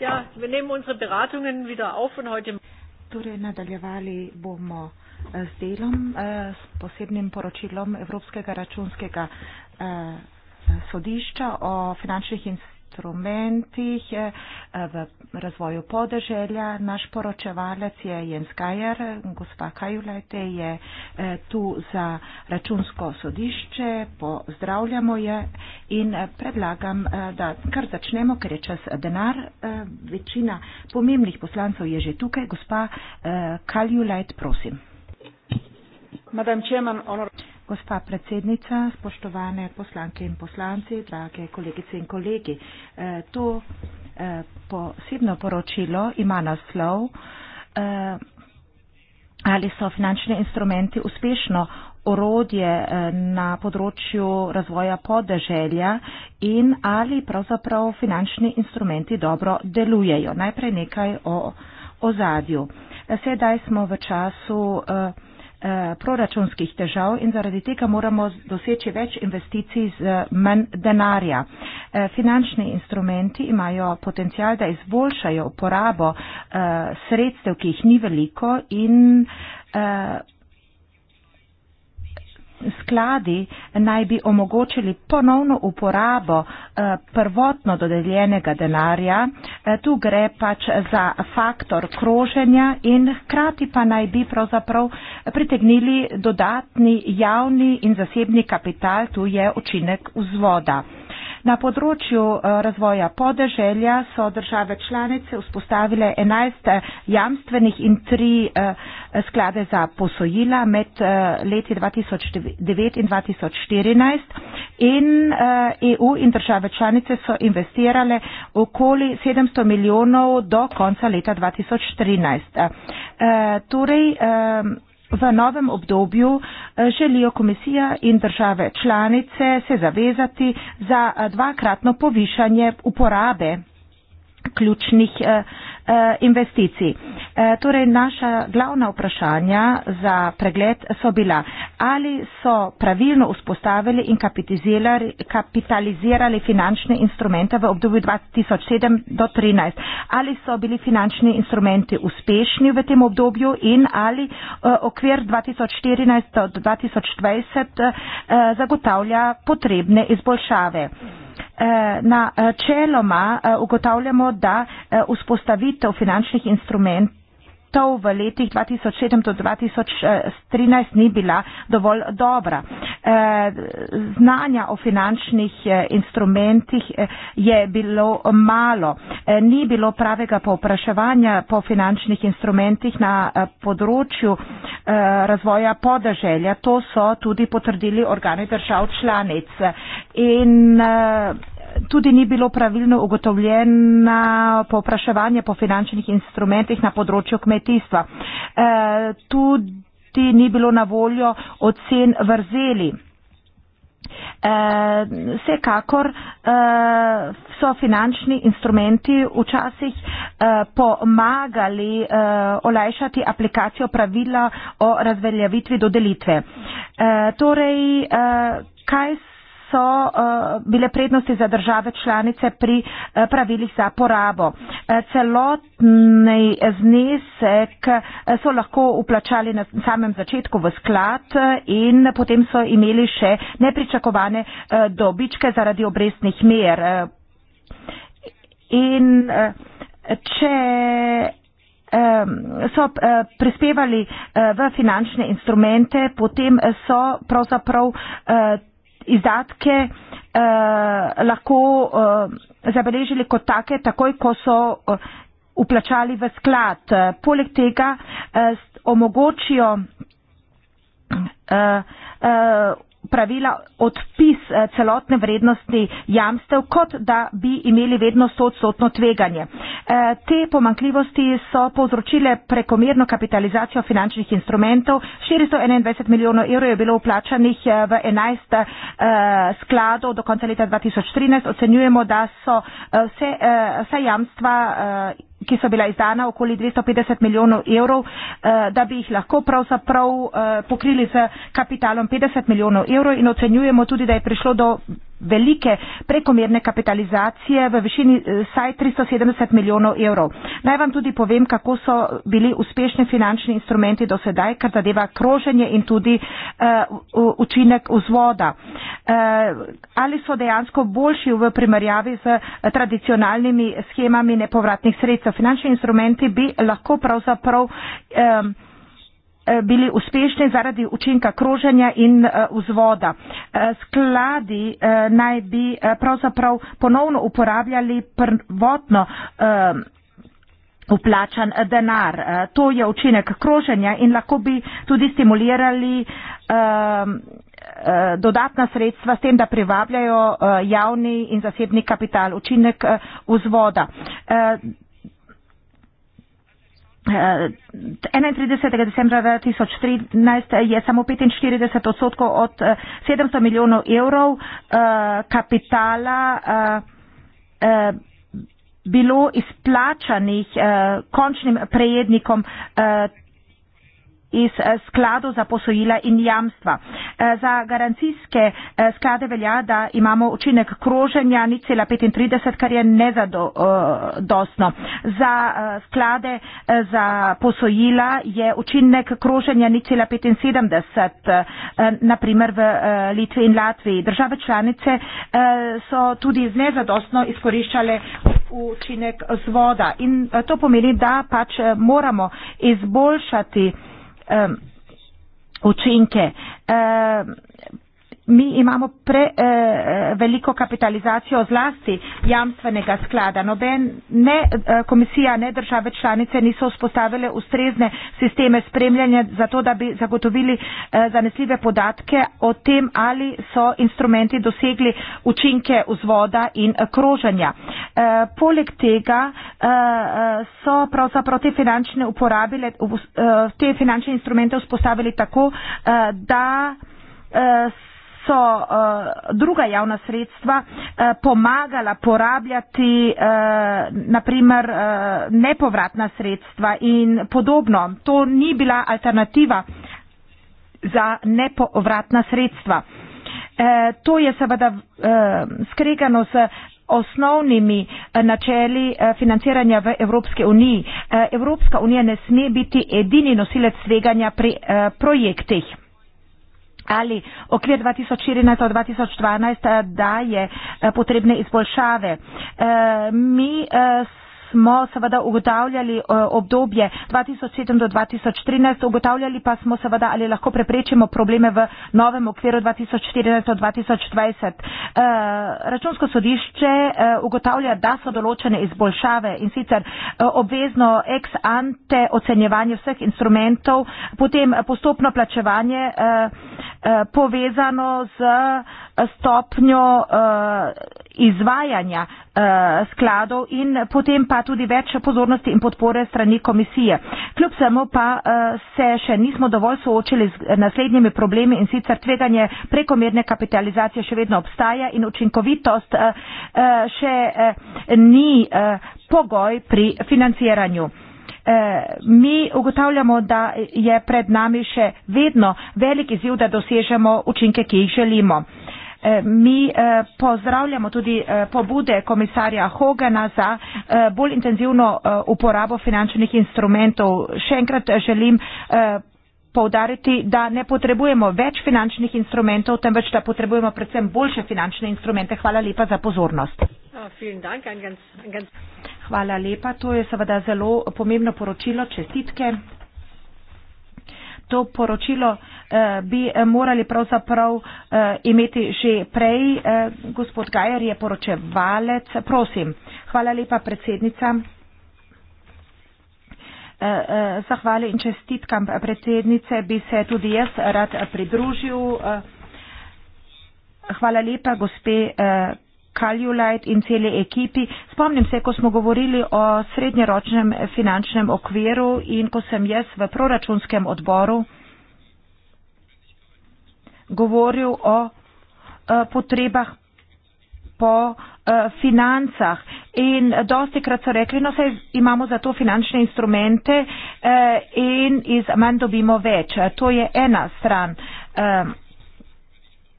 Ja, wir nehmen unsere Beratungen wieder auf und heute. Torej, nadaljevali bomo eh, z delom, eh, s posebnim poročilom Evropskega računskega eh, sodišča o finančnih institucijah instrumentih, eh, v razvoju podeželja. Naš poročevalec je Jens Kajer, gospa Kajulajte je eh, tu za računsko sodišče, pozdravljamo je in eh, predlagam, da kar začnemo, ker je čas denar. Večina pomembnih poslancev je že tukaj. Gospa Kajulajte, prosim. Madam Čeman, honor. Gospa predsednica, spoštovane poslanke in poslanci, drage kolegice in kolegi, eh, to eh, posebno poročilo ima naslov, eh, ali so finančni instrumenti uspešno orodje na področju razvoja podeželja in ali pravzaprav finančni instrumenti dobro delujejo. Najprej nekaj o ozadju. Sedaj smo v času Eh, proračunskih težav in zaradi tega moramo doseči več investicij z eh, manj denarja. Eh, finančni instrumenti imajo potencial, da izboljšajo uporabo sredstev, ki jih ni veliko in Skladi naj bi omogočili ponovno uporabo eh, prvotno dodeljenega denarja. Eh, tu gre pač za faktor kroženja in hkrati pa naj bi pravzaprav pritegnili dodatni javni in zasebni kapital. Tu je učinek vzvoda. Na področju eh, razvoja podeželja so države članice vzpostavile 11 eh, jamstvenih in 3 eh, sklade za posojila med leti 2009 in 2014 in EU e in države članice so investirale okoli 700 milijonov do konca leta 2013. Torej, V novem obdobju eh, želijo komisija in države članice se zavezati za eh, dvakratno povišanje uporabe ključnih eh, Eh, investicij. Eh, torej, naša glavna vprašanja za pregled so bila, ali so pravilno vzpostavili in kapitalizirali, kapitalizirali finančne instrumente v obdobju 2007 do 2013, ali so bili finančni instrumenti uspešni v tem obdobju in ali eh, okvir 2014 do 2020 zagotavlja potrebne izboljšave. Eh, načeloma eh, eh, ugotavljamo, da vzpostavitev finančnih instrumentov storitev v letih 2007 do 2013 ni bila dovolj dobra. E, znanja o finančnih e, instrumentih e, je bilo malo. Ni bilo pravega povpraševanja po finančnih instrumentih na področju razvoja podeželja. To so tudi potrdili organi držav članic. In, tudi ni bilo pravilno ugotovljena popraševanje po finančnih instrumentih na področju kmetijstva. E, tudi ni bilo na voljo ocen vrzeli. E, vsekakor e, so finančni instrumenti včasih pomagali olajšati aplikacijo pravila o razveljavitvi dodelitve. Torej, kaj so eh, bile prednosti za države članice pri eh, pravilih za porabo. Eh, celotni znesek so lahko uplačali na samem začetku v sklad in potem so imeli še nepričakovane dobičke zaradi obrestnih mer. In če so prispevali v finančne instrumente, potem so pravzaprav izdatke eh, lahko eh, zabeležili kot take, takoj ko so eh, uplačali v sklad. Eh, poleg tega eh, omogočijo eh, eh, pravila odpis eh, celotne vrednosti jamstev, kot da bi imeli vedno soodstotno tveganje. Eh, te pomankljivosti so povzročile prekomerno kapitalizacijo finančnih instrumentov. 421 milijonov evrov je bilo uplačanih eh, v 11 skladov do konca leta 2013. Ocenjujemo, da so vse, vse jamstva ki so bila izdana, okoli 250 milijonov evrov, eh, da bi jih lahko pravzaprav eh, pokrili z kapitalom 50 milijonov evrov in ocenjujemo tudi, da je prišlo do velike prekomerne kapitalizacije v višini eh, saj 370 milijonov evrov. Naj vam tudi povem, kako so bili uspešni finančni instrumenti do sedaj, kar zadeva kroženje in tudi uh, učinek vzvoda. Uh, ali so dejansko boljši v primerjavi z tradicionalnimi schemami nepovratnih sredstev? Finančni instrumenti bi lahko pravzaprav um, Eh, bili uspešni zaradi učinka kroženja in eh, vzvoda. Eh, skladi naj bi pravzaprav ponovno uporabljali prvotno uplačan denar. To je učinek kroženja in lahko bi tudi stimulirali dodatna sredstva s tem, da privabljajo javni in zasebni kapital, učinek vzvoda. 31. Eh, decembra 2013 je samo 45 odstotkov od 700 eh, milijonov evrov eh, kapitala bilo izplačanih končnim prejednikom iz eh, skladov za posojila in jamstva. Eh, za garancijske eh, sklade velja, da imamo učinek kroženja 0,35, kar je nezadostno. Za sklade za posojila je učinek kroženja 0,75, naprimer v Litvi in Latviji. Države članice so tudi nezadostno izkoriščale učinek zvoda in to pomeni, da pač moramo izboljšati um, učinke. Um, mi imamo preveliko eh, eh kapitalizacijo zlasti jamstvenega sklada. Noben ne eh, komisija, ne države članice niso vzpostavile ustrezne sisteme spremljanja za to, da bi zagotovili eh, zanesljive podatke o tem, ali so instrumenti dosegli učinke vzvoda in eh, kroženja. Eh, poleg tega eh, eh so pravzaprav te finančne, uporabile, v, eh, te finančne instrumente vzpostavili tako, eh, da eh, so uh, druga javna sredstva uh, pomagala porabljati uh, eh, naprimer uh, nepovratna sredstva in podobno. To ni bila alternativa za nepovratna sredstva. E, to je seveda e, skregano s osnovnimi načeli financiranja v Evropske uniji. E, Evropska unija ne sme biti edini nosilec sveganja pri e, projektih ali okvir 2014-2012, eh, da je eh, potrebne izboljšave. Eh, mi smo smo seveda ugotavljali eh, obdobje 2007 do 2013, ugotavljali pa smo seveda, ali lahko preprečimo probleme v novem okviru 2014-2020. Eh, računsko sodišče eh, ugotavlja, da so določene izboljšave in sicer obvezno ex ante ocenjevanje vseh instrumentov, potem postopno plačevanje povezano z stopnjo izvajanja eh, skladov in potem pa tudi več pozornosti in podpore strani komisije. Kljub vsemu pa eh, se še nismo dovolj soočili z naslednjimi problemi in sicer tveganje prekomerne kapitalizacije še vedno obstaja in učinkovitost eh, še ni pogoj pri financiranju. Mi ugotavljamo, da je pred nami še vedno velik izziv, da dosežemo učinke, ki jih želimo. Eh, mi eh, pozdravljamo tudi eh, pobude komisarja Hogana za bolj intenzivno uporabo finančnih instrumentov. Še enkrat želim povdariti, da ne potrebujemo več finančnih instrumentov, temveč da potrebujemo predvsem boljše finančne instrumente. Hvala lepa za pozornost. Ja, Hvala lepa, to je seveda zelo pomembno poročilo. Čestitke to poročilo eh, bi morali pravzaprav eh, imeti že prej. Eh, gospod Gajer je poročevalec. Prosim. Hvala lepa, predsednica. Zahvali in čestitkam predsednice bi se tudi jaz rad pridružil. Hvala lepa, gospe Kaljulajt in cele ekipi. Spomnim se, ko smo govorili o srednjeročnem finančnem okviru in ko sem jaz v proračunskem odboru govoril o eh, potrebah po eh, financah. In dosti krat so rekli, no, saj imamo za to finančne instrumente eh, in iz manj dobimo več. To je ena stran.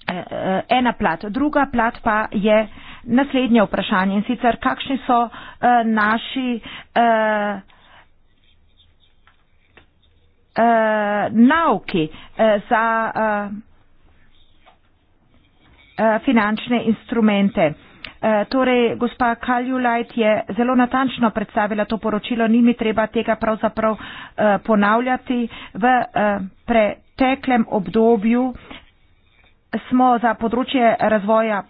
Eh, eh, ena plat. Druga plat pa je naslednje vprašanje in sicer kakšni so uh, naši uh, uh, nauki uh, za uh, uh, finančne instrumente. Torej, gospa Kaljulajt je zelo natančno predstavila to poročilo, ni mi treba tega pravzaprav uh, ponavljati. V uh, preteklem obdobju uh, smo za področje razvoja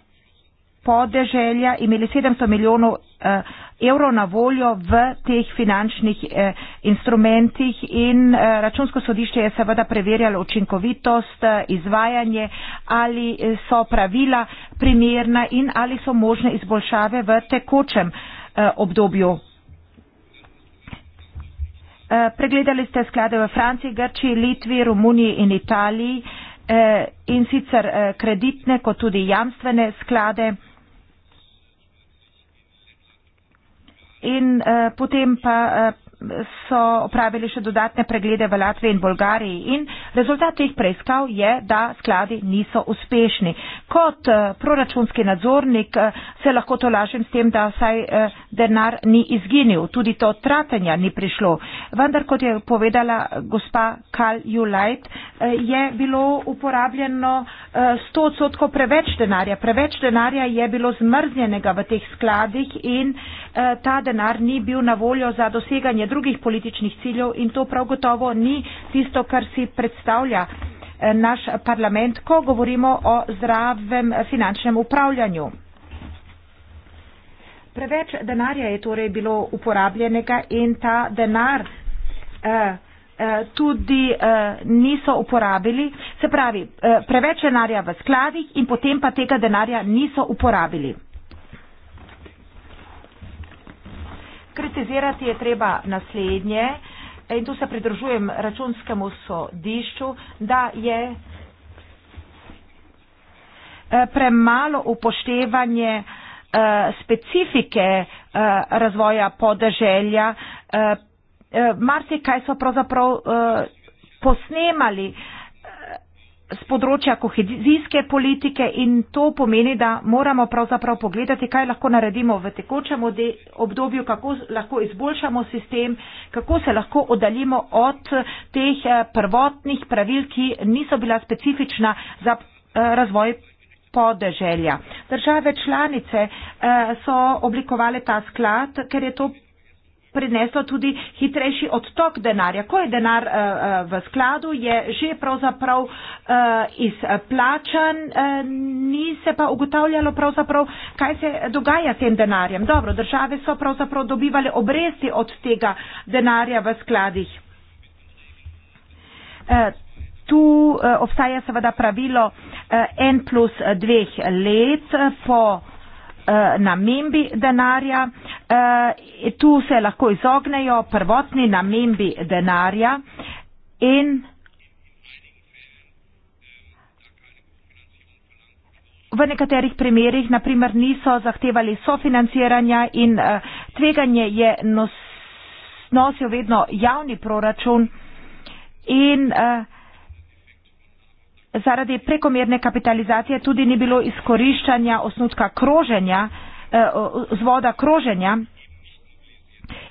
podeželja imeli 700 milijonov eh, evrov na voljo v teh finančnih eh, instrumentih in eh, računsko sodišče je seveda preverjalo učinkovitost, izvajanje, ali so pravila primerna in ali so možne izboljšave v tekočem obdobju. Pregledali ste sklade v Franciji, Grčiji, Litvi, Romuniji in Italiji. Eh, in sicer eh, kreditne kot tudi jamstvene sklade. In eh, potem pa so opravili še dodatne preglede v Latviji in Bolgariji in rezultat teh preiskav je, da skladi niso uspešni. Kot eh, proračunski nadzornik eh, se lahko to lažem s tem, da saj eh, denar ni izginil, tudi to tratenja ni prišlo. Vendar, kot je povedala gospa Karl Julajt, je bilo uporabljeno 100 odstotkov preveč denarja. Preveč denarja je bilo zmrznjenega v teh skladih in ta denar ni bil na voljo za doseganje drugih političnih ciljev in to prav gotovo ni tisto, kar si predstavlja eh, naš parlament, ko govorimo o zdravem finančnem upravljanju. Preveč denarja je torej bilo uporabljenega in ta denar eh, eh, tudi niso uporabili, se pravi, preveč denarja v skladih in potem pa tega denarja niso uporabili. kritizirati je treba naslednje in tu se pridružujem računskemu sodišču, da je eh, premalo upoštevanje eh, specifike eh, razvoja podeželja. Marci, kaj so pravzaprav posnemali, z področja kohezijske politike in to pomeni, da moramo pravzaprav pogledati, kaj lahko naredimo v tekočem obdobju, kako lahko izboljšamo sistem, kako se lahko oddaljimo od teh eh, prvotnih pravil, ki niso bila specifična za eh, razvoj podeželja. Države članice eh, so oblikovale ta sklad, ker je to prineslo tudi hitrejši odtok denarja. Ko je denar eh, eh, v skladu, je že pravzaprav eh, izplačan, ni se pa ugotavljalo pravzaprav, kaj se dogaja s tem denarjem. Dobro, države so pravzaprav dobivali obresti od tega denarja v skladih. Tu obstaja seveda pravilo n plus dveh let po Eh, namembi denarja. Eh, tu se lahko izognejo prvotni namembi denarja in v nekaterih primerjih, naprimer, niso zahtevali sofinanciranja in eh, tveganje je nos, nosil vedno javni proračun in uh, Zaradi prekomerne kapitalizacije tudi ni bilo izkoriščanja osnutka kroženja, eh, z voda kroženja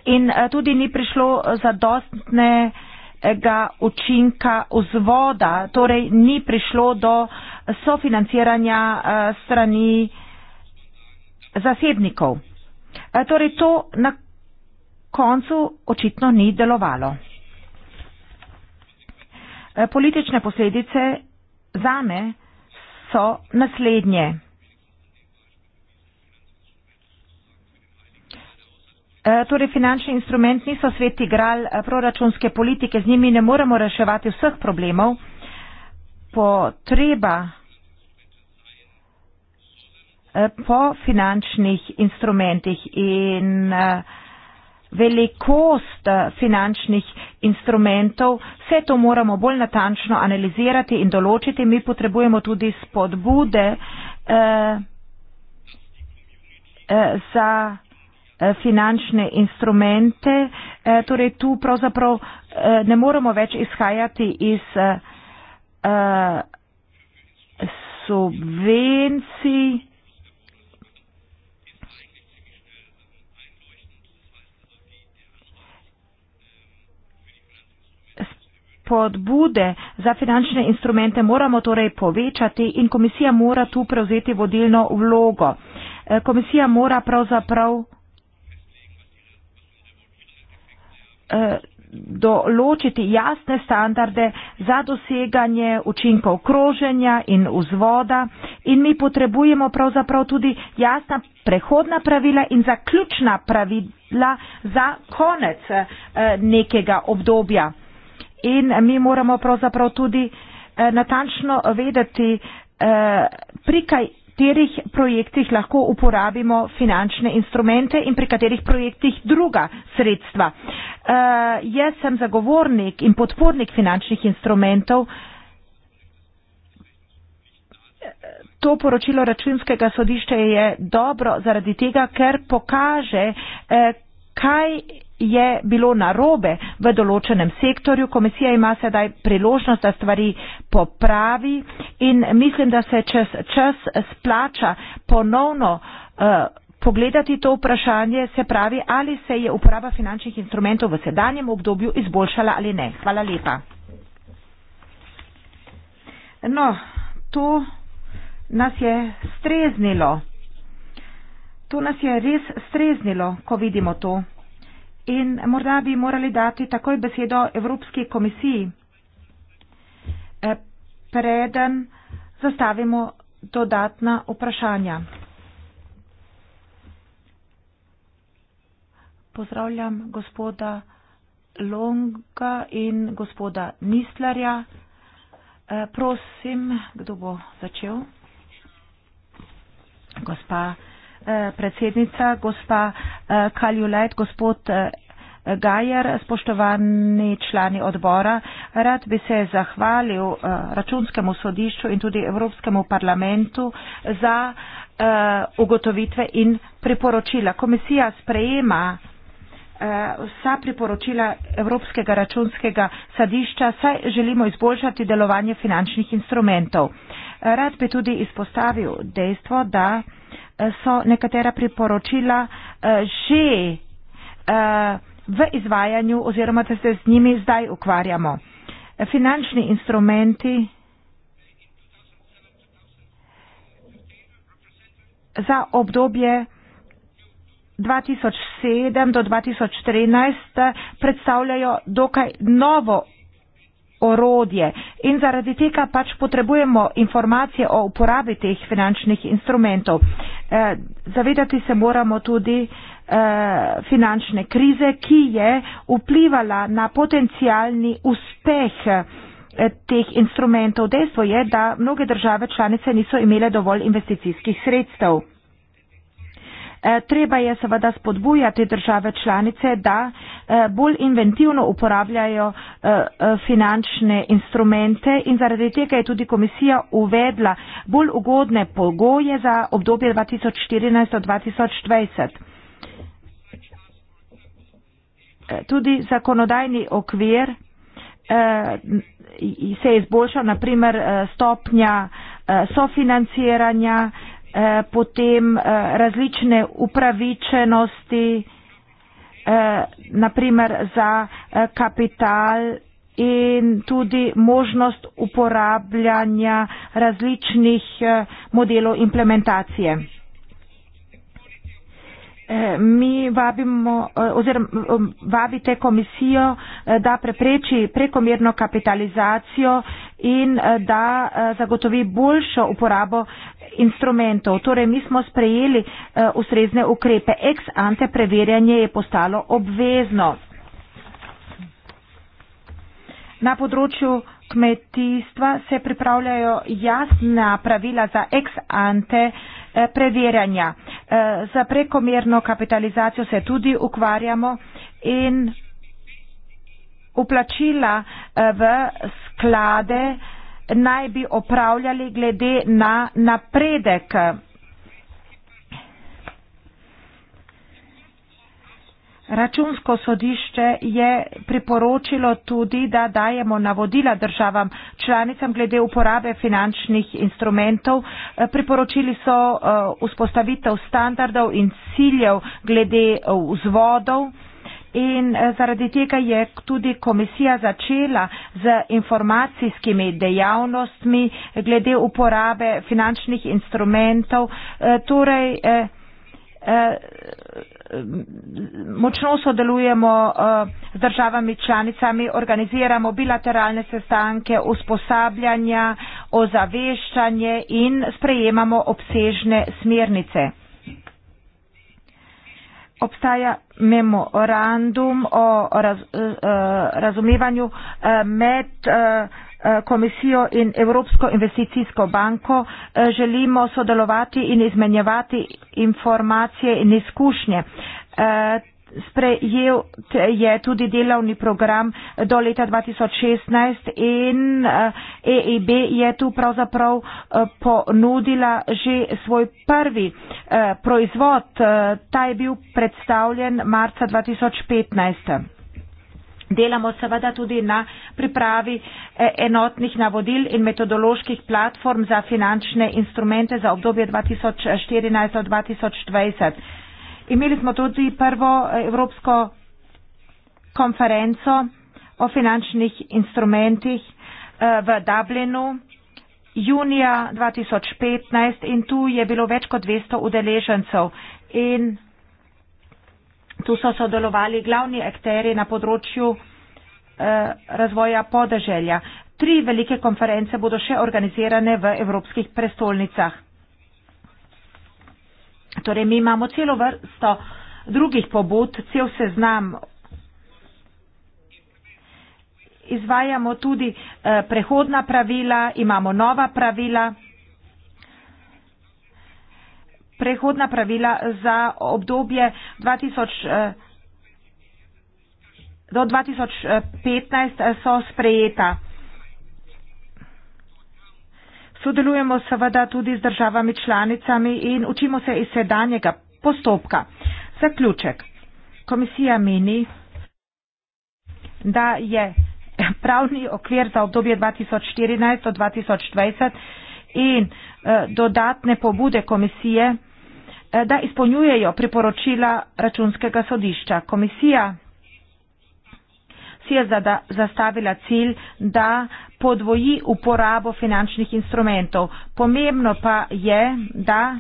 in eh, tudi ni prišlo eh, zadostnega učinka z voda, torej ni prišlo do sofinanciranja strani zasebnikov. Torej to na koncu očitno ni delovalo. Politične posledice zame so naslednje. E, torej, finančni instrument niso svet igral e, proračunske politike, z njimi ne moremo reševati vseh problemov. Potreba e, po finančnih instrumentih in uh, velikost eh, finančnih instrumentov, vse to moramo bolj natančno analizirati in določiti. Mi potrebujemo tudi spodbude eh, eh, za eh, finančne instrumente. Eh, torej tu pravzaprav eh, ne moremo več izhajati iz eh, eh subvencij. spodbude za finančne instrumente moramo torej povečati in komisija mora tu prevzeti vodilno vlogo. Eh, komisija mora pravzaprav eh, določiti jasne standarde za doseganje učinkov kroženja in vzvoda in mi potrebujemo pravzaprav tudi jasna prehodna pravila in zaključna pravila za konec eh, nekega obdobja. In mi moramo pravzaprav tudi eh, natančno vedeti, eh, pri katerih projektih lahko uporabimo finančne instrumente in pri katerih projektih druga sredstva. Eh, jaz sem zagovornik in podpornik finančnih instrumentov. To poročilo računskega sodišča je dobro zaradi tega, ker pokaže, eh, kaj je bilo narobe v določenem sektorju. Komisija ima sedaj priložnost, da stvari popravi in mislim, da se čez čas splača ponovno uh, pogledati to vprašanje, se pravi, ali se je uporaba finančnih instrumentov v sedanjem obdobju izboljšala ali ne. Hvala lepa. No, to nas je streznilo. To nas je res streznilo, ko vidimo to in morda bi morali dati takoj besedo Evropski komisiji, eh, preden zastavimo dodatna vprašanja. Pozdravljam gospoda Longa in gospoda Nislarja. Eh, prosim, kdo bo začel? Gospa Eh, predsednica, gospa eh, Kaljulajt, gospod eh, Gajer, spoštovani člani odbora. Rad bi se zahvalil računskemu sodišču in tudi Evropskemu parlamentu za ugotovitve in priporočila. Komisija sprejema vsa priporočila Evropskega računskega sadišča, saj želimo izboljšati delovanje finančnih instrumentov. Rad bi tudi izpostavil dejstvo, da so nekatera priporočila eh, že eh, v izvajanju oziroma da se z njimi zdaj ukvarjamo. Finančni instrumenti za obdobje 2007 do 2013 eh, predstavljajo dokaj novo orodje in zaradi tega pač potrebujemo informacije o uporabi teh finančnih instrumentov. Eh, zavedati se moramo tudi eh, finančne krize, ki je vplivala na potencijalni uspeh eh, teh instrumentov. Dejstvo je, da mnoge države članice niso imele dovolj investicijskih sredstev. Eh, treba je seveda spodbujati države članice, da eh, bolj inventivno uporabljajo eh, finančne instrumente in zaradi tega je tudi komisija uvedla bolj ugodne pogoje za obdobje 2014-2020. Tudi zakonodajni okvir eh, se je izboljšal, naprimer stopnja eh, sofinanciranja, eh, Eh, potem eh, različne upravičenosti, eh, naprimer za kapital in tudi možnost uporabljanja različnih modelov implementacije. Eh, mi vabimo, eh, oziroma eh, vabite komisijo, da prepreči prekomerno kapitalizacijo in da zagotovi boljšo uporabo instrumentov. Torej, mi smo sprejeli ustrezne ukrepe. Ex ante preverjanje je postalo obvezno. Na področju kmetijstva se pripravljajo jasna pravila za ex ante preverjanje Eh, preverjanja. Eh, za prekomerno kapitalizacijo se tudi ukvarjamo in uplačila eh, v sklade naj bi opravljali glede na napredek Računsko sodišče je priporočilo tudi, da dajemo navodila državam članicam glede uporabe finančnih instrumentov. Priporočili so eh, vzpostavitev standardov in ciljev glede eh, vzvodov. In eh, zaradi tega je tudi komisija začela z informacijskimi dejavnostmi glede uporabe finančnih instrumentov. Torej, Eh, močno sodelujemo eh, z državami članicami, organiziramo bilateralne sestanke, usposabljanja, ozaveščanje in sprejemamo obsežne smernice. Obstaja memorandum o raz, eh, razumevanju med Eh, komisijo in Evropsko investicijsko banko eh, želimo sodelovati in izmenjevati informacije in izkušnje. Eh, sprejel je tudi delovni program do leta 2016 in EIB e je tu pravzaprav ponudila že svoj prvi proizvod. Ta je bil predstavljen marca 2015. Delamo seveda tudi na pripravi eh, enotnih navodil in metodoloških platform za finančne instrumente za obdobje 2014-2020. Imeli smo tudi prvo eh, evropsko konferenco o finančnih instrumentih eh, v Dublinu junija 2015 in tu je bilo več kot 200 udeležencev. In Tu so sodelovali glavni akteri na področju eh, razvoja podeželja. Tri velike konference bodo še organizirane v evropskih prestolnicah. Torej, mi imamo celo vrsto drugih pobud, cel seznam. Izvajamo tudi eh, prehodna pravila, imamo nova pravila prehodna pravila za obdobje 2000, eh, do 2015 eh, so sprejeta. Sodelujemo seveda tudi z državami članicami in učimo se iz sedanjega postopka. Zaključek. Komisija meni, da je pravni okvir za obdobje 2014 do 2020 in eh, dodatne pobude komisije Eh, da izpolnjujejo priporočila računskega sodišča. Komisija si je zada, zastavila cilj, da podvoji uporabo finančnih instrumentov. Pomembno pa je, da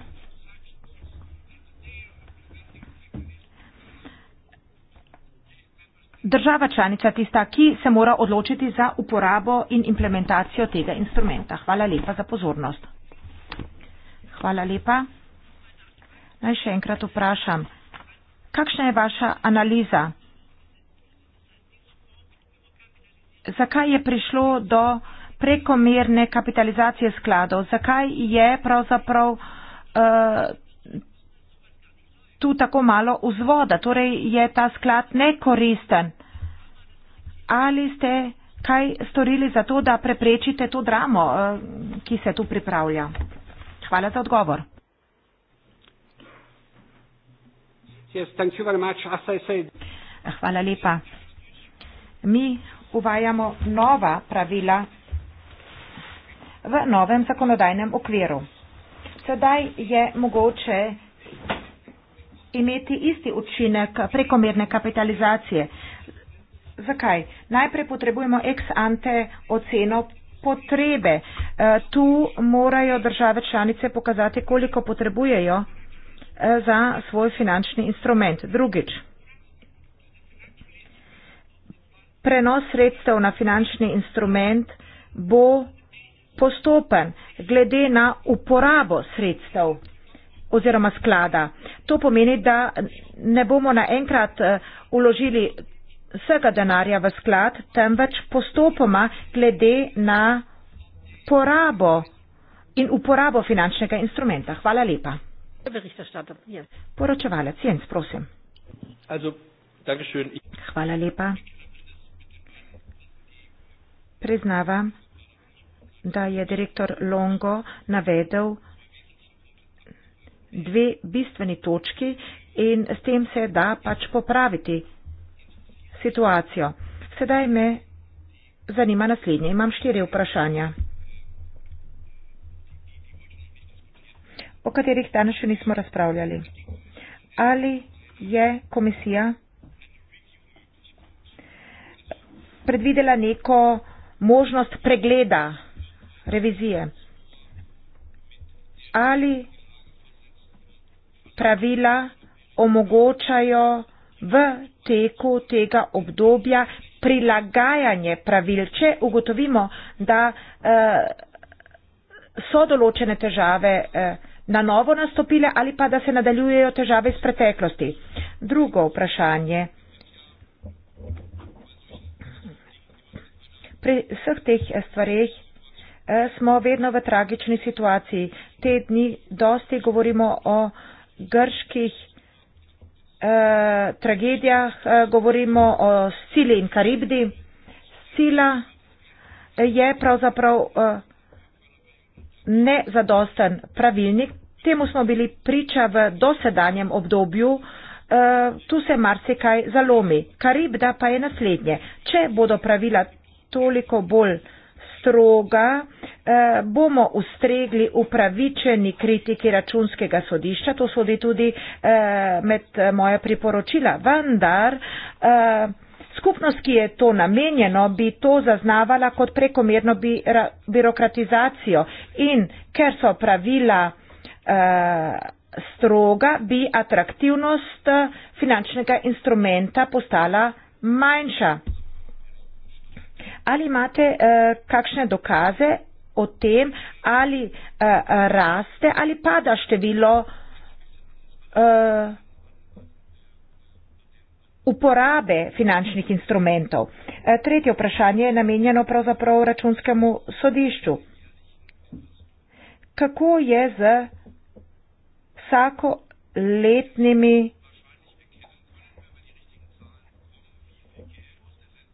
država članica tista, ki se mora odločiti za uporabo in implementacijo tega instrumenta. Hvala lepa za pozornost. Hvala lepa. Naj še enkrat vprašam, kakšna je vaša analiza? Zakaj je prišlo do prekomerne kapitalizacije skladov? Zakaj je pravzaprav uh, tu tako malo vzvoda? Torej je ta sklad nekoristen? Ali ste kaj storili za to, da preprečite to dramo, uh, ki se tu pripravlja? Hvala za odgovor. Hvala lepa. Mi uvajamo nova pravila v novem zakonodajnem okviru. Sedaj je mogoče imeti isti učinek prekomerne kapitalizacije. Zakaj? Najprej potrebujemo ex ante oceno potrebe. Eh, tu morajo države članice pokazati, koliko potrebujejo za svoj finančni instrument. Drugič, prenos sredstev na finančni instrument bo postopen glede na uporabo sredstev oziroma sklada. To pomeni, da ne bomo naenkrat uložili eh, vsega denarja v sklad, temveč postopoma glede na porabo in uporabo finančnega instrumenta. Hvala lepa. Berichterstatter. Hier. Ja. Poročevalec, Jens, prosim. Also, Hvala lepa. Priznavam, da je direktor Longo navedel dve bistveni točki in s tem se da pač popraviti situacijo. Sedaj me zanima naslednje. Imam štiri vprašanja. o katerih danes še nismo razpravljali. Ali je komisija predvidela neko možnost pregleda revizije? Ali pravila omogočajo v teku tega obdobja prilagajanje pravil, če ugotovimo, da eh, so določene težave eh, na novo nastopile ali pa da se nadaljujejo težave iz preteklosti. Drugo vprašanje. Pri vseh teh eh, stvareh eh, smo vedno v tragični situaciji. Te dni dosti govorimo o grških eh, tragedijah, eh, govorimo o Sili in Karibdi. Sila je pravzaprav. Eh, nezadosten pravilnik, temu smo bili priča v dosedanjem obdobju, e, tu se marsikaj zalomi. Karib da pa je naslednje. Če bodo pravila toliko bolj stroga, e, bomo ustregli upravičeni kritiki računskega sodišča, to sodi tudi e, med moja priporočila. Vendar, e, Skupnost, ki je to namenjeno, bi to zaznavala kot prekomerno birokratizacijo in ker so pravila eh, stroga, bi atraktivnost eh, finančnega instrumenta postala manjša. Ali imate eh, kakšne dokaze o tem, ali eh, raste ali pada število eh, uporabe finančnih instrumentov. E, tretje vprašanje je namenjeno pravzaprav računskemu sodišču. Kako je z vsako letnimi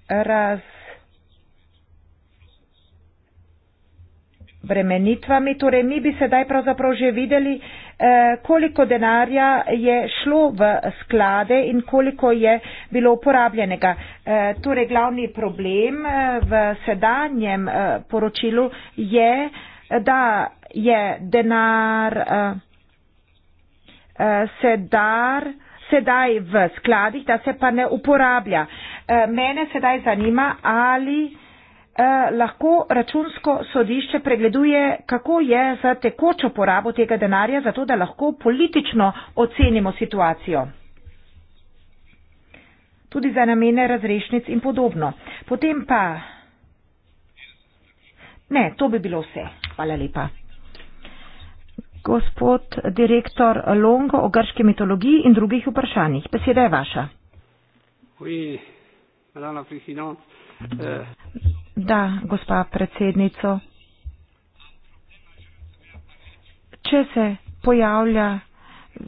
razbremenitvami? Torej, mi bi sedaj pravzaprav že videli, Eh, koliko denarja je šlo v sklade in koliko je bilo uporabljenega. Eh, torej, glavni problem eh, v sedanjem poročilu je, da je denar sedar, sedaj v skladih, da se pa ne uporablja. Mene sedaj zanima, ali Eh, lahko računsko sodišče pregleduje, kako je za tekočo porabo tega denarja, zato da lahko politično ocenimo situacijo. Tudi za namene razrešnic in podobno. Potem pa. Ne, to bi bilo vse. Hvala lepa. Gospod direktor Longo o grški mitologiji in drugih vprašanjih. Beseda je vaša. Oui, Da, gospa predsednico. Če se pojavlja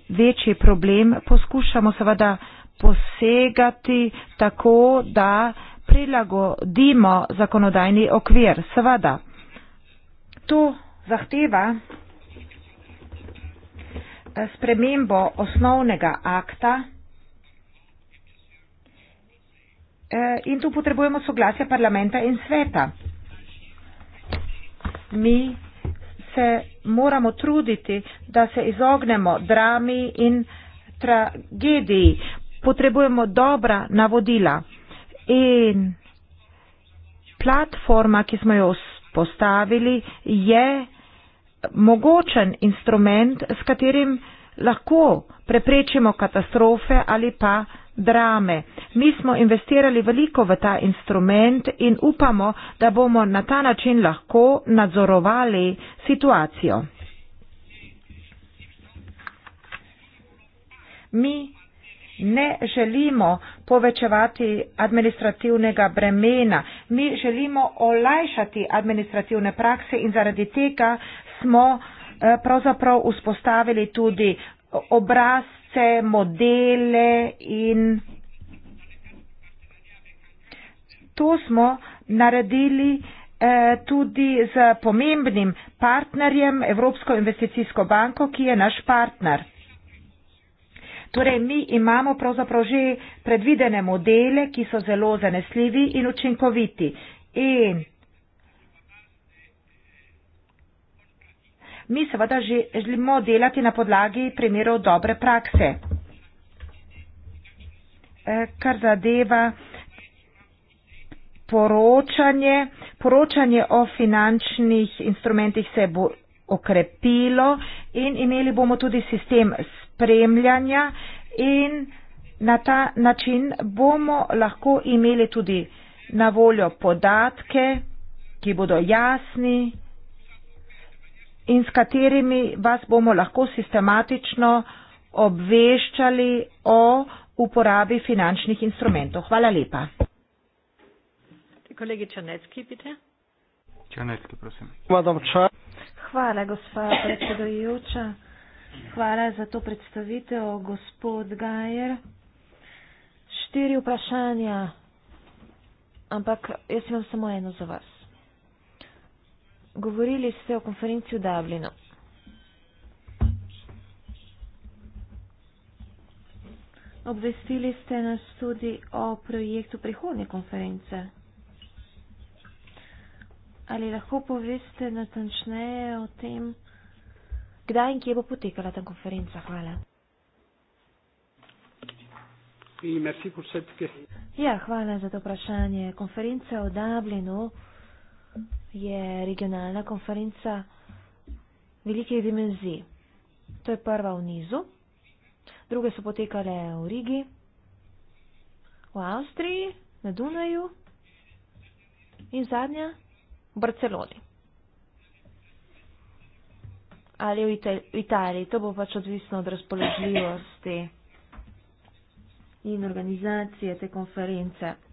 večji problem, poskušamo seveda posegati tako, da prilagodimo zakonodajni okvir. Seveda, to zahteva eh, spremembo osnovnega akta, Eh, in tu potrebujemo soglasja parlamenta in sveta. Mi se moramo truditi, da se izognemo drami in tragediji. Potrebujemo dobra navodila in platforma, ki smo jo postavili, je mogočen instrument, s katerim lahko preprečimo katastrofe ali pa drame. Mi smo investirali veliko v ta instrument in upamo, da bomo na ta način lahko nadzorovali situacijo. Mi ne želimo povečevati administrativnega bremena, mi želimo olajšati administrativne prakse in zaradi tega smo eh, pravzaprav vzpostavili tudi obrazce, modele in to smo naredili eh, tudi z pomembnim partnerjem Evropsko investicijsko banko, ki je naš partner. Torej, mi imamo pravzaprav že predvidene modele, ki so zelo zanesljivi in učinkoviti. In mi seveda že želimo delati na podlagi primerov dobre prakse. Eh, kar zadeva poročanje, poročanje o finančnih instrumentih se bo okrepilo in imeli bomo tudi sistem spremljanja in na ta način bomo lahko imeli tudi na voljo podatke, ki bodo jasni, in s katerimi vas bomo lahko sistematično obveščali o uporabi finančnih instrumentov. Hvala lepa. Kolegi Črnecki, pite. Črnecki, prosim. Hvala, gospa predsedojoča. Hvala za to predstavitev, gospod Gajer. Štiri vprašanja, ampak jaz imam samo eno za vas govorili ste o konferenci v Dublinu. Obvestili ste nas tudi o projektu prihodnje konference. Ali lahko poveste natančneje o tem, kdaj in kje bo potekala ta konferenca? Hvala. Ja, hvala za to vprašanje. Konferenca v Dublinu je regionalna konferenca velikih dimenzij. To je prva v nizu, druge so potekale v Rigi, v Avstriji, na Dunaju in zadnja v Barceloni. Ali v Italiji, to bo pač odvisno od razpoložljivosti in organizacije te konference.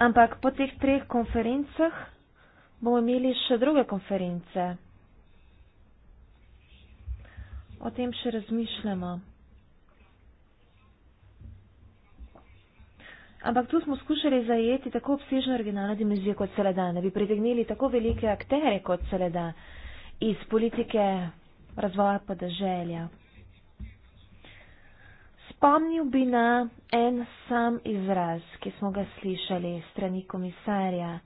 Ampak po teh treh konferencah bomo imeli še druge konference. O tem še razmišljamo. Ampak tu smo skušali zajeti tako obsežno originalno dimenzijo kot se le da, da bi pritegnili tako velike akterje kot se le da iz politike razvoja podeželja, Spomnil bi na en sam izraz, ki smo ga slišali strani komisarja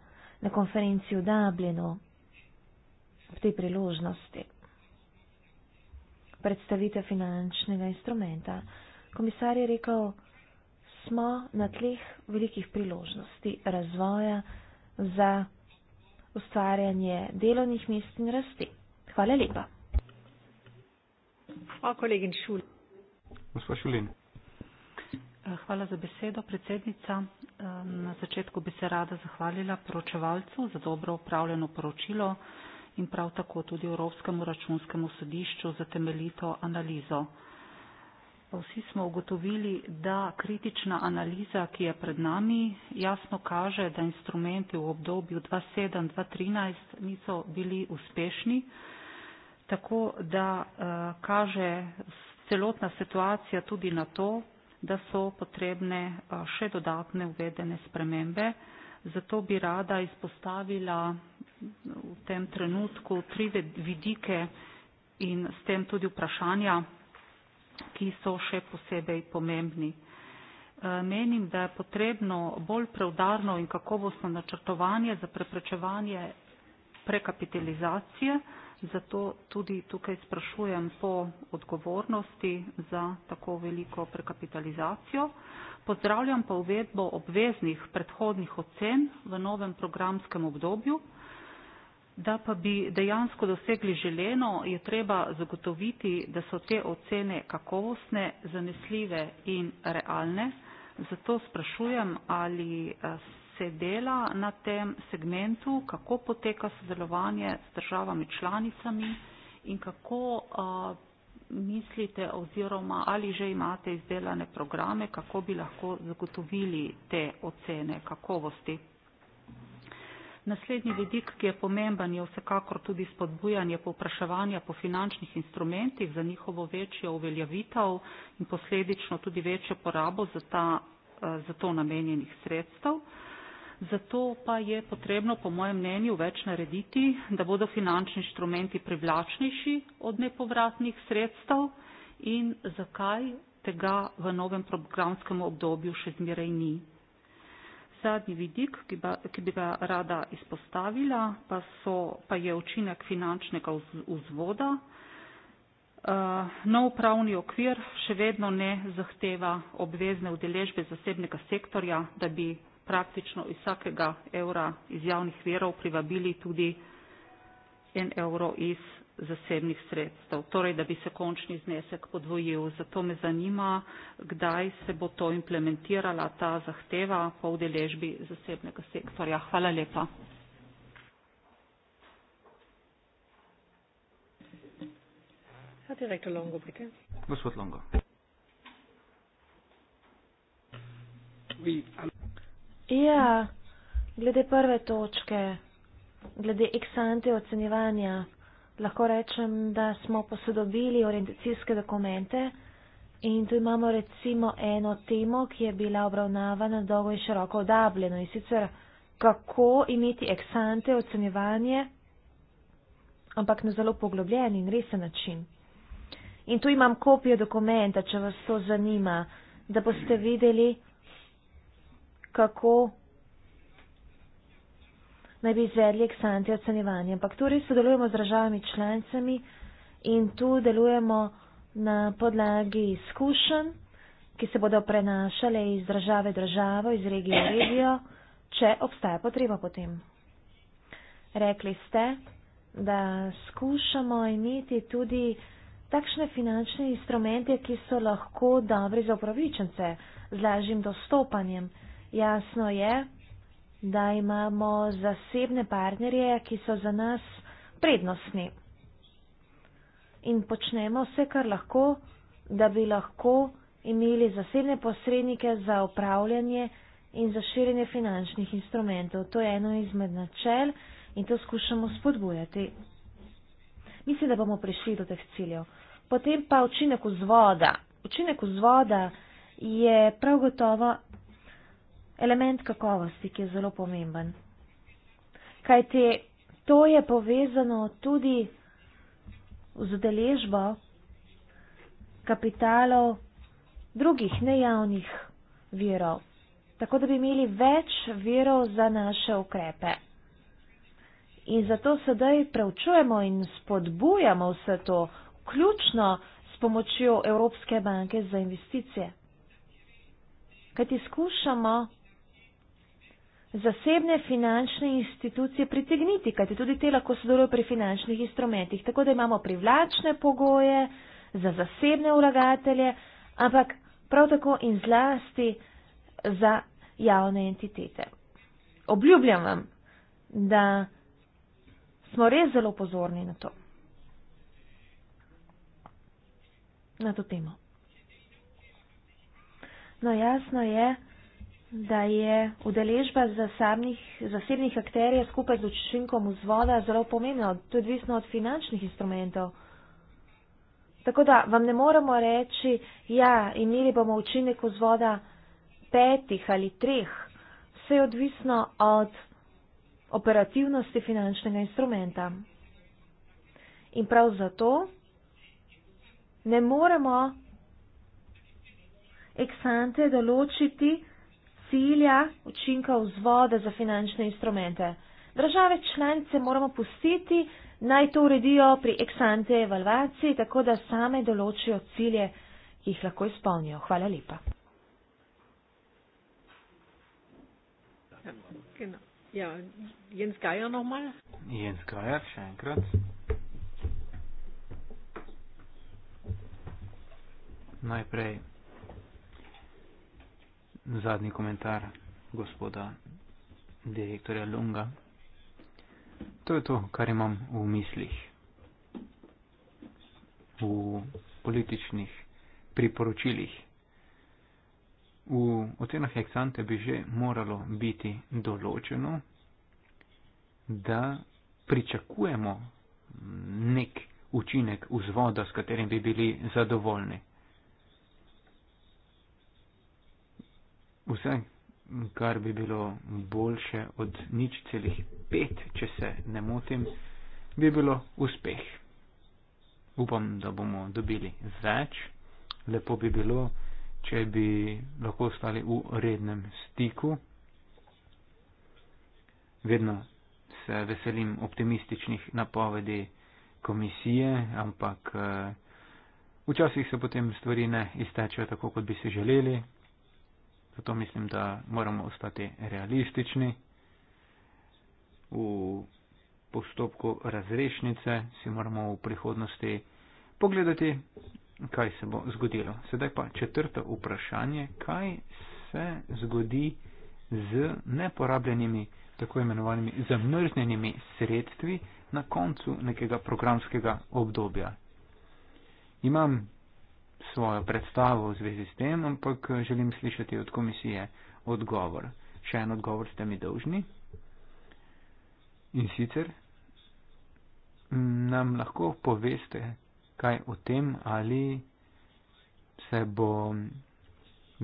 na konferenci v Dublinu v tej priložnosti. Predstavitev finančnega instrumenta. Komisar je rekel, smo na tleh velikih priložnosti razvoja za ustvarjanje delovnih mest in rasti. Hvala lepa. O kolegin Šul. Gospod Šulin. Hvala za besedo, predsednica. Na začetku bi se rada zahvalila poročevalcu za dobro upravljeno poročilo in prav tako tudi Evropskemu računskemu sodišču za temeljito analizo. Vsi smo ugotovili, da kritična analiza, ki je pred nami, jasno kaže, da instrumenti v obdobju 2007-2013 niso bili uspešni, tako da eh, kaže celotna situacija tudi na to, da so potrebne eh, še dodatne uvedene spremembe. Zato bi rada izpostavila v tem trenutku tri vidike in s tem tudi vprašanja, ki so še posebej pomembni. Eh, menim, da je potrebno bolj preudarno in kakovostno načrtovanje za preprečevanje prekapitalizacije, Zato tudi tukaj sprašujem po odgovornosti za tako veliko prekapitalizacijo. Pozdravljam pa uvedbo obveznih predhodnih ocen v novem programskem obdobju. Da pa bi dejansko dosegli želeno, je treba zagotoviti, da so te ocene kakovostne, zanesljive in realne. Zato sprašujem, ali eh, se dela na tem segmentu, kako poteka sodelovanje s državami članicami in kako mislite oziroma ali že imate izdelane programe, kako bi lahko zagotovili te ocene kakovosti. Naslednji vidik, ki je pomemben, je vsekakor tudi spodbujanje povpraševanja po finančnih instrumentih za njihovo večjo uveljavitev in posledično tudi večjo porabo za, ta, za to namenjenih sredstev. Uh, Zato pa je potrebno, po mojem mnenju, več narediti, da bodo finančni inštrumenti privlačnejši od nepovratnih sredstev in zakaj tega v novem programskem obdobju še zmeraj ni. Zadnji vidik, ki, ba, ki bi ga rada izpostavila, pa, so, pa je učinek finančnega vzvoda. Uh, nov pravni okvir še vedno ne zahteva obvezne udeležbe zasebnega sektorja, da bi praktično iz vsakega evra iz javnih verov privabili tudi en evro iz zasebnih sredstev. Torej, da bi se končni znesek podvojil. Zato me zanima, kdaj se bo to implementirala, ta zahteva po udeležbi zasebnega sektorja. Hvala lepa. Longo, Gospod Longo. We, um Ja, glede prve točke, glede eksante ocenjevanja, lahko rečem, da smo posodobili orientacijske dokumente in tu imamo recimo eno temo, ki je bila obravnavana dolgo in široko odabljeno in sicer kako imeti eksante ocenjevanje, ampak na zelo poglobljen in resen način. In tu imam kopijo dokumenta, če vas to zanima, da boste videli, kako naj bi izvedli eksanti ocenjevanje. Ampak torej sodelujemo z državami članicami in tu delujemo na podlagi izkušenj, ki se bodo prenašale iz države državo, iz regije v regijo, če obstaja potreba potem. Rekli ste, da skušamo imeti tudi takšne finančne instrumente, ki so lahko dobri za upravičence z lažjim dostopanjem. Jasno je, da imamo zasebne partnerje, ki so za nas prednostni. In počnemo vse, kar lahko, da bi lahko imeli zasebne posrednike za upravljanje in za širjenje finančnih instrumentov. To je eno izmed načel in to skušamo spodbujati. Mislim, da bomo prišli do teh ciljev. Potem pa učinek vzvoda. Učinek vzvoda je prav gotovo element kakovosti, ki je zelo pomemben. Kaj te, to je povezano tudi z udeležbo kapitalov drugih nejavnih virov, tako da bi imeli več virov za naše ukrepe. In zato sedaj preučujemo in spodbujamo vse to, ključno s pomočjo Evropske banke za investicije. Kaj ti skušamo zasebne finančne institucije pritegniti, kajti tudi te lahko sodelujo pri finančnih instrumentih. Tako da imamo privlačne pogoje za zasebne vlagatelje, ampak prav tako in zlasti za javne entitete. Obljubljam vam, da smo res zelo pozorni na to. Na to temo. No, jasno je, da je udeležba za samih, zasebnih akterjev skupaj z učinkom vzvoda zelo pomembna, to je odvisno od finančnih instrumentov. Tako da vam ne moremo reči, ja, imeli bomo učinek vzvoda petih ali treh, vse je odvisno od operativnosti finančnega instrumenta. In prav zato ne moremo eksante določiti, cilja učinka vzvoda za finančne instrumente. Države članice moramo pustiti, naj to uredijo pri eksante evalvaciji, tako da same določijo cilje, ki jih lahko izpolnijo. Hvala lepa. Ja, Jens Gajer nochmal. Jens Gajer, Scheinkratz. Najprej. No, zadnji komentar gospoda direktorja Lunga. To je to, kar imam v mislih, v političnih priporočilih. V ocenah Heksante bi že moralo biti določeno, da pričakujemo nek učinek vzvoda, s katerim bi bili zadovoljni. vse, kar bi bilo boljše od nič celih pet, če se ne motim, bi bilo uspeh. Upam, da bomo dobili več. Lepo bi bilo, če bi lahko ostali v rednem stiku. Vedno se veselim optimističnih napovedi komisije, ampak eh, včasih se potem stvari ne iztečejo tako, kot bi si želeli, Zato mislim, da moramo ostati realistični. V postopku razrešnice si moramo v prihodnosti pogledati, kaj se bo zgodilo. Sedaj pa četrto vprašanje, kaj se zgodi z neporabljenimi, tako imenovanimi zamrznjenimi sredstvi na koncu nekega programskega obdobja. Imam svojo predstavo v zvezi s tem, ampak eh, želim slišati od komisije odgovor. Še en odgovor ste mi dolžni. In sicer nam lahko poveste kaj o tem, ali se bo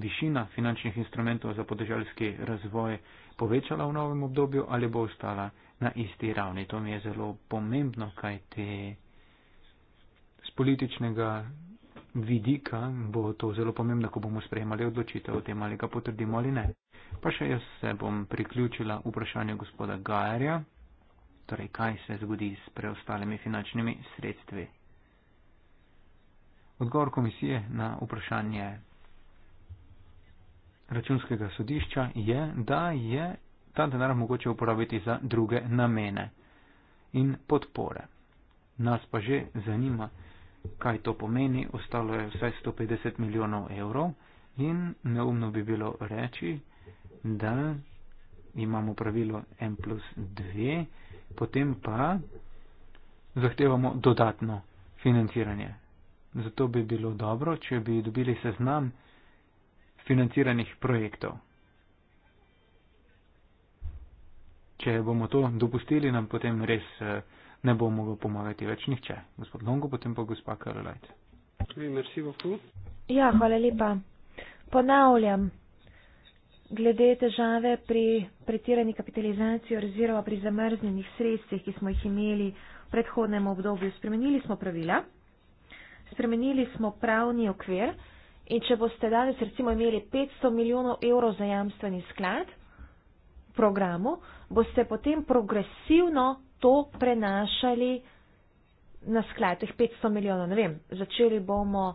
višina finančnih instrumentov za podeželski razvoj povečala v novem obdobju ali bo ostala na isti ravni. To mi je zelo pomembno, kaj te z političnega vidika bo to zelo pomembno, ko bomo sprejemali odločitev o tem, ali ga potrdimo ali ne. Pa še jaz se bom priključila vprašanju gospoda Gajerja, torej kaj se zgodi s preostalimi finančnimi sredstvi. Odgovor komisije na vprašanje računskega sodišča je, da je ta denar mogoče uporabiti za druge namene in podpore. Nas pa že zanima, kaj to pomeni, ostalo je vsaj 150 milijonov evrov in neumno bi bilo reči, da imamo pravilo M plus 2, potem pa zahtevamo dodatno financiranje. Zato bi bilo dobro, če bi dobili seznam financiranih projektov. Če bomo to dopustili, nam potem res. Eh, ne bo mogel pomagati več nihče. Gospod Longo, potem pa gospa Karolajt. Ja, hvala lepa. Ponavljam, glede težave pri pretirani kapitalizaciji oziroma pri zamrznjenih sredstvih, ki smo jih imeli v predhodnem obdobju, spremenili smo pravila, spremenili smo pravni okvir in če boste danes recimo imeli 500 milijonov evrov za jamstveni sklad v programu, boste potem progresivno to prenašali na sklad, teh 500 milijonov, ne vem, začeli bomo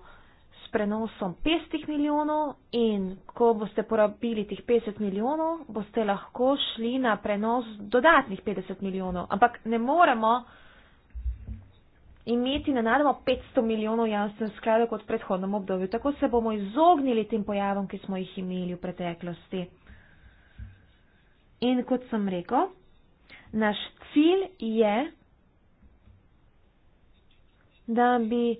s prenosom 500 milijonov in ko boste porabili tih 50 milijonov, boste lahko šli na prenos dodatnih 50 milijonov, ampak ne moremo imeti na nadamo 500 milijonov jamstven skladov kot v predhodnem obdobju. Tako se bomo izognili tem pojavom, ki smo jih imeli v preteklosti. In kot sem rekel, Naš cilj je, da bi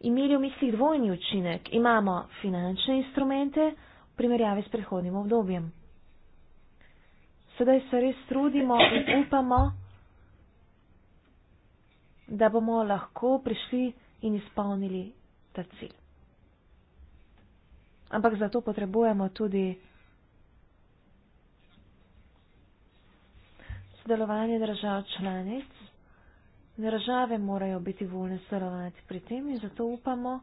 imeli v mislih dvojni učinek. Imamo finančne instrumente v primerjavi s prehodnim obdobjem. Sedaj se res trudimo in upamo, da bomo lahko prišli in izpolnili ta cilj. Ampak za to potrebujemo tudi. sodelovanje držav članic. Države morajo biti voljne sodelovati pri tem in zato upamo,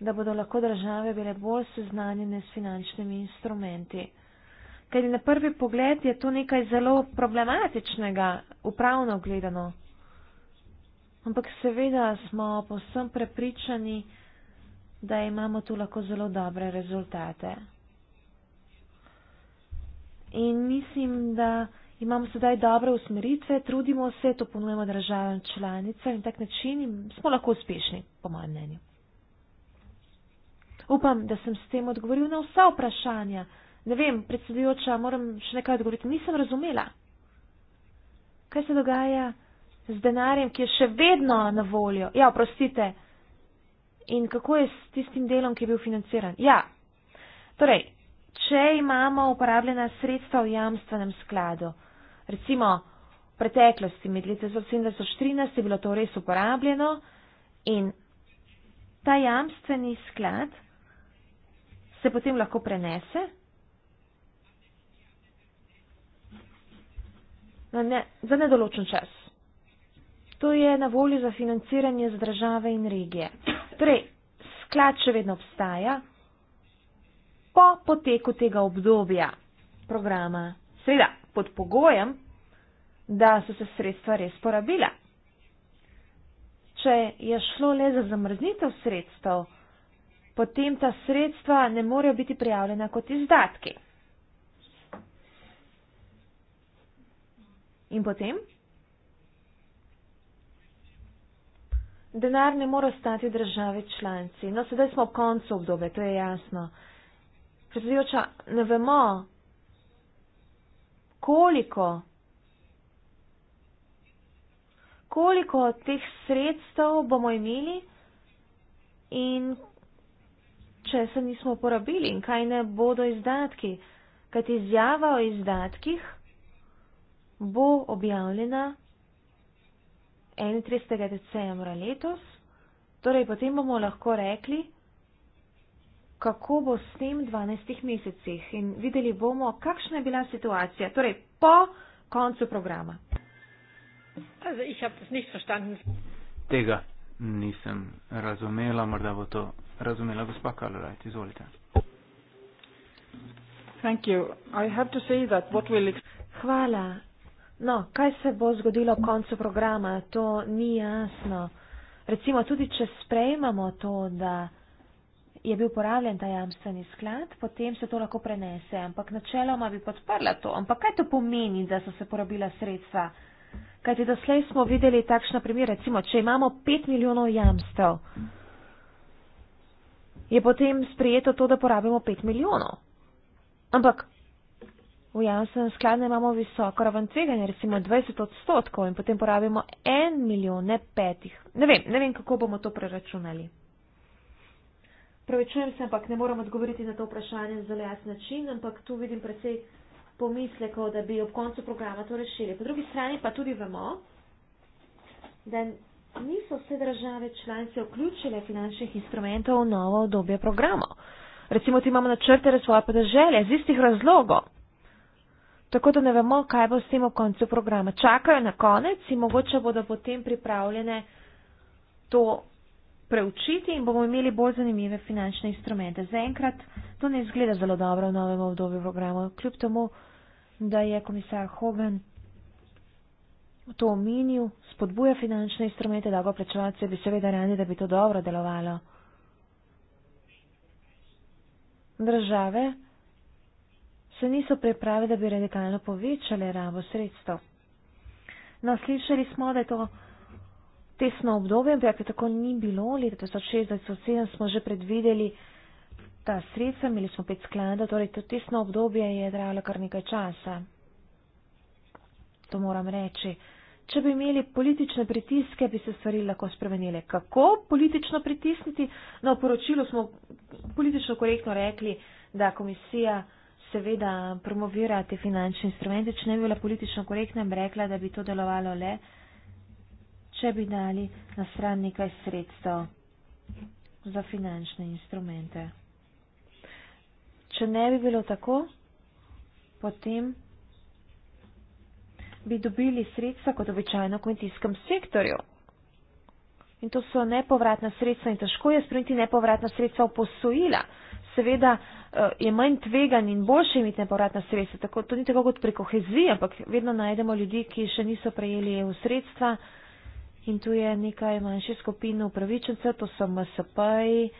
da bodo lahko države bile bolj seznanjene s finančnimi instrumenti. Ker na prvi pogled je to nekaj zelo problematičnega, upravno gledano. Ampak seveda smo posem prepričani, da imamo tu lahko zelo dobre rezultate. In mislim, da imamo sedaj dobre usmeritve, trudimo se, to ponujemo državam članicam in tak način in smo lahko uspešni, po mojem mnenju. Upam, da sem s tem odgovoril na vsa vprašanja. Ne vem, predsedujoča, moram še nekaj odgovoriti. Nisem razumela. Kaj se dogaja z denarjem, ki je še vedno na voljo? Ja, oprostite. In kako je s tistim delom, ki je bil financiran? Ja. Torej, če imamo uporabljena sredstva v jamstvenem skladu, recimo v preteklosti, med leti 2013 je bilo to res uporabljeno in ta jamstveni sklad se potem lahko prenese na ne, za nedoločen čas. To je na voljo za financiranje z države in regije. Torej, sklad še vedno obstaja po poteku tega obdobja programa. Sveda pod pogojem, da so se sredstva res porabila. Če je šlo le za zamrznitev sredstev, potem ta sredstva ne morejo biti prijavljena kot izdatki. In potem? Denar ne more ostati državi članci. No, sedaj smo ob koncu obdobja, to je jasno. Predsedujoča, ne vemo, koliko, koliko teh sredstev bomo imeli in če se nismo porabili in kaj ne bodo izdatki. Kaj ti izjava o izdatkih bo objavljena 31. decembra letos, torej potem bomo lahko rekli, kako bo s tem 12 mesecih in videli bomo, kakšna je bila situacija, torej po koncu programa. Tega nisem razumela, morda bo to razumela gospa Kalorajt, izvolite. Hvala. No, kaj se bo zgodilo v koncu programa, to ni jasno. Recimo, tudi če sprejmamo to, da je bil uporabljen ta jamstveni sklad, potem se to lahko prenese. Ampak načeloma bi podprla to. Ampak kaj to pomeni, da so se porabila sredstva? Kajti doslej smo videli takšna primera, recimo, če imamo 5 milijonov jamstev, je potem sprijeto to, da porabimo 5 milijonov. Ampak v jamstvenem skladu imamo visoko raven tveganja, recimo 20 odstotkov in potem porabimo 1 milijon, ne 5. Ne vem, ne vem, kako bomo to preračunali. Pravičujem se, ampak ne moram odgovoriti na to vprašanje na zelo jasen način, ampak tu vidim precej pomislekov, da bi ob koncu programa to rešili. Po drugi strani pa tudi vemo, da niso vse države članice vključile finančnih instrumentov v novo obdobje programov. Recimo, ti imamo načrte razvoja podeželja iz istih razlogov. Tako da ne vemo, kaj bo s tem ob koncu programa. Čakajo na konec in mogoče bodo potem pripravljene to preučiti in bomo imeli bolj zanimive finančne instrumente. Zaenkrat to ne izgleda zelo dobro v novem obdobju programa, kljub temu, da je komisar Hogan to omenil, spodbuja finančne instrumente, da ga plačevalce bi seveda radi, da bi to dobro delovalo. Države se niso pripravile, da bi radikalno povečale rabo sredstev. No, slišali smo, da je to testno obdobje, ampak je tako ni bilo, leta 2006-2007 smo že predvideli ta sredstva, imeli smo pet sklada, torej to testno obdobje je trajalo kar nekaj časa. To moram reči. Če bi imeli politične pritiske, bi se stvari lahko spremenile. Kako politično pritisniti? Na no, poročilu smo politično korektno rekli, da komisija seveda promovira te finančne instrumente. Če ne bi bila politično korektna, bi rekla, da bi to delovalo le če bi dali na stran nekaj sredstev za finančne instrumente. Če ne bi bilo tako, potem bi dobili sredstva kot običajno v kmetijskem sektorju. In to so nepovratna sredstva in težko je spremeniti nepovratna sredstva v posojila. Seveda eh, je manj tvegan in boljše imeti nepovratna sredstva. Tako, to ni tako kot pri kohezi, ampak vedno najdemo ljudi, ki še niso prejeli EU sredstva, in tu je nekaj manjše skupine upravičencev, to so MSP-ji,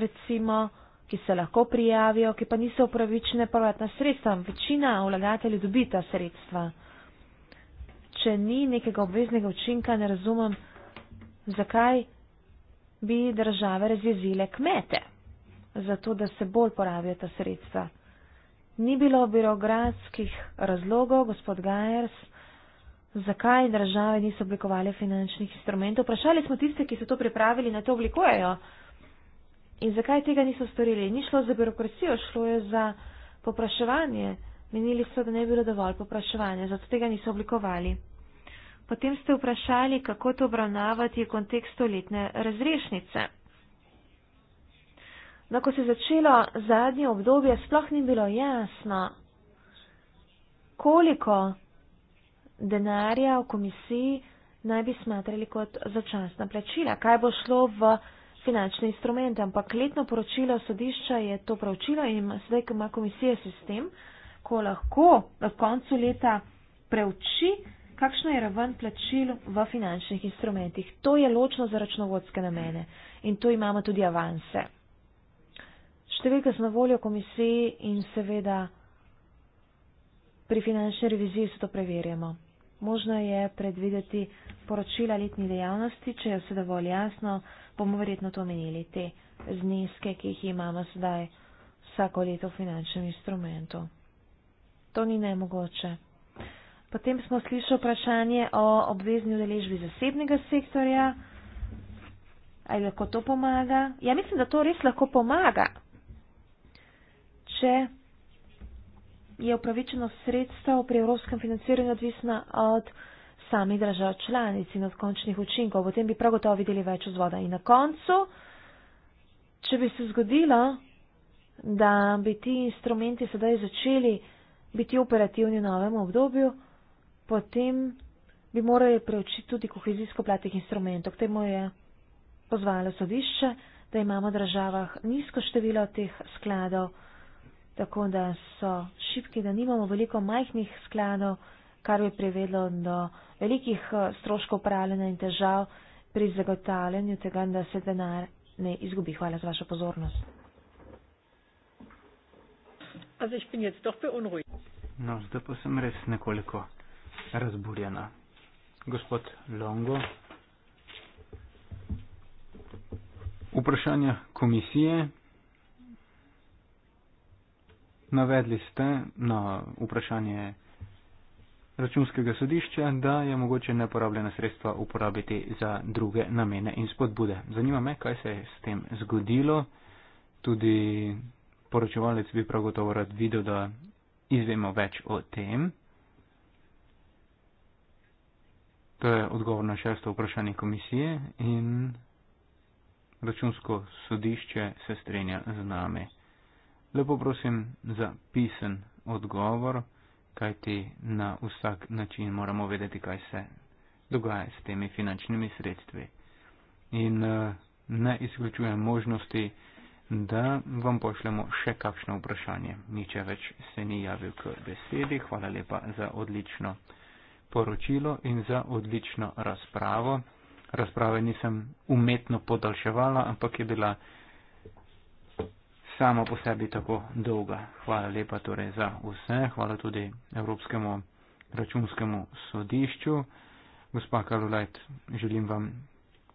recimo, ki se lahko prijavijo, ki pa niso upravičene prvotna sredstva. Večina vlagatelji dobi ta sredstva. Če ni nekega obveznega učinka, ne razumem, zakaj bi države razjezile kmete, zato da se bolj porabijo ta sredstva. Ni bilo birokratskih razlogov, gospod Gajers zakaj države niso oblikovali finančnih instrumentov. Vprašali smo tiste, ki so to pripravili, na to oblikujejo. In zakaj tega niso storili? Ni šlo za birokracijo, šlo je za popraševanje. Menili so, da ne bi bilo dovolj popraševanja, zato tega niso oblikovali. Potem ste vprašali, kako to obravnavati v kontekstu letne razrešnice. No, ko se je začelo zadnje obdobje, sploh ni bilo jasno, koliko denarja v komisiji naj bi smatrali kot začasna plačila. Kaj bo šlo v finančne instrumente, ampak letno poročilo sodišča je to pravčilo in zdaj, ko ima komisija sistem, ko lahko v koncu leta preuči, kakšno je raven plačil v finančnih instrumentih. To je ločno za računovodske namene in to imamo tudi avanse. Številka smo voljo komisiji in seveda pri finančni reviziji se to preverjamo možno je predvideti poročila letni dejavnosti, če je vse dovolj jasno, bomo verjetno to menili, te zneske, ki jih imamo sedaj vsako leto v finančnem instrumentu. To ni nemogoče. Potem smo slišali vprašanje o obvezni udeležbi zasebnega sektorja. Ali lahko to pomaga? Ja, mislim, da to res lahko pomaga. Če je upravičenost sredstev pri evropskem financiranju odvisna od samih držav članic in od končnih učinkov. Potem bi prav gotovo videli več vzvoda. In na koncu, če bi se zgodilo, da bi ti instrumenti sedaj začeli biti operativni v novem obdobju, potem bi morali preučiti tudi kohezijsko platih instrumentov. K temu je pozvalo sodišče, da imamo v državah nizko število teh skladov tako da so šipki, da nimamo veliko majhnih skladov, kar bi privedlo do velikih eh, stroškov upravljanja in težav pri zagotavljanju tega, da se denar ne izgubi. Hvala za vašo pozornost. No, zdaj pa sem res nekoliko razburjena. Gospod Longo. Vprašanja komisije navedli ste na vprašanje računskega sodišča, da je mogoče neporabljena sredstva uporabiti za druge namene in spodbude. Zanima me, kaj se je s tem zgodilo. Tudi poročevalec bi prav gotovo rad videl, da izvemo več o tem. To je odgovor na šesto vprašanje komisije in računsko sodišče se strenja z nami lepo prosim za pisen odgovor, kajti na vsak način moramo vedeti, kaj se dogaja s temi finančnimi sredstvi. In eh, ne izključujem možnosti, da vam pošljemo še kakšno vprašanje. Niče več se ni javil k besedi. Hvala lepa za odlično poročilo in za odlično razpravo. Razprave nisem umetno podaljševala, ampak je bila samo po sebi tako dolga. Hvala lepa torej za vse, hvala tudi Evropskemu računskemu sodišču. Gospa Karolajt, želim vam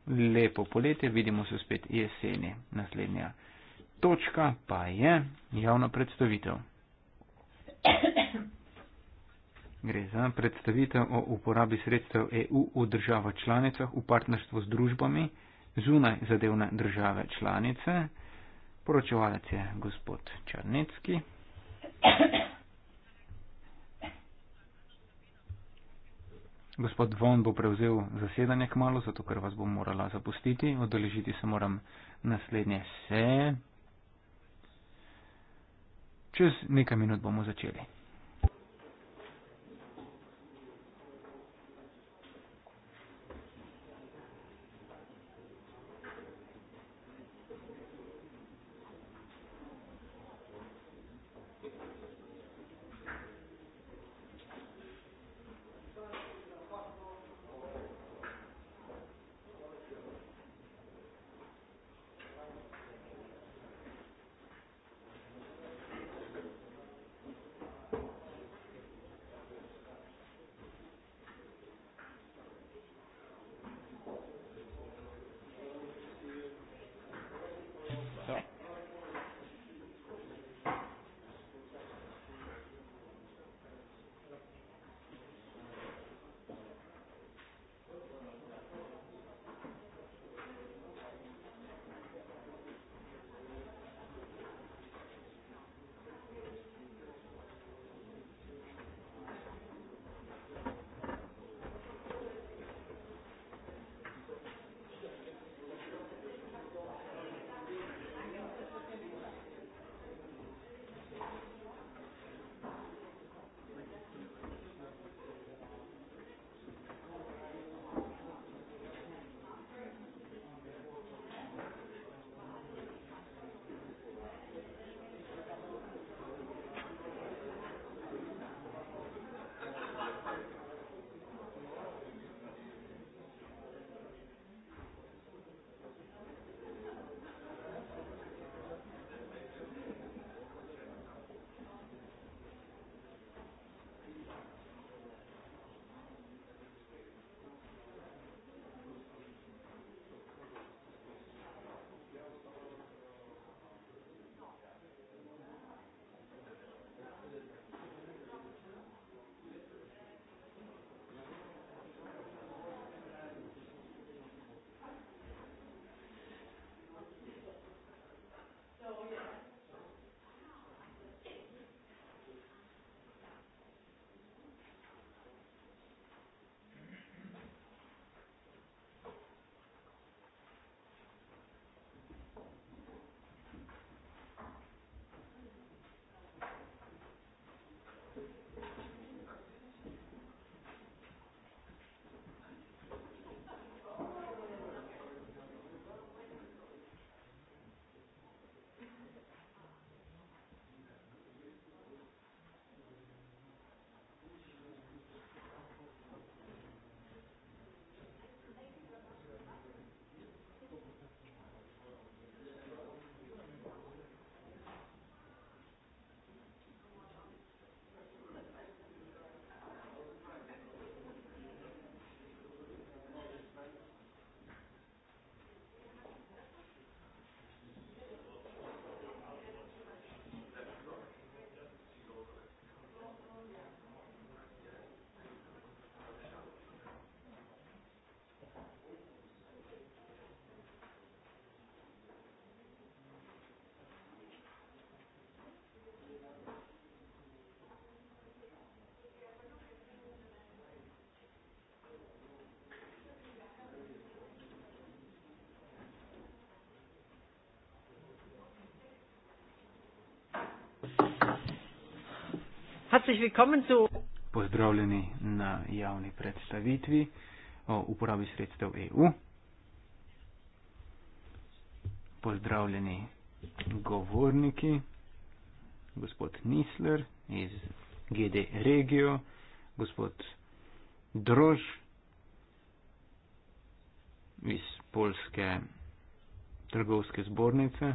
lepo poletje, vidimo se spet jeseni. Naslednja točka pa je javna predstavitev. Gre za predstavitev o uporabi sredstev EU v državah članicah v partnerstvu z družbami zunaj zadevne države članice. Poročevalec je gospod Črnecki. Gospod Von bo prevzel zasedanje kmalo, zato ker vas bom morala zapustiti. Odeležiti se moram naslednje seje. Čez nekaj minut bomo začeli. Herzlich willkommen zu Pozdravljeni na javni predstavitvi o uporabi sredstev EU. Pozdravljeni govorniki, gospod Nisler iz GD Regio, gospod Drož iz Polske trgovske zbornice,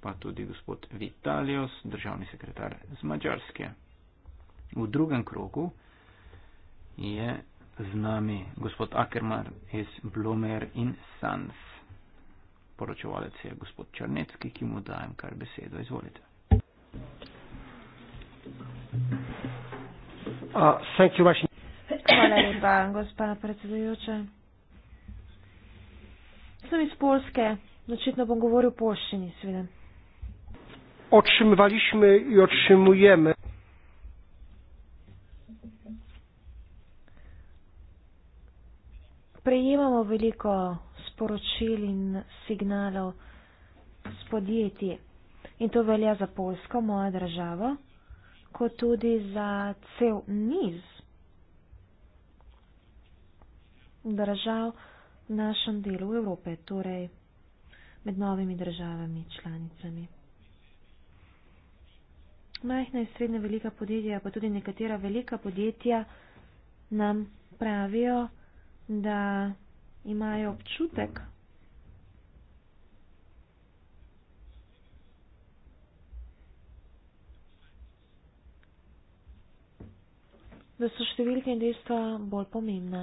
pa tudi gospod Vitalios, državni sekretar z Mačarske. V drugem krogu je z nami gospod Akermar iz Blumer in Sans. Poročevalec je gospod Črnecki, ki mu dajem kar besedo. Izvolite. Uh, Hvala lepa, gospa predsedujoča. Sem iz Polske, očitno bom govoril poščini, seveda. Otrimovali smo in otrimujemo prejemamo veliko sporočil in signalov s podjetji. In to velja za Polsko, mojo državo, kot tudi za cel niz držav v našem delu Evrope, torej med novimi državami članicami. Majhna in srednja velika podjetja, pa tudi nekatera velika podjetja nam pravijo, da imajo občutek, da so številke in dejstva bolj pomembna.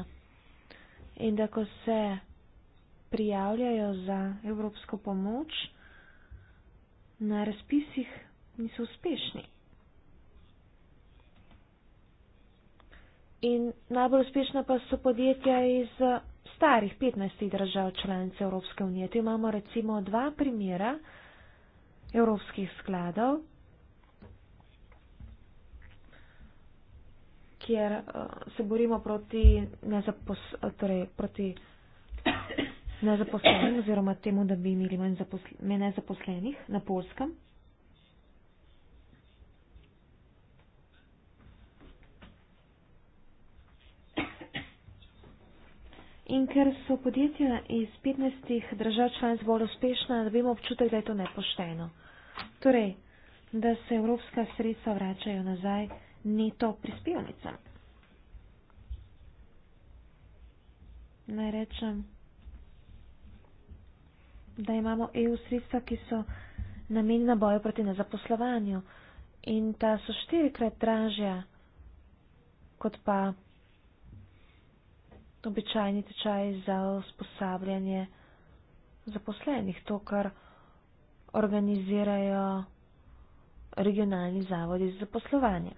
In da ko se prijavljajo za evropsko pomoč, na razpisih niso uspešni. In najbolj uspešna pa so podjetja iz eh, starih 15 držav članice Evropske unije. Tu imamo recimo dva primera evropskih skladov, kjer uh, se borimo proti, nezapos torej, proti nezaposlenim oziroma temu, da bi imeli manj nezaposlenih na polskem. In ker so podjetja iz 15 držav članic bolj uspešna, dobimo občutek, da je to nepošteno. Torej, da se evropska sredstva vračajo nazaj neto prispevnica. Naj rečem, da imamo EU sredstva, ki so namenjena boju proti nezaposlovanju in ta so štirikrat dražja kot pa običajni tečaj za usposabljanje zaposlenih, to, kar organizirajo regionalni zavodi za poslovanje.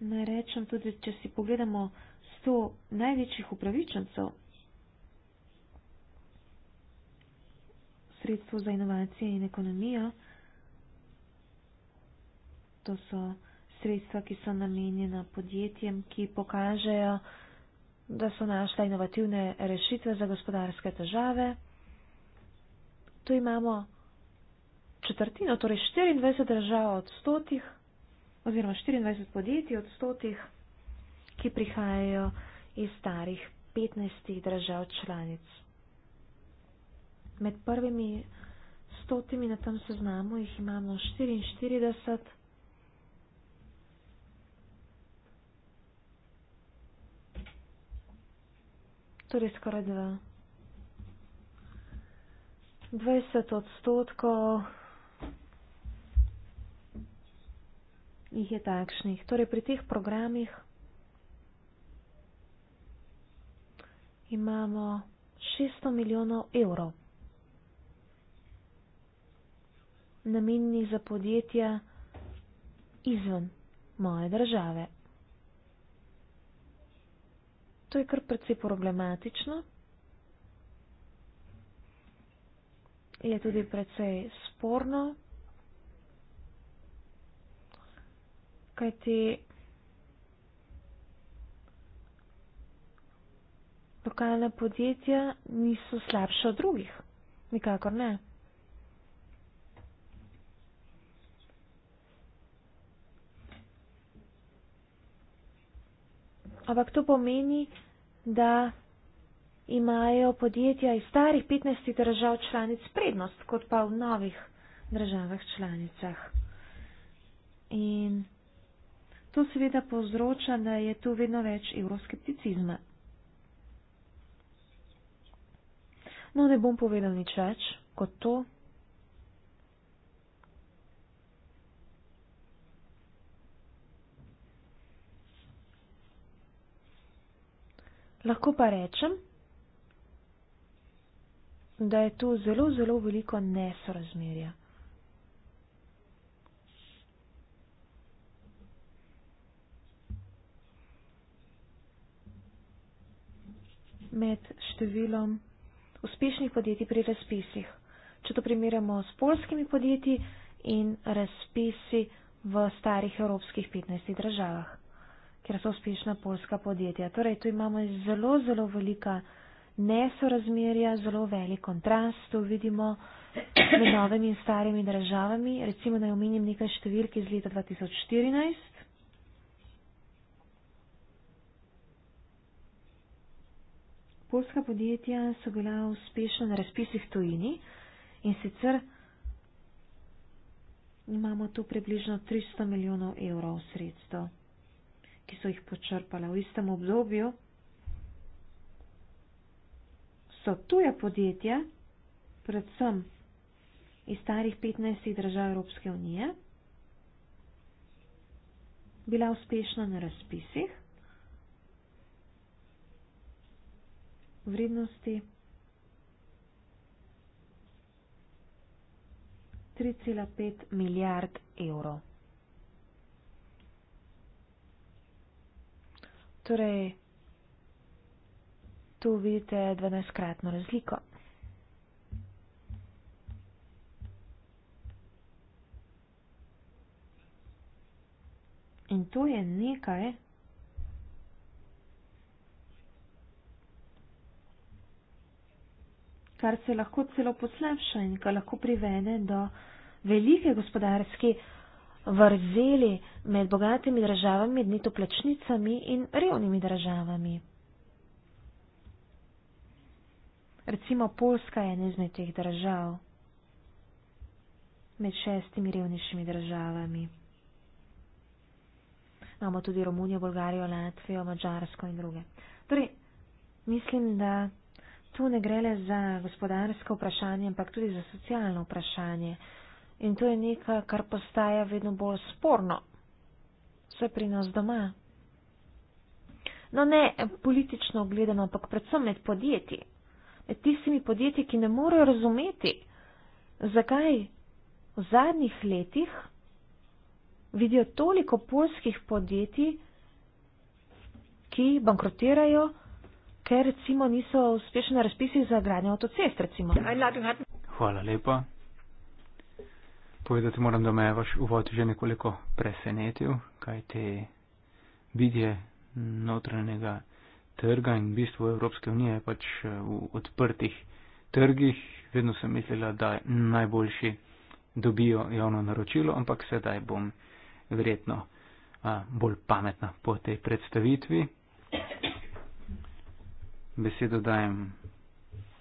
Naj rečem tudi, če si pogledamo 100 največjih upravičencev sredstvo za inovacije in ekonomijo, to so sredstva, ki so namenjena podjetjem, ki pokažejo, da so našla inovativne rešitve za gospodarske težave. Tu imamo četrtino, torej 24 držav od stotih oziroma 24 podjetij od stotih, ki prihajajo iz starih 15 držav članic. Med prvimi stotimi na tem seznamu jih imamo 44. torej skoraj dva. 20 odstotkov jih je takšnih. Torej pri teh programih imamo 600 milijonov evrov namenjenih za podjetja izven moje države, To je kar precej problematično. Je tudi precej sporno, kajti lokalna podjetja niso slabša od drugih. Nikakor ne. Ampak to pomeni, da imajo podjetja iz starih 15 držav članic prednost, kot pa v novih državah članicah. In to seveda povzroča, da je tu vedno več evroskepticizma. No, ne bom povedal nič več kot to. Lahko pa rečem, da je tu zelo, zelo veliko nesorazmerja. Med številom uspešnih podjetij pri razpisih. Če to primerjamo s polskimi podjetji in razpisi v starih evropskih 15 državah ker so uspešna polska podjetja. Torej, tu imamo zelo, zelo velika nesorazmerja, zelo velik kontrast, to vidimo med novimi in starimi državami. Recimo, naj omenim nekaj številk iz leta 2014. Polska podjetja so bila uspešna na razpisih tujini in sicer imamo tu približno 300 milijonov evrov sredstev ki so jih počrpale v istem obdobju, so tuje podjetja, predvsem iz starih 15 držav Evropske unije, bila uspešna na razpisih vrednosti 3,5 milijard evrov. Torej, tu vidite 12-kratno razliko. In tu je nekaj, kar se lahko celo poslepša in kar lahko privene do velike gospodarske vsega vrzeli med bogatimi državami, nitoplačnicami in revnimi državami. Recimo Poljska je ena izmed teh držav med šestimi revnejšimi državami. Imamo tudi Romunijo, Bolgarijo, Latvijo, Mačarsko in druge. Torej, mislim, da tu ne gre le za gospodarsko vprašanje, ampak tudi za socialno vprašanje. In to je nekaj, kar postaja vedno bolj sporno. Vse pri nas doma. No ne politično gledano, ampak predvsem med podjetji. Med tistimi podjetji, ki ne morejo razumeti, zakaj v zadnjih letih vidijo toliko polskih podjetij, ki bankrotirajo, ker recimo niso uspešne razpisi za gradnjo avtocest. Hvala lepa. Povedati moram, da me je vaš uvod že nekoliko presenetil, kaj te vidje notranjega trga in bistvo Evropske unije je pač eh, v odprtih trgih. Vedno sem mislila, da najboljši dobijo javno naročilo, ampak sedaj bom verjetno a, bolj pametna po tej predstavitvi. Besedo dajem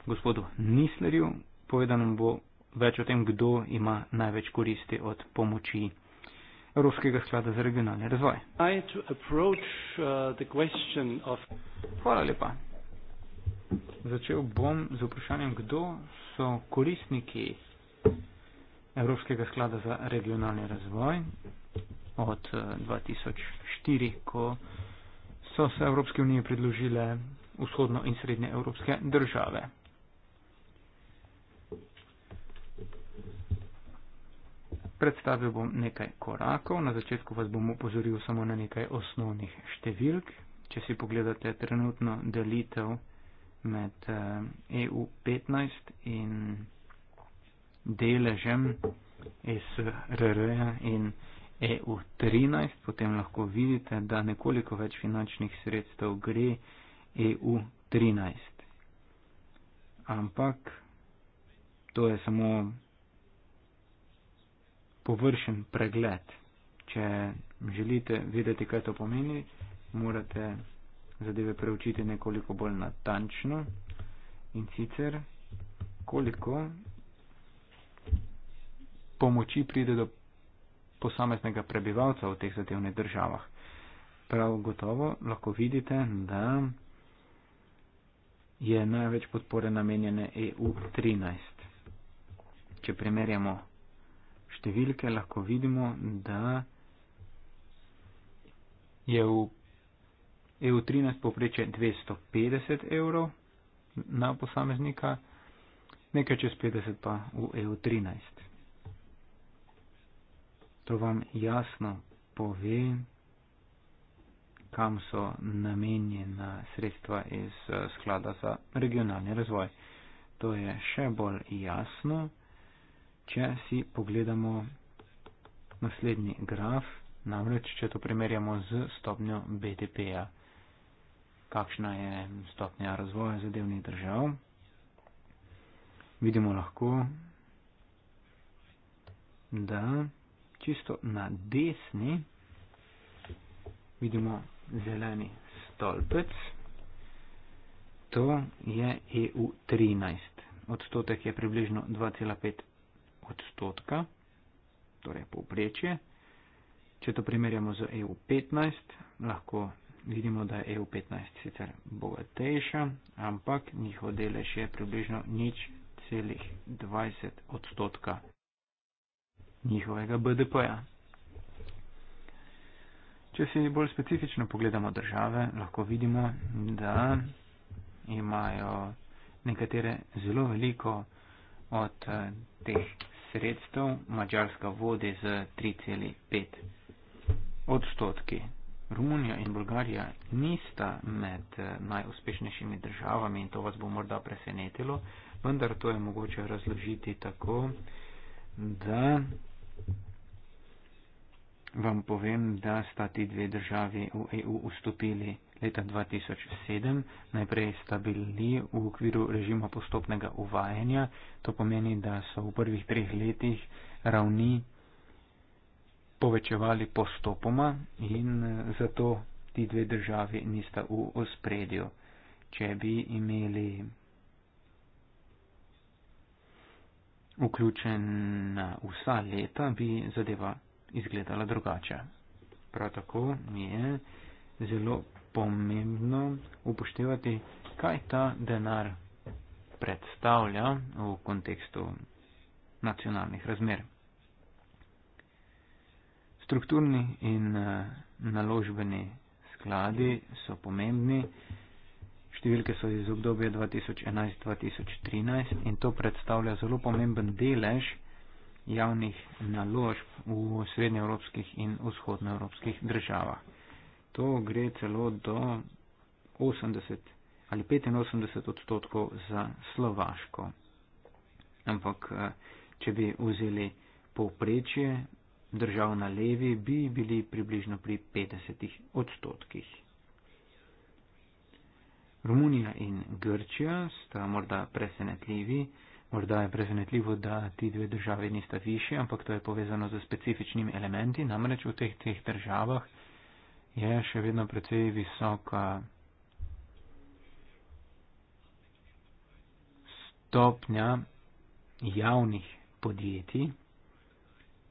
gospodu Nislerju, povedanem bo več o tem, kdo ima največ koristi od pomoči Evropskega sklada za regionalni razvoj. Uh, Hvala lepa. Začel bom z vprašanjem, kdo so koristniki Evropskega sklada za regionalni razvoj od 2004, uh, ko so se Evropske unije predložile vzhodno in srednje evropske države. Predstavil bom nekaj korakov, na začetku vas bom upozoril samo na nekaj osnovnih številk. Če si pogledate trenutno delitev med EU15 eh, e in deležem e SRR -ja in EU13, potem lahko vidite, da nekoliko več finančnih sredstev gre EU13. Ampak to je samo površen pregled. Če želite vedeti, kaj to pomeni, morate zadeve preučiti nekoliko bolj natančno in sicer koliko pomoči pride do posameznega prebivalca v teh zadevnih državah. Prav gotovo lahko vidite, da je največ podpore namenjene EU 13. Če primerjamo številke lahko vidimo, da je v EU13 povprečje 250 evrov na posameznika, nekaj čez 50 pa v EU13. To vam jasno pove, kam so namenjena sredstva iz eh, sklada za regionalni razvoj. To je še bolj jasno če si pogledamo naslednji graf, namreč če to primerjamo z stopnjo BDP-ja, kakšna je stopnja razvoja zadevnih držav, vidimo lahko, da čisto na desni vidimo zeleni stolpec, to je EU13. Odstotek je približno odstotka, torej povprečje. Če to primerjamo z EU15, lahko vidimo, da je EU15 sicer bogatejša, ampak njihov delež je približno nič celih 20 odstotka njihovega BDP-ja. Če si bolj specifično pogledamo države, lahko vidimo, da imajo nekatere zelo veliko od eh, teh sredstev, Mačarska vodi z 3,5 odstotki. Romunija in Bolgarija nista med eh, najuspešnejšimi državami in to vas bo morda presenetilo, vendar to je mogoče razložiti tako, da vam povem, da sta ti dve državi v EU vstopili leta 2007. Najprej sta bili v okviru režima postopnega uvajanja. To pomeni, da so v prvih treh letih ravni povečevali postopoma in eh, zato ti dve državi nista v ospredju. Če bi imeli vključen vsa leta, bi zadeva izgledala drugače. Prav tako je zelo pomembno upoštevati, kaj ta denar predstavlja v kontekstu nacionalnih razmer. Strukturni in eh, naložbeni skladi so pomembni. Številke so iz obdobja 2011-2013 in to predstavlja zelo pomemben delež javnih naložb v srednjeevropskih in vzhodnoevropskih državah to gre celo do 80 ali 85 odstotkov za Slovaško. Ampak, eh, če bi vzeli povprečje držav na levi, bi bili približno pri 50 odstotkih. Romunija in Grčija sta morda presenetljivi, morda je presenetljivo, da ti dve državi nista više, ampak to je povezano z specifičnimi elementi, namreč v teh, teh državah je še vedno precej visoka stopnja javnih podjetij,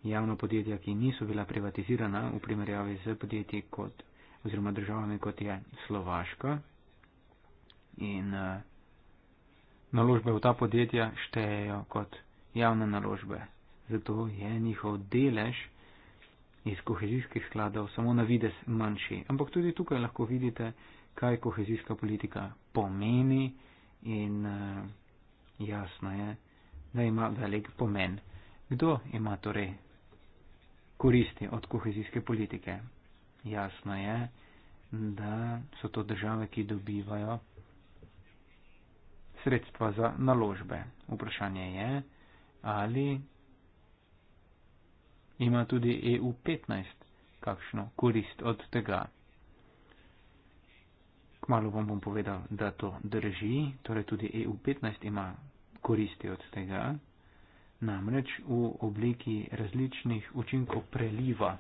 javno podjetja, ki niso bila privatizirana v primerjavi z podjetji kot oziroma državami kot je Slovaška. In uh, naložbe v ta podjetja štejejo kot javne naložbe. Zato je njihov delež iz kohezijskih skladov, samo na vides manjši. Ampak tudi tukaj lahko vidite, kaj kohezijska politika pomeni in eh, jasno je, da ima velik pomen. Kdo ima torej koristi od kohezijske politike? Jasno je, da so to države, ki dobivajo sredstva za naložbe. Vprašanje je, ali ima tudi EU15 kakšno korist od tega. Kmalo vam bom povedal, da to drži, torej tudi EU15 ima koristi od tega, namreč v obliki različnih učinkov preliva.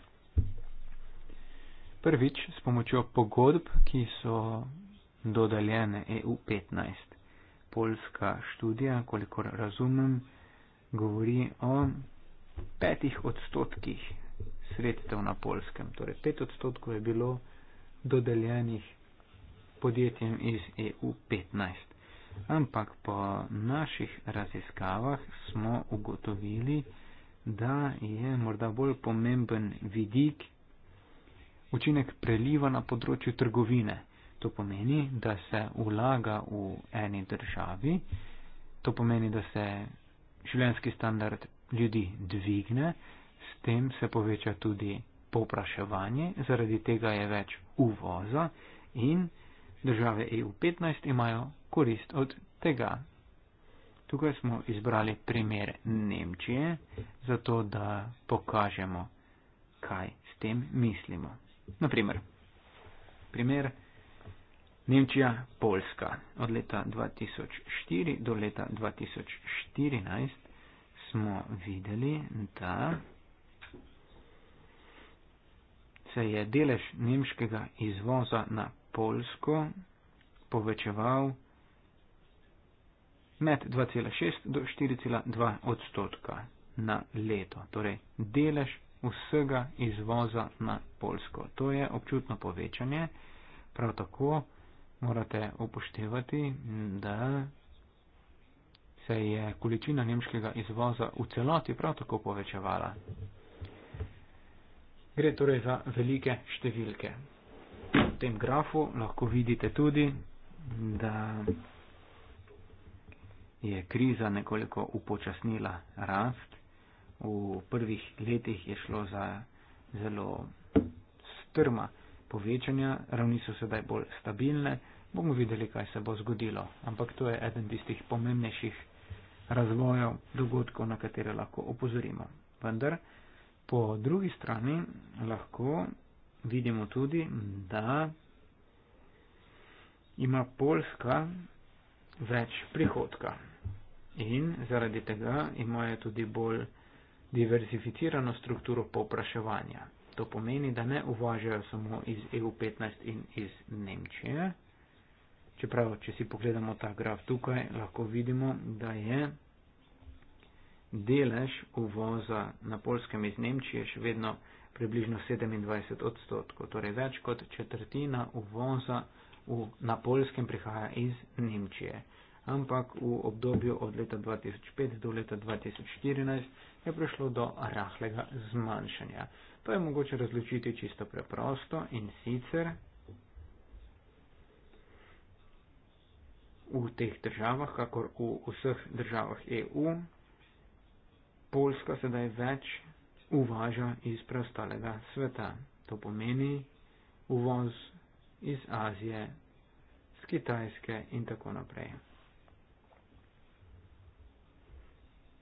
Prvič s pomočjo pogodb, ki so dodaljene EU15. Poljska študija, kolikor razumem, govori o petih odstotkih sredstev na polskem. Torej, pet odstotkov je bilo dodeljenih podjetjem iz EU15. Ampak po naših raziskavah smo ugotovili, da je morda bolj pomemben vidik učinek preliva na področju trgovine. To pomeni, da se vlaga v eni državi, to pomeni, da se življenski standard ljudi dvigne, s tem se poveča tudi popraševanje, zaradi tega je več uvoza in države EU15 imajo korist od tega. Tukaj smo izbrali primer Nemčije, zato da pokažemo, kaj s tem mislimo. Naprimer, primer Nemčija-Polska od leta 2004 do leta 2014 smo videli, da se je delež nemškega izvoza na Polsko povečeval med 2,6 do 4,2 odstotka na leto. Torej, delež vsega izvoza na Polsko. To je občutno povečanje. Prav tako morate upoštevati, da se je količina nemškega izvoza v celoti prav tako povečevala. Gre torej za velike številke. V tem grafu lahko vidite tudi, da je kriza nekoliko upočasnila rast. V prvih letih je šlo za zelo strma povečanja, ravni so sedaj bolj stabilne. Bomo videli, kaj se bo zgodilo, ampak to je eden tistih pomembnejših razvojev dogodkov, na katere lahko opozorimo. Vendar po drugi strani lahko vidimo tudi, da ima Poljska več prihodka in zaradi tega imajo tudi bolj diverzificirano strukturo popraševanja. To pomeni, da ne uvažajo samo iz EU15 in iz Nemčije, Čeprav, če si pogledamo ta graf tukaj, lahko vidimo, da je delež uvoza na polskem iz Nemčije še vedno približno 27 odstotkov, torej več kot četrtina uvoza v, na polskem prihaja iz Nemčije. Ampak v obdobju od leta 2005 do leta 2014 je prišlo do rahlega zmanjšanja. To je mogoče različiti čisto preprosto in sicer v teh državah, kakor v vseh državah EU, Poljska sedaj več uvaža iz preostalega sveta. To pomeni uvoz iz Azije, z Kitajske in tako naprej.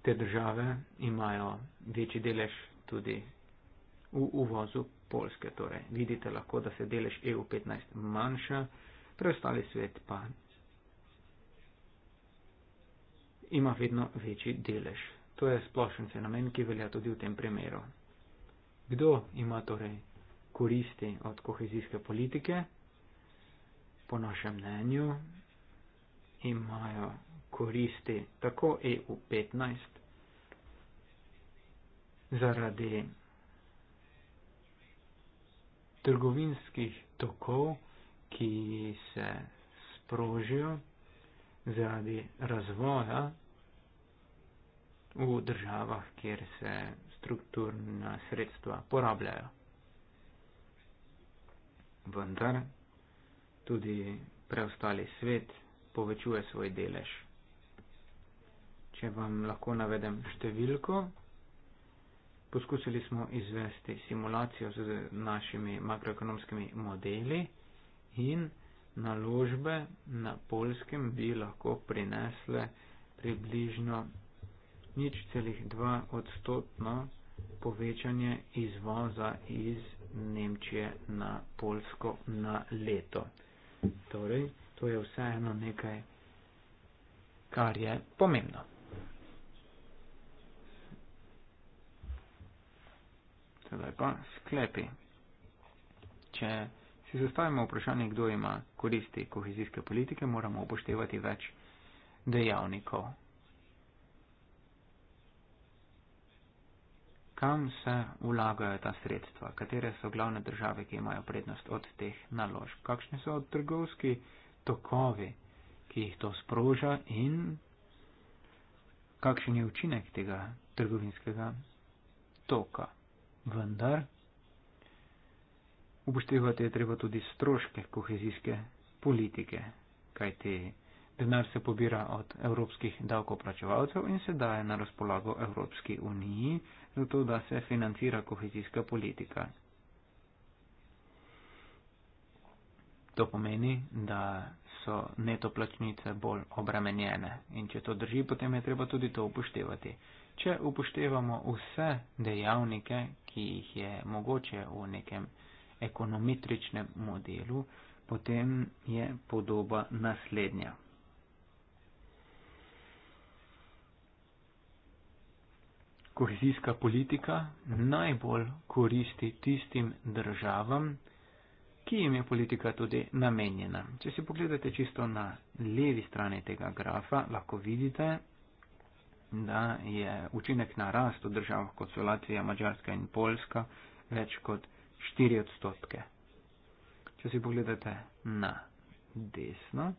Te države imajo večji delež tudi v uvozu Poljske. Torej, vidite lahko, da se delež EU15 manjša, preostali svet pa ima vedno večji delež. To je splošen fenomen, ki velja tudi v tem primeru. Kdo ima torej koristi od kohezijske politike? Po našem mnenju imajo koristi tako EU15 zaradi trgovinskih tokov, ki se sprožijo zaradi razvoja v državah, kjer se strukturna sredstva porabljajo. Vendar tudi preostali svet povečuje svoj delež. Če vam lahko navedem številko, poskusili smo izvesti simulacijo z našimi makroekonomskimi modeli in naložbe na polskem bi lahko prinesle približno nič celih dva odstotno povečanje izvoza iz Nemčije na Polsko na leto. Torej, to je vseeno nekaj, kar je pomembno. Sedaj pa sklepi. Če si zastavimo vprašanje, kdo ima koristi kohezijske politike, moramo upoštevati več dejavnikov. kam se vlagajo ta sredstva, katere so glavne države, ki imajo prednost od teh naložb, kakšni so trgovski tokovi, ki jih to sproža in kakšen je učinek tega trgovinskega toka. Vendar upoštevati je treba tudi stroške kohezijske politike, kajti Denar se pobira od evropskih davkoplačevalcev in se daje na razpolago Evropski uniji, zato da se financira kohezijska politika. To pomeni, da so netoplačnice bolj obremenjene in če to drži, potem je treba tudi to upoštevati. Če upoštevamo vse dejavnike, ki jih je mogoče v nekem ekonometričnem modelu, potem je podoba naslednja. kohezijska politika najbolj koristi tistim državam, ki jim je politika tudi namenjena. Če si pogledate čisto na levi strani tega grafa, lahko vidite, da je učinek na rast v državah kot so Latvija, Mačarska in Poljska več kot 4 odstotke. Če si pogledate na desno,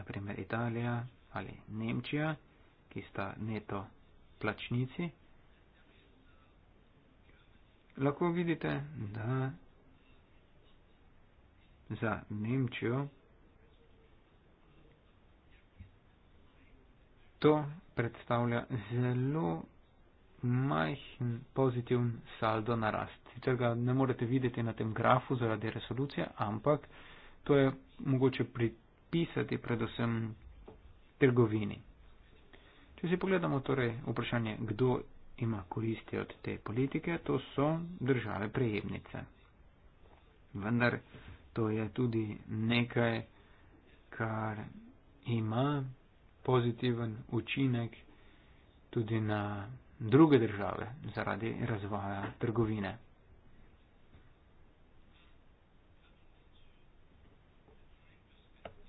naprimer Italija ali Nemčija, ki sta neto plačnici, lahko vidite, da za Nemčijo to predstavlja zelo majhen pozitiven saldo na rast. Sicer ga ne morete videti na tem grafu zaradi resolucije, ampak to je mogoče pripisati predvsem trgovini. Če si pogledamo torej vprašanje, kdo ima koristi od te politike, to so države prejemnice. Vendar to je tudi nekaj, kar ima pozitiven učinek tudi na druge države zaradi razvoja trgovine.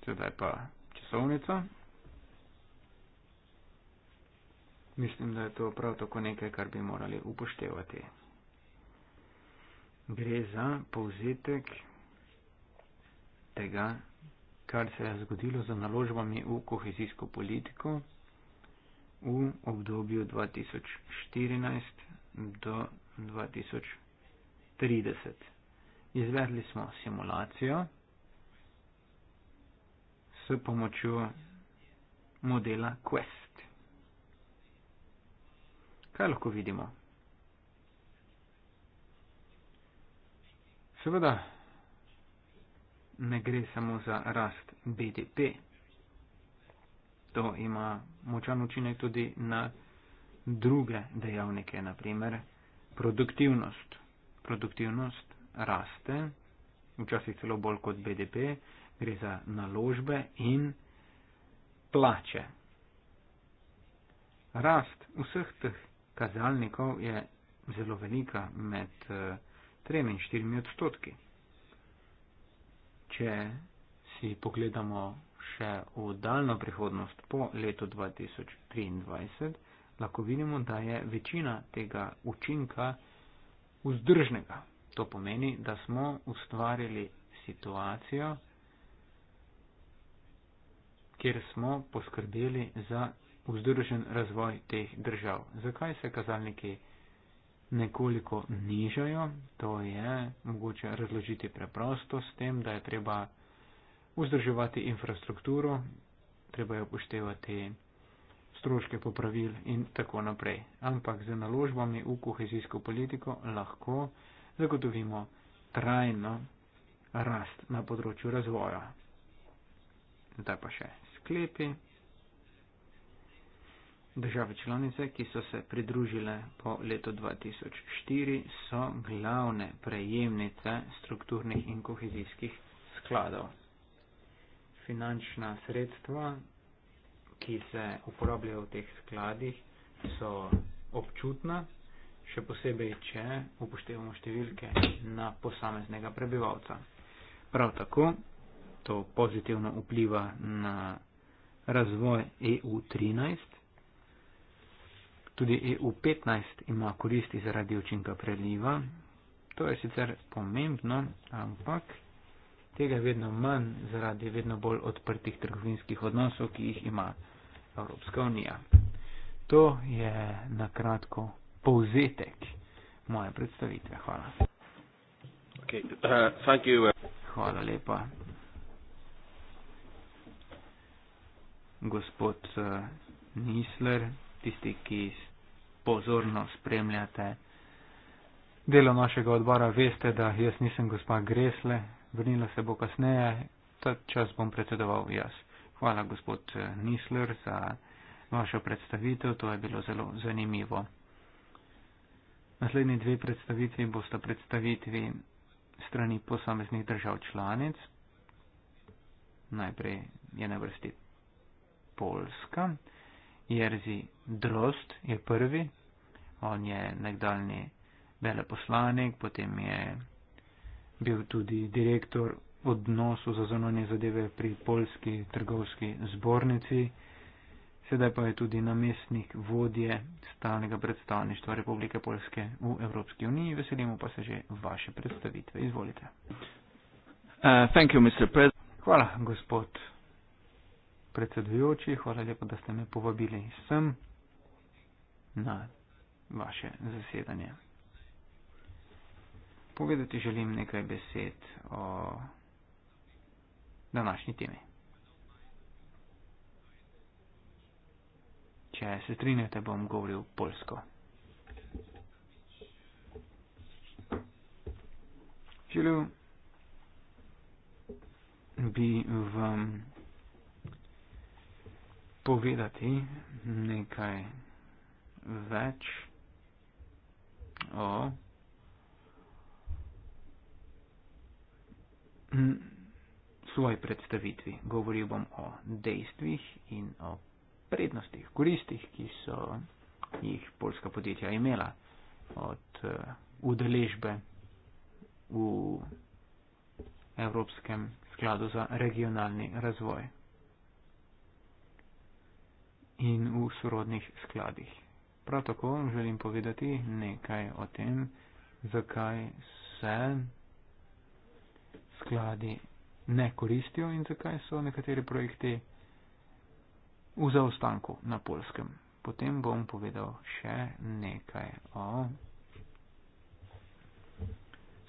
Sedaj pa časovnica. Mislim, da je to prav tako nekaj, kar bi morali upoštevati. Gre za povzetek tega, kar se je zgodilo za naložbami v kohezijsko politiko v obdobju 2014 do 2030. Izvedli smo simulacijo s pomočjo modela Quest. Kaj lahko vidimo? Seveda ne gre samo za rast BDP. To ima močan učinek tudi na druge dejavnike, naprimer produktivnost. Produktivnost raste, včasih celo bolj kot BDP, gre za naložbe in plače. Rast vseh teh kazalnikov je zelo velika med 3 eh, in 4 odstotki. Če si pogledamo še v daljno prihodnost po letu 2023, lahko vidimo, da je večina tega učinka vzdržnega. To pomeni, da smo ustvarili situacijo, kjer smo poskrbeli za vzdržen razvoj teh držav. Zakaj se kazalniki nekoliko nižajo? To je mogoče razložiti preprosto s tem, da je treba vzdrževati infrastrukturo, treba je upoštevati stroške popravil in tako naprej. Ampak z naložbami v kohezijsko politiko lahko zagotovimo trajno rast na področju razvoja. Zdaj pa še sklepi. Države članice, ki so se pridružile po letu 2004, so glavne prejemnice strukturnih in kohezijskih skladov. Finančna sredstva, ki se uporabljajo v teh skladih, so občutna, še posebej, če upoštevamo številke na posameznega prebivalca. Prav tako to pozitivno vpliva na razvoj EU13, Tudi EU15 ima koristi zaradi učinka preliva. To je sicer pomembno, ampak tega je vedno manj zaradi vedno bolj odprtih trgovinskih odnosov, ki jih ima Evropska unija. To je na kratko povzetek moje predstavitve. Hvala. Okay. Uh, Hvala lepa. Gospod uh, Nisler tisti, ki pozorno spremljate delo našega odbora, veste, da jaz nisem gospa Gresle, vrnila se bo kasneje, ta čas bom predsedoval jaz. Hvala, gospod eh, Nisler, za vašo predstavitev, to je bilo zelo zanimivo. Naslednji dve predstavitvi bosta predstavitvi strani posameznih držav članic. Najprej je na vrsti Poljska. Jerzy Drost je prvi, on je nekdaljni veleposlanik, potem je bil tudi direktor odnosu za zunanje zadeve pri Polski trgovski zbornici, sedaj pa je tudi namestnik vodje stalnega predstavništva Republike Polske v Evropski uniji. Veselimo pa se že vaše predstavitve. Izvolite. Uh, thank you, Mr. President. Hvala, gospod predsedujoči, hvala lepa, da ste me povabili sem na vaše zasedanje. Povedati želim nekaj besed o današnji temi. Če se strinjate, bom govoril polsko. Želim bi vam povedati nekaj več o svoji predstavitvi. Govoril bom o dejstvih in o prednostih, koristih, ki so jih polska podjetja imela od eh, udeležbe v Evropskem skladu za regionalni razvoj in v sorodnih skladih. Prav tako želim povedati nekaj o tem, zakaj se skladi ne koristijo in zakaj so nekateri projekti v zaostanku na polskem. Potem bom povedal še nekaj o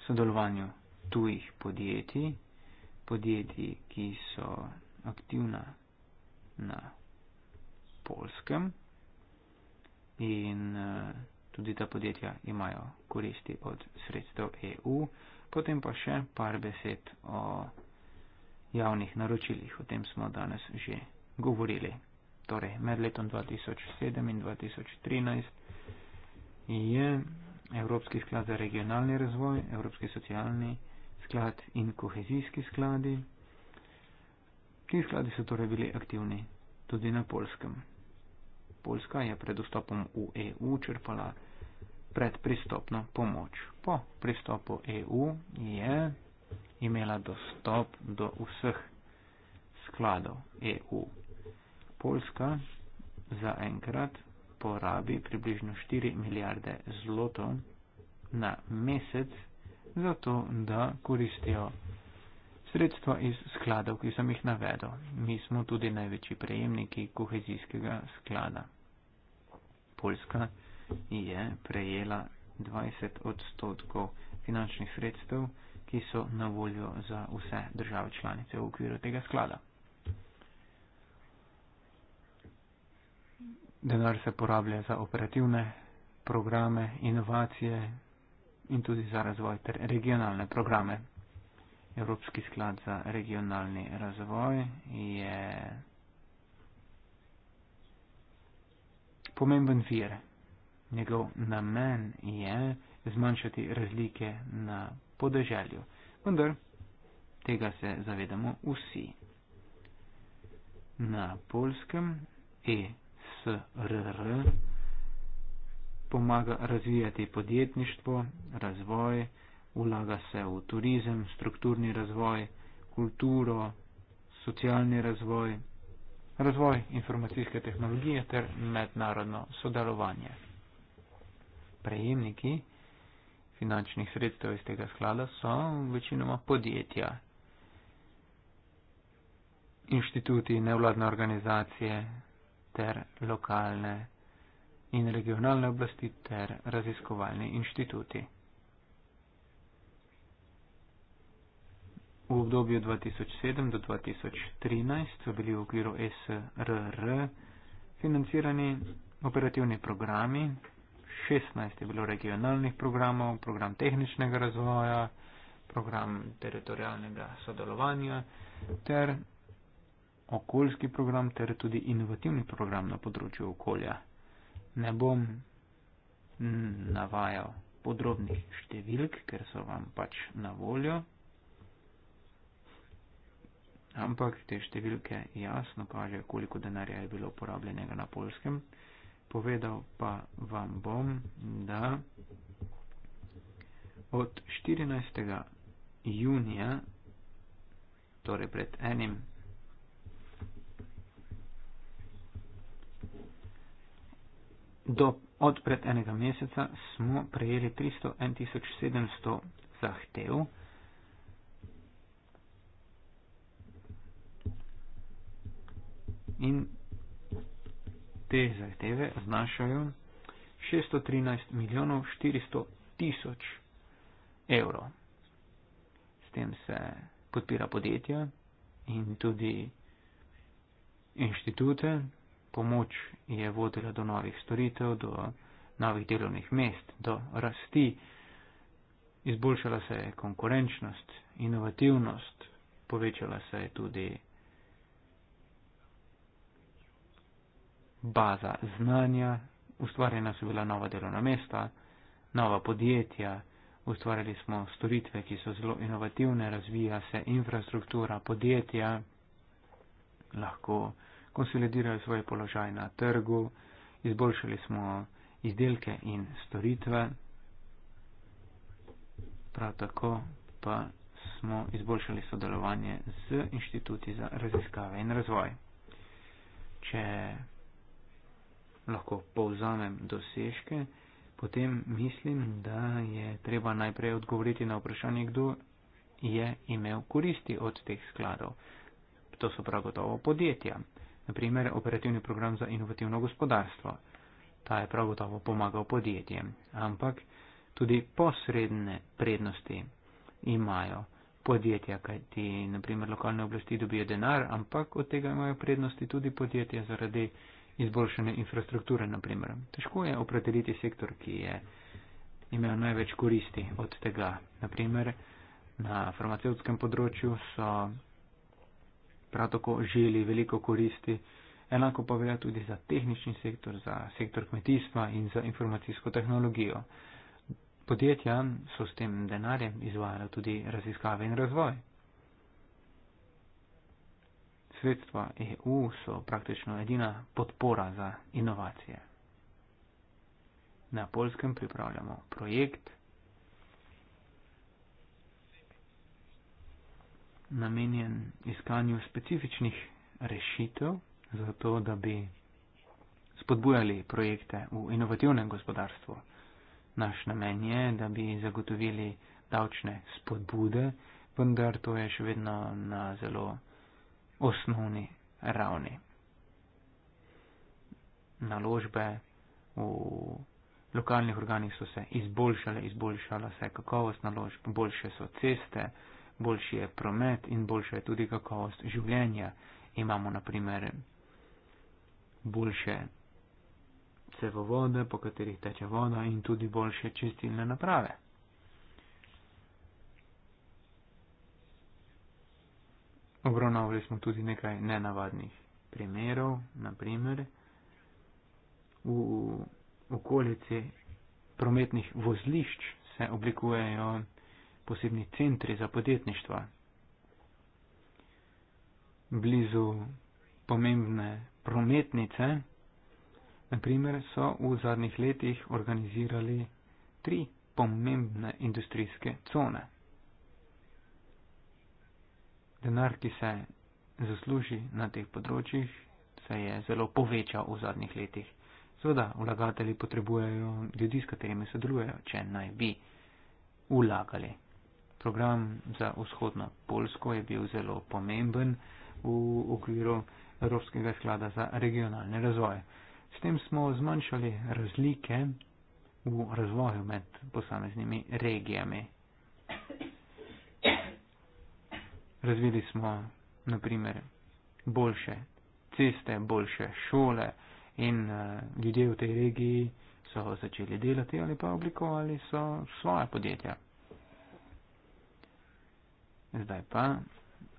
sodelovanju tujih podjetij, podjetij, ki so aktivna na polskem in eh, tudi ta podjetja imajo koristi od sredstev EU. Potem pa še par besed o javnih naročilih, o tem smo danes že govorili. Torej, med letom 2007 in 2013 je Evropski sklad za regionalni razvoj, Evropski socialni sklad in kohezijski skladi. Ti skladi so torej bili aktivni tudi na polskem. Poljska je pred vstopom v EU črpala predpristopno pomoč. Po pristopu EU je imela dostop do vseh skladov EU. Poljska zaenkrat porabi približno 4 milijarde zlotov na mesec, zato da koristijo sredstva iz skladov, ki sem jih navedel. Mi smo tudi največji prejemniki kohezijskega sklada. Poljska je prejela 20 odstotkov finančnih sredstev, ki so na voljo za vse države članice v okviru tega sklada. Denar se porablja za operativne programe, inovacije in tudi za razvoj ter regionalne programe. Evropski sklad za regionalni razvoj je pomemben vir. Njegov namen je zmanjšati razlike na podeželju, vendar tega se zavedamo vsi. Na polskem ESRR pomaga razvijati podjetništvo, razvoj, ulaga se v turizem, strukturni razvoj, kulturo, socialni razvoj, razvoj informacijske tehnologije ter mednarodno sodelovanje. Prejemniki finančnih sredstev iz tega sklada so večinoma podjetja, inštituti, nevladne organizacije ter lokalne in regionalne oblasti ter raziskovalni inštituti. V obdobju 2007 do 2013 so bili v okviru SRR financirani operativni programi, 16 je bilo regionalnih programov, program tehničnega razvoja, program teritorijalnega sodelovanja ter okoljski program ter tudi inovativni program na področju okolja. Ne bom navajal podrobnih številk, ker so vam pač na voljo. Ampak te številke jasno kažejo, koliko denarja je bilo porabljenega na polskem. Povedal pa vam bom, da od 14. junija, torej pred enim, do, od pred enega meseca smo prejeli 301.700 zahtev. in te zahteve znašajo 613 milijonov 400 tisoč evrov. S tem se podpira podjetja in tudi inštitute. Pomoč je vodila do novih storitev, do novih delovnih mest, do rasti. Izboljšala se je konkurenčnost, inovativnost, povečala se je tudi. baza znanja, ustvarjena so bila nova delovna mesta, nova podjetja, ustvarjali smo storitve, ki so zelo inovativne, razvija se infrastruktura, podjetja lahko konsolidirajo svoj položaj na trgu, izboljšali smo izdelke in storitve, prav tako pa smo izboljšali sodelovanje z inštituti za raziskave in razvoj. Če lahko povzamem dosežke, potem mislim, da je treba najprej odgovoriti na vprašanje, kdo je imel koristi od teh skladov. To so prav gotovo podjetja. Naprimer, operativni program za inovativno gospodarstvo. Ta je prav gotovo pomagal podjetjem. Ampak tudi posredne prednosti imajo podjetja, kajti naprimer lokalne oblasti dobijo denar, ampak od tega imajo prednosti tudi podjetja zaradi izboljšanje infrastrukture, naprimer. Težko je opredeliti sektor, ki je imel največ koristi od tega. Naprimer, na farmacevskem področju so prav tako želi veliko koristi, enako pa velja tudi za tehnični sektor, za sektor kmetijstva in za informacijsko tehnologijo. Podjetja so s tem denarjem izvajala tudi raziskave in razvoj sredstva EU so praktično edina podpora za inovacije. Na polskem pripravljamo projekt, namenjen iskanju specifičnih rešitev, zato da bi spodbujali projekte v inovativnem gospodarstvu. Naš namen je, da bi zagotovili davčne spodbude, vendar to je še vedno na zelo osnovni ravni. Naložbe v lokalnih organih so se izboljšale, izboljšala se je kakovost naložb, boljše so ceste, boljši je promet in boljša je tudi kakovost življenja. Imamo naprimer boljše cevovode, po katerih teče voda in tudi boljše čistilne naprave. Obravnavali smo tudi nekaj nenavadnih primerov, naprimer v okolici prometnih vozlišč se oblikujejo posebni centri za podjetništva. Blizu pomembne prometnice, naprimer, so v zadnjih letih organizirali tri pomembne industrijske cone denar, ki se zasluži na teh področjih, se je zelo povečal v zadnjih letih. Seveda, vlagatelji potrebujejo ljudi, s katerimi sodelujejo, če naj bi vlagali. Program za vzhodno Polsko je bil zelo pomemben v okviru Evropskega sklada za regionalne razvoje. S tem smo zmanjšali razlike v razvoju med posameznimi regijami. Razvili smo, naprimer, boljše ceste, boljše šole in uh, ljudje v tej regiji so začeli delati ali pa oblikovali so svoje podjetja. Zdaj pa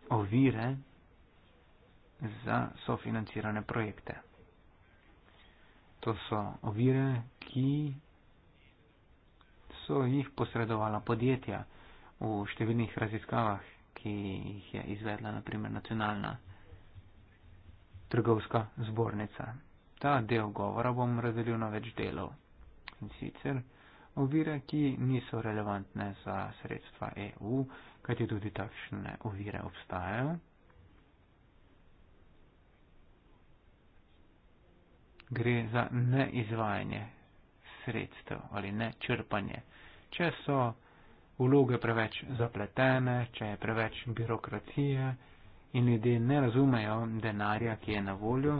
ovire za sofinancirane projekte. To so ovire, ki so jih posredovala podjetja v številnih raziskavah ki jih je izvedla naprimer nacionalna trgovska zbornica. Ta del govora bom razdelil na več delov in sicer ovire, ki niso relevantne za sredstva EU, kajti tudi takšne ovire obstajajo. Gre za neizvajanje sredstev ali nečrpanje. Če so vloge preveč zapletene, če je preveč birokracije in ljudje ne razumejo denarja, ki je na voljo,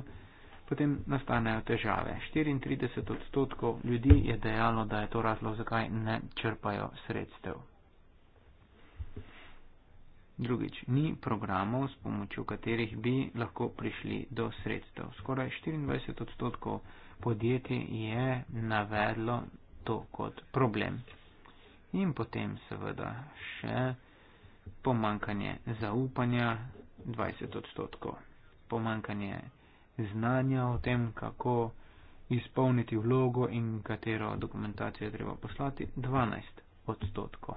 potem nastanejo težave. 34 odstotkov ljudi je dejalo, da je to razlog, zakaj ne črpajo sredstev. Drugič, ni programov, s pomočjo katerih bi lahko prišli do sredstev. Skoraj 24 odstotkov podjetij je navedlo to kot problem in potem seveda še pomankanje zaupanja 20 odstotkov, pomankanje znanja o tem, kako izpolniti vlogo in katero dokumentacijo je treba poslati 12 odstotkov.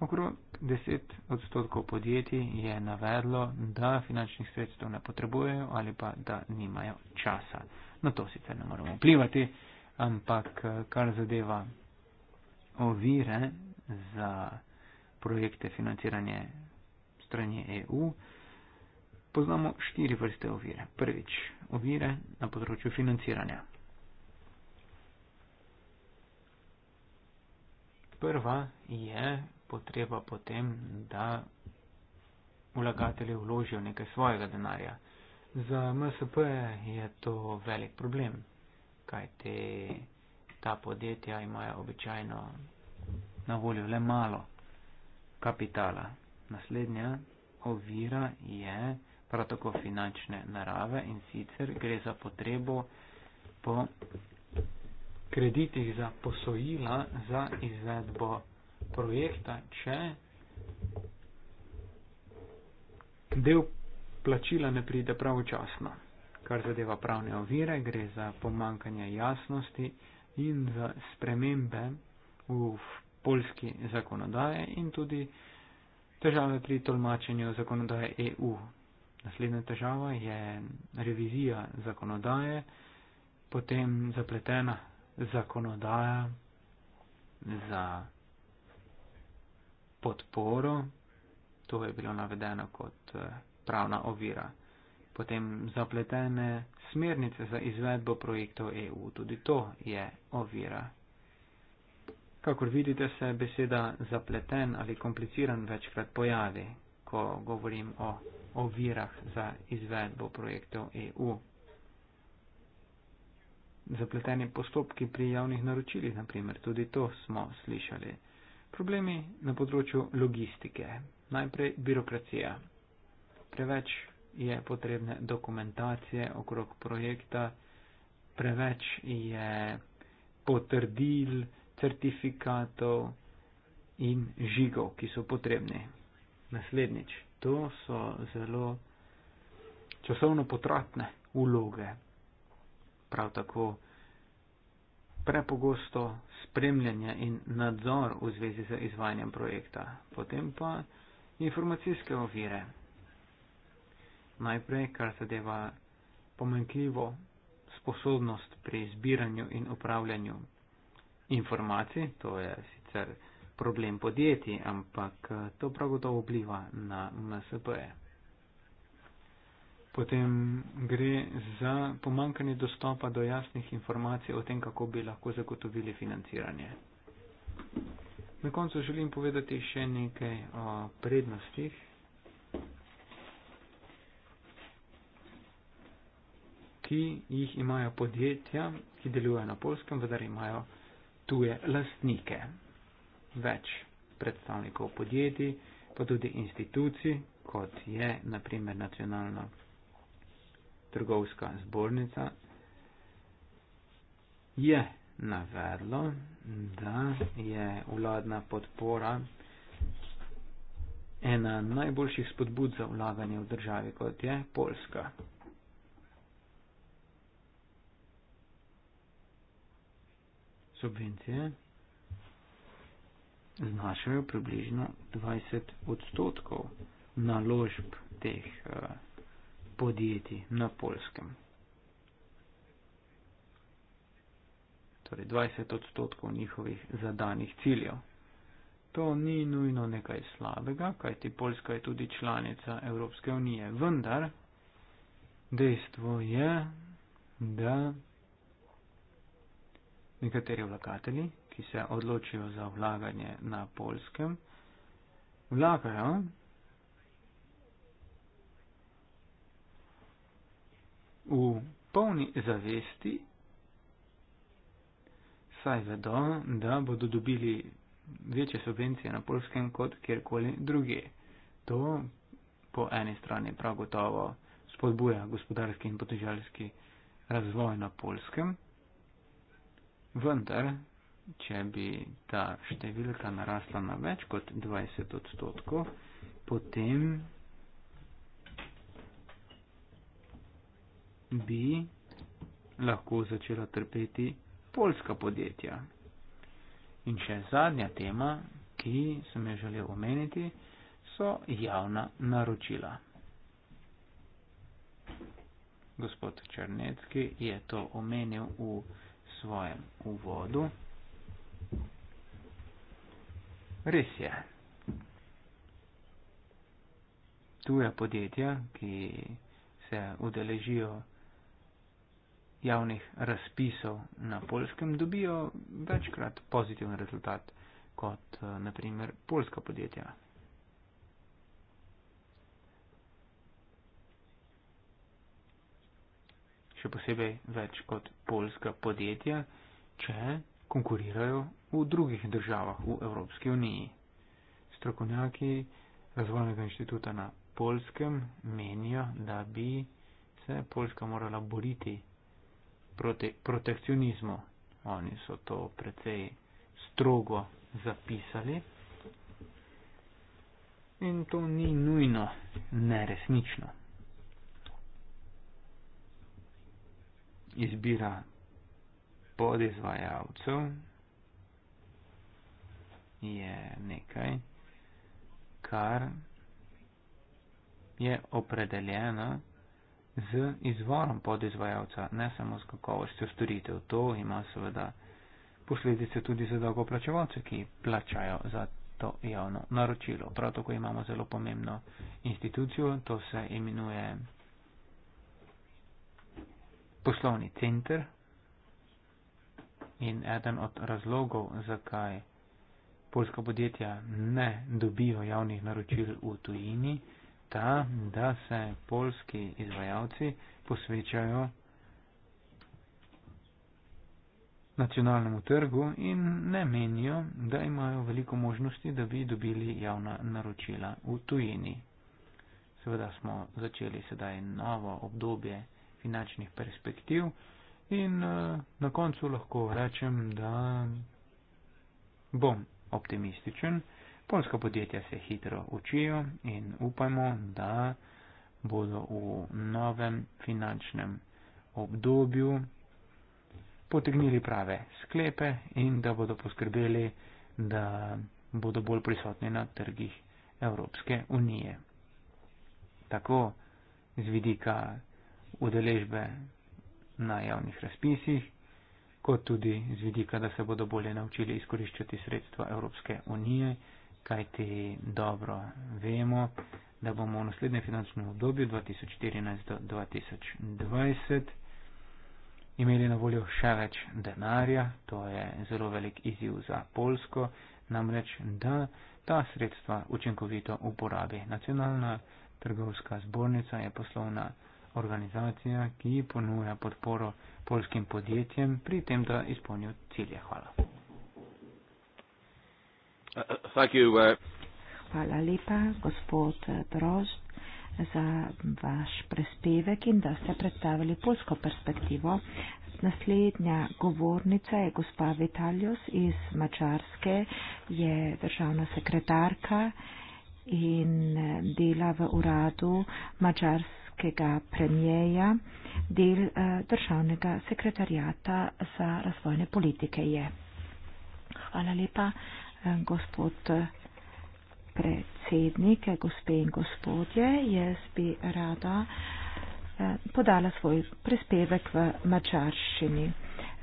Okrog 10 odstotkov podjetij je navedlo, da finančnih sredstev ne potrebujejo ali pa da nimajo časa. Na to sicer ne moremo vplivati, ampak kar zadeva ovire za projekte financiranje strani EU, poznamo štiri vrste ovire. Prvič, ovire na področju financiranja. Prva je potreba potem, da vlagatelji vložijo nekaj svojega denarja. Za MSP je to velik problem, kaj te ta podjetja imajo običajno na voljo le malo kapitala. Naslednja ovira je prav tako finančne narave in sicer gre za potrebo po kreditih za posojila za izvedbo projekta, če del plačila ne pride pravočasno. Kar zadeva pravne ovire, gre za pomankanje jasnosti in za spremembe v polski zakonodaje in tudi težave pri tolmačenju zakonodaje EU. Naslednja težava je revizija zakonodaje, potem zapletena zakonodaja za podporo, to je bilo navedeno kot eh, pravna ovira potem zapletene smernice za izvedbo projektov EU. Tudi to je ovira. Kakor vidite, se beseda zapleten ali kompliciran večkrat pojavi, ko govorim o ovirah za izvedbo projektov EU. Zapleteni postopki pri javnih naročilih, naprimer, tudi to smo slišali. Problemi na področju logistike. Najprej birokracija. Preveč je potrebne dokumentacije okrog projekta, preveč je potrdil, certifikatov in žigov, ki so potrebni. Naslednjič, to so zelo časovno potratne uloge. Prav tako prepogosto spremljanje in nadzor v zvezi z izvajanjem projekta, potem pa informacijske ovire najprej, kar zadeva pomenkljivo sposobnost pri zbiranju in upravljanju informacij, to je sicer problem podjetij, ampak to prav gotovo vpliva na MSP-je. Potem gre za pomankanje dostopa do jasnih informacij o tem, kako bi lahko zagotovili financiranje. Na koncu želim povedati še nekaj o prednostih ki jih imajo podjetja, ki delujejo na polskem, vendar imajo tuje lastnike. Več predstavnikov podjetij, pa tudi institucij, kot je naprimer nacionalna trgovska zbornica, je navedlo, da je vladna podpora ena najboljših spodbud za vlaganje v državi, kot je Polska. subvencije znašajo približno 20 odstotkov naložb teh uh, podjetij na polskem. Torej 20 odstotkov njihovih zadanih ciljev. To ni nujno nekaj slabega, kajti Poljska je tudi članica Evropske unije, vendar dejstvo je, da Nekateri vlagatelji, ki se odločijo za vlaganje na polskem, vlagajo v polni zavesti, saj vedo, da bodo dobili večje subvencije na polskem kot kjerkoli druge. To po eni strani prav gotovo spodbuja gospodarski in podeželjski razvoj na polskem. Vendar, če bi ta številka narasla na več kot 20 odstotkov, potem bi lahko začela trpeti polska podjetja. In še zadnja tema, ki sem jo želel omeniti, so javna naročila. Gospod Črnecki je to omenil v svojem uvodu. Res je. Tuja podjetja, ki se udeležijo javnih razpisov na polskem, dobijo večkrat pozitiven rezultat kot eh, naprimer polska podjetja. še posebej več kot polska podjetja, če konkurirajo v drugih državah v Evropski uniji. Strokovnjaki Razvojnega inštituta na polskem menijo, da bi se Poljska morala boriti proti protekcionizmu. Oni so to precej strogo zapisali. In to ni nujno neresnično. izbira podizvajalcev je nekaj, kar je opredeljeno z izvorom podizvajalca, ne samo s kakovostjo storitev. To ima seveda posledice tudi za dolgoplačevalce, ki plačajo za to javno naročilo. Prav tako imamo zelo pomembno institucijo, to se imenuje poslovni center in eden od razlogov, zakaj polska podjetja ne dobijo javnih naročil v tujini, ta, da se polski izvajalci posvečajo nacionalnemu trgu in ne menijo, da imajo veliko možnosti, da bi dobili javna naročila v tujini. Seveda smo začeli sedaj novo obdobje finančnih perspektiv in eh, na koncu lahko rečem, da bom optimističen. Polska podjetja se hitro učijo in upajmo, da bodo v novem finančnem obdobju potegnili prave sklepe in da bodo poskrbeli, da bodo bolj prisotni na trgih Evropske unije. Tako z vidika udeležbe na javnih razpisih, kot tudi z vidika, da se bodo bolje naučili izkoriščati sredstva Evropske unije, kajti dobro vemo, da bomo v naslednjem finančnem obdobju 2014 do 2020 imeli na voljo še več denarja, to je zelo velik izjiv za Polsko, namreč da ta sredstva učinkovito uporabi. Nacionalna trgovska zbornica je poslovna organizacija, ki ponuja podporo polskim podjetjem pri tem, da izpolnijo cilje. Hvala. Thank you, uh... Hvala lepa, gospod Drozd, za vaš prespevek in da ste predstavili polsko perspektivo. Naslednja govornica je gospa Vitalios iz Mačarske, je državna sekretarka in dela v uradu Mačarske slovenskega premijeja, del eh, državnega sekretarijata za razvojne politike je. Hvala lepa, eh, gospod eh, predsednik, gospe in gospodje. Jaz bi rada podala svoj prispevek v mačarščini.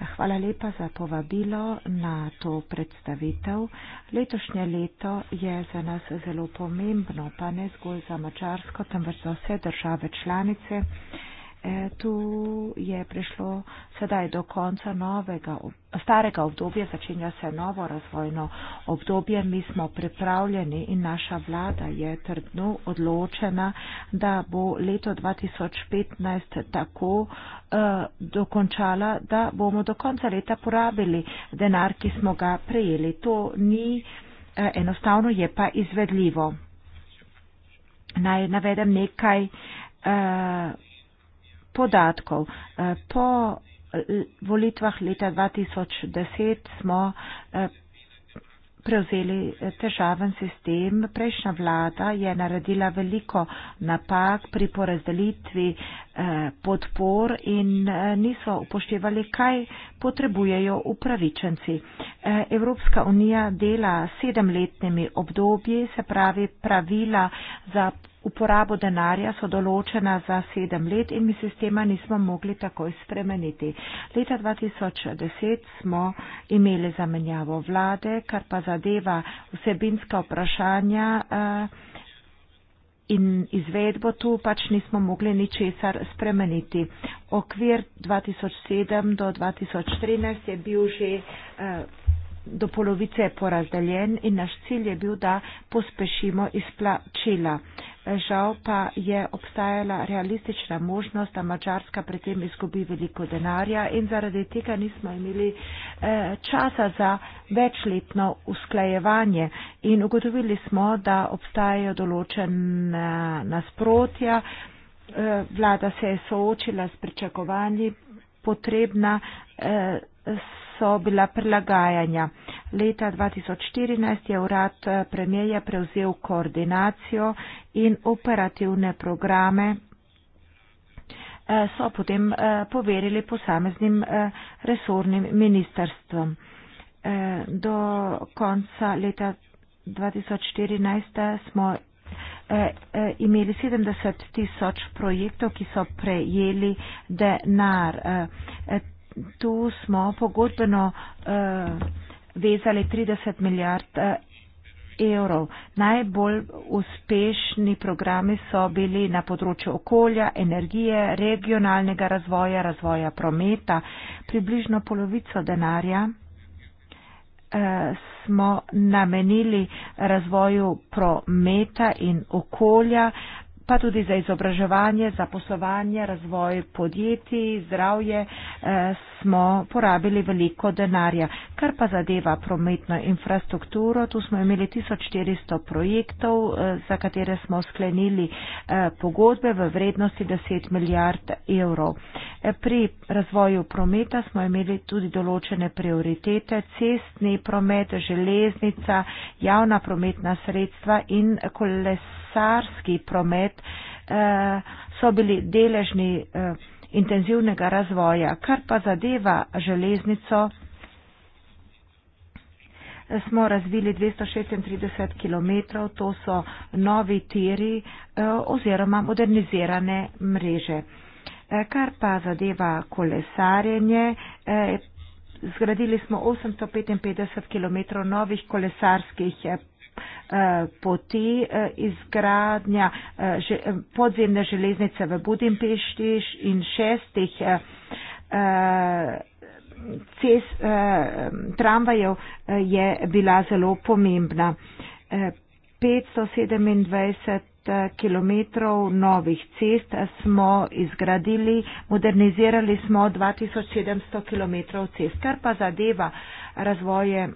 Hvala lepa za povabilo na to predstavitev. Letošnje leto je za nas zelo pomembno, pa ne zgolj za Mačarsko, temveč za vse države članice tu je prišlo sedaj do konca novega, starega obdobja, začenja se novo razvojno obdobje. Mi smo pripravljeni in naša vlada je trdno odločena, da bo leto 2015 tako eh, dokončala, da bomo do konca leta porabili denar, ki smo ga prejeli. To ni eh, enostavno, je pa izvedljivo. Naj navedem nekaj. Eh, podatkov. Eh, po volitvah leta 2010 smo eh, prevzeli eh, težaven sistem. Prejšnja vlada je naredila veliko napak pri porazdelitvi Eh, podpor in eh, niso upoštevali, kaj potrebujejo upravičenci. Eh, Evropska unija dela sedemletnimi obdobji, se pravi pravila za uporabo denarja so določena za sedem let in mi sistema nismo mogli takoj spremeniti. Leta 2010 smo imeli zamenjavo vlade, kar pa zadeva vsebinska vprašanja. Eh, in izvedbo tu pač nismo mogli ničesar spremeniti. Okvir 2007 do 2013 je bil že. Uh, do polovice porazdeljen in naš cilj je bil, da pospešimo izplačila. Žal pa je obstajala realistična možnost, da Mačarska pri tem izgubi veliko denarja in zaradi tega nismo imeli eh, časa za večletno usklajevanje. In ugotovili smo, da obstajajo določene nasprotja. Eh, vlada se je soočila s pričakovanji potrebna eh, so bila prilagajanja. Leta 2014 je urad eh, premijeja prevzel koordinacijo in operativne programe eh, so potem eh, poverili posameznim resornim ministerstvom. Do konca leta 2014 smo imeli 70 tisoč projektov, ki so prejeli denar tu smo pogodbeno uh, vezali 30 milijard uh, evrov. Najbolj uspešni programi so bili na področju okolja, energije, regionalnega razvoja, razvoja prometa. Približno polovico denarja eh, smo namenili razvoju prometa in okolja, pa tudi za izobraževanje, za poslovanje, razvoj podjetij, zdravje, eh, smo porabili veliko denarja. Kar pa zadeva prometno infrastrukturo, tu smo imeli 1400 projektov, eh, za katere smo sklenili eh, pogodbe v vrednosti 10 milijard evrov. Pri razvoju prometa smo imeli tudi določene prioritete, cestni promet, železnica, javna prometna sredstva in kolesarstvo kolesarski promet eh, so bili deležni eh, intenzivnega razvoja. Kar pa zadeva železnico, eh, smo razvili 236 km, to so novi tiri oziroma modernizirane mreže. Kar pa zadeva kolesarjenje, zgradili smo 855 km novih kolesarskih Eh, poti eh, izgradnja eh, podzemne železnice v Budimpešti in šestih cest tramvajev je bila zelo pomembna. 527 km novih cest smo izgradili, modernizirali smo 2700 km cest, kar pa zadeva razvoje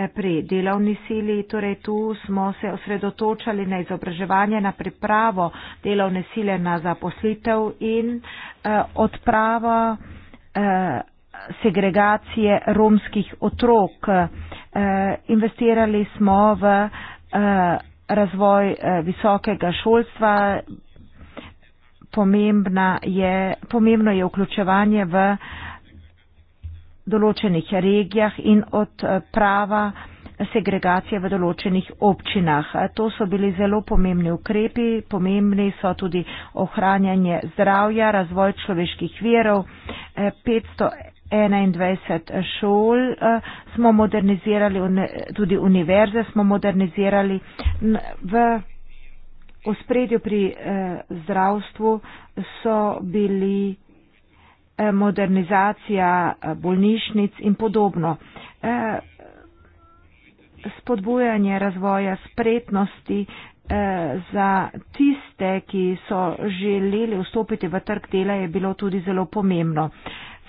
E, pri delovni sili, torej tu smo se osredotočali na izobraževanje, na pripravo delovne sile na zaposlitev in eh, odprava eh, segregacije romskih otrok. Eh, investirali smo v eh, razvoj eh, visokega šolstva. Pomembna je, pomembno je vključevanje v eh, določenih regijah in odprava eh, segregacije v določenih občinah. Eh, to so bili zelo pomembni ukrepi, pomembni so tudi ohranjanje zdravja, razvoj človeških verov. 521 eh, šol smo modernizirali, tudi univerze smo modernizirali. V ospredju pri zdravstvu so bili Eh, modernizacija eh, bolnišnic in podobno. Eh, spodbujanje razvoja spretnosti za tiste, ki so želeli vstopiti v trg dela, je bilo tudi zelo pomembno.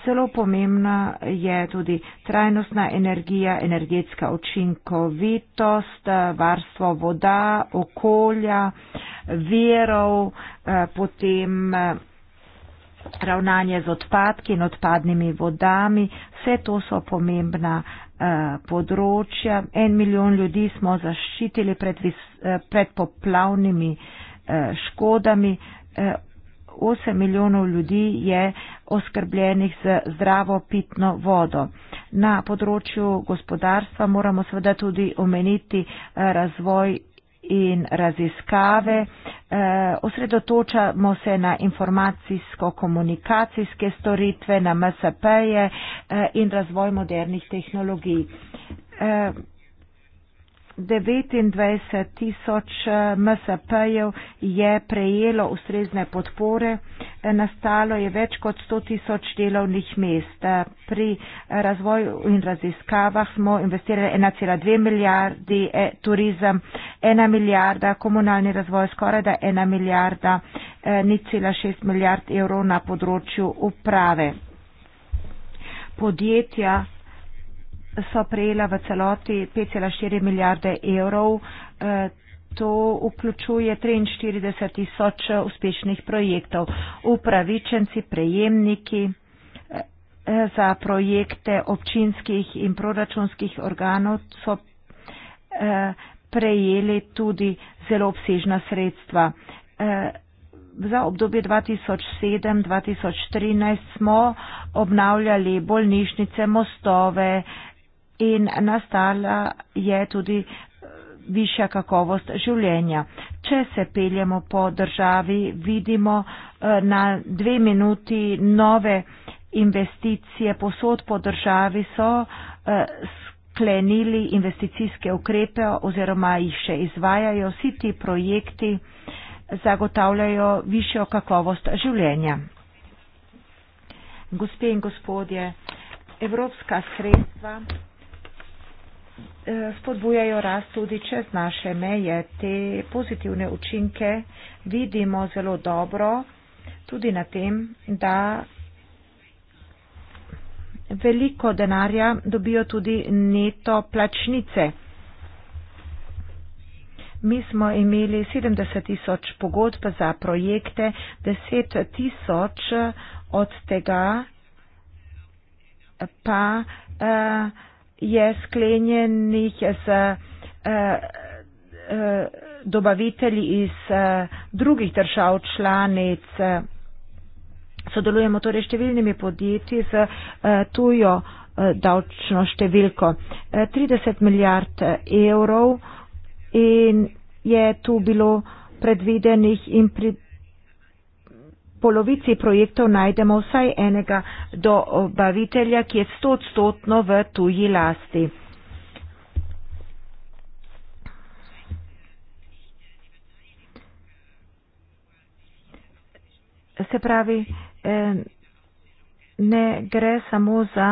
Zelo pomembna je tudi trajnostna energija, energetska učinkovitost, varstvo voda, okolja, verov, potem ravnanje z odpadki in odpadnimi vodami, vse to so pomembna eh, področja. En milijon ljudi smo zaščitili pred, eh, pred poplavnimi eh, škodami. 8 milijonov ljudi je oskrbljenih z zdravo pitno vodo. Na področju gospodarstva moramo seveda tudi omeniti razvoj in raziskave. Eh, osredotočamo se na informacijsko-komunikacijske storitve, na MSP-je eh, in razvoj modernih tehnologij. Eh, 29 tisoč eh, MSP-jev je prejelo ustrezne podpore, eh, nastalo je več kot 100 tisoč delovnih mest. Eh, pri razvoju in raziskavah smo investirali 1,2 milijardi, turizem 1 milijarda, komunalni razvoj skoraj da 1 milijarda, nicela 6 milijard evrov na področju uprave. Podjetja so prejela v celoti 5,4 milijarde evrov. Eh, to vključuje 43 tisoč eh, uspešnih projektov. Upravičenci, prejemniki eh, za projekte občinskih in proračunskih organov so prejeli tudi zelo obsežna sredstva. Za obdobje 2007-2013 smo obnavljali bolnišnice, mostove, in nastala je tudi eh, višja kakovost življenja. Če se peljemo po državi, vidimo eh, na dve minuti nove investicije posod po državi so eh, sklenili investicijske ukrepe oziroma jih še izvajajo. Vsi ti projekti zagotavljajo višjo kakovost življenja. Gospe in gospodje, evropska sredstva. Eh, spodbujajo rast tudi čez naše meje. Te pozitivne učinke vidimo zelo dobro tudi na tem, da veliko denarja dobijo tudi neto plačnice. Mi smo imeli 70 tisoč pogodb za projekte, 10 tisoč od tega pa. Uh, je sklenjenih z eh, eh, dobavitelji iz eh, drugih držav članic. Sodelujemo torej številnimi podjetji z tujo davčno številko. 30 milijard evrov in je tu bilo predvidenih in pridobljenih polovici projektov najdemo vsaj enega dobavitelja, ki je stotstotno v tuji lasti. Se pravi, eh, ne gre samo za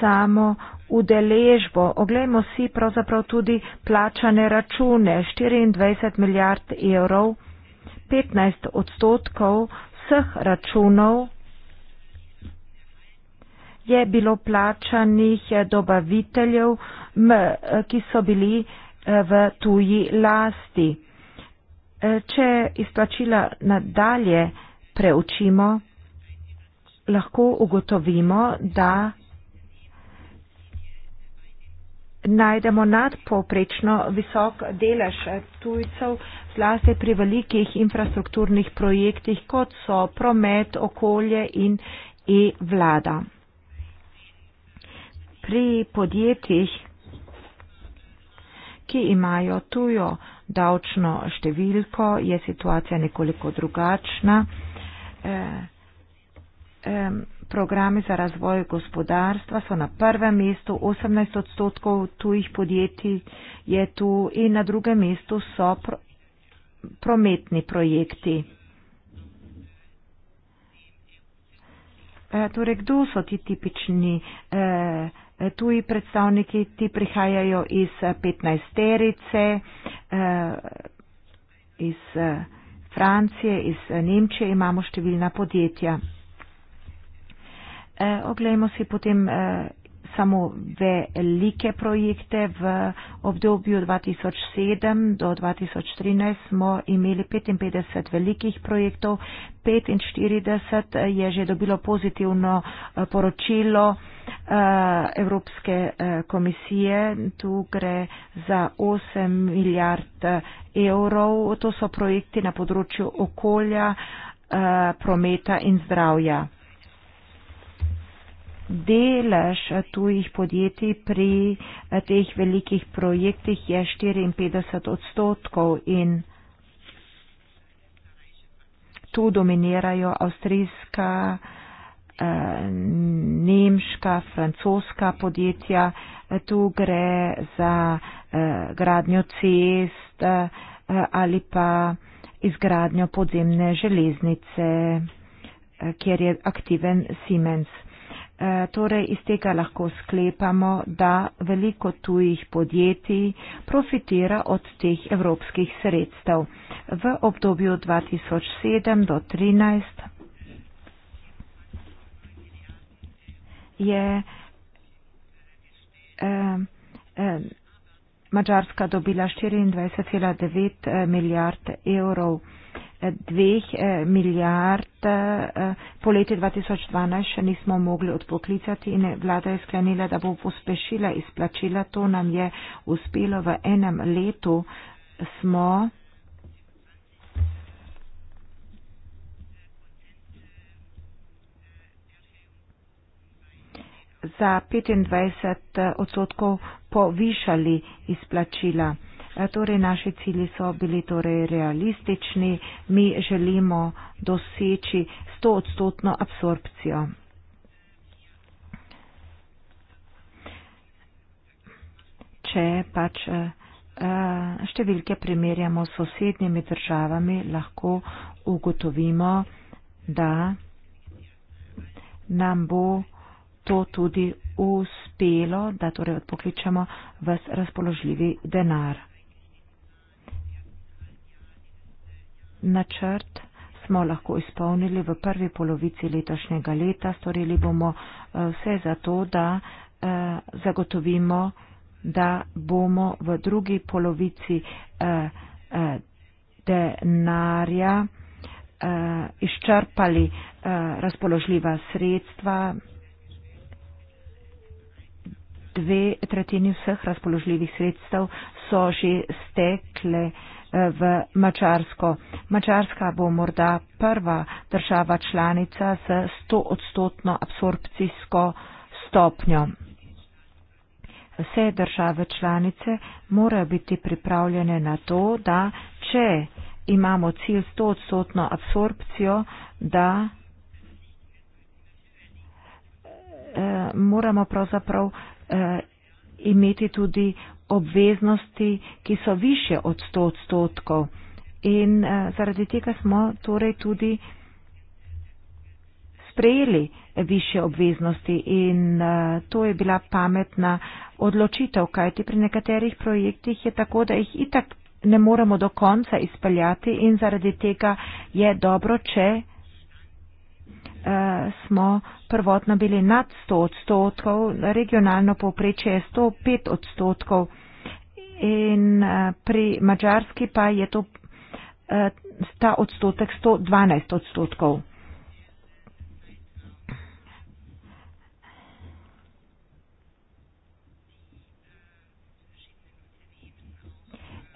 samo udeležbo. Oglejmo si pravzaprav tudi plačane račune 24 milijard evrov. 15 odstotkov vseh računov je bilo plačanih dobaviteljev, ki so bili eh, v tuji lasti. Eh, če izplačila nadalje preučimo, lahko ugotovimo, da najdemo nadpovprečno visok delež tujcev zlasti pri velikih infrastrukturnih projektih, kot so promet, okolje in e-vlada. Pri podjetjih, ki imajo tujo davčno številko, je situacija nekoliko drugačna. E, e, programi za razvoj gospodarstva so na prvem mestu, 18 odstotkov tujih podjetij je tu in na drugem mestu so prometni projekti. E, torej, kdo so ti tipični e, e, tuji predstavniki? Ti prihajajo iz 15-terice, iz Francije, iz Nemčije, imamo številna podjetja. Oglejmo si potem samo velike projekte. V obdobju 2007 do 2013 smo imeli 55 velikih projektov, 45 je že dobilo pozitivno eh, poročilo. Eh, Evropske eh, komisije, tu gre za 8 milijard evrov, to so projekti na področju okolja, prometa in zdravja delež tujih podjetij pri eh, teh velikih projektih je 54 odstotkov in tu dominirajo avstrijska, eh, nemška, francoska podjetja. Tu gre za eh, gradnjo cest ali pa izgradnjo podzemne železnice, kjer je aktiven Siemens. Eh, torej iz tega lahko sklepamo, da veliko tujih podjetij profitira od teh evropskih sredstev. V obdobju 2007 do 2013 je eh, eh, Mačarska dobila 24,9 eh, milijard evrov dveh eh, milijard po letu 2012 še nismo mogli odpoklicati in vlada je sklenila, da bo pospešila izplačila. To nam je uspelo v enem letu. Smo za 25 eh, odstotkov povišali izplačila. Eh, torej, naši cilji so bili torej realistični, mi želimo doseči 100 odstotno absorpcijo. Če pač eh, eh, številke primerjamo s sosednjimi državami, lahko ugotovimo, da nam bo to tudi uspelo, da torej odpokličemo vse razpoložljivi denar. načrt smo lahko izpolnili v prvi polovici letošnjega leta. Storili bomo eh, vse za to, da eh, zagotovimo, da bomo v drugi polovici eh, denarja izčrpali razpoložljiva sredstva, dve tretjini vseh razpoložljivih sredstev so že stekle uh, v Mačarsko. Mačarska bo morda prva država članica s 100 odstotno absorpcijsko stopnjo. Vse države članice morajo biti pripravljene na to, da če imamo cilj 100 odstotno absorpcijo, da eh, moramo pravzaprav eh, imeti tudi obveznosti, ki so više od 100 odstotkov. In uh, zaradi tega smo torej tudi sprejeli više obveznosti in uh, to je bila pametna odločitev, kajti pri nekaterih projektih je tako, da jih itak ne moremo do konca izpeljati in zaradi tega je dobro, če uh, eh, smo prvotno bili nad 100 odstotkov, regionalno povprečje je 105 odstotkov in eh, pri Mačarski pa je to, eh, ta odstotek 112 odstotkov.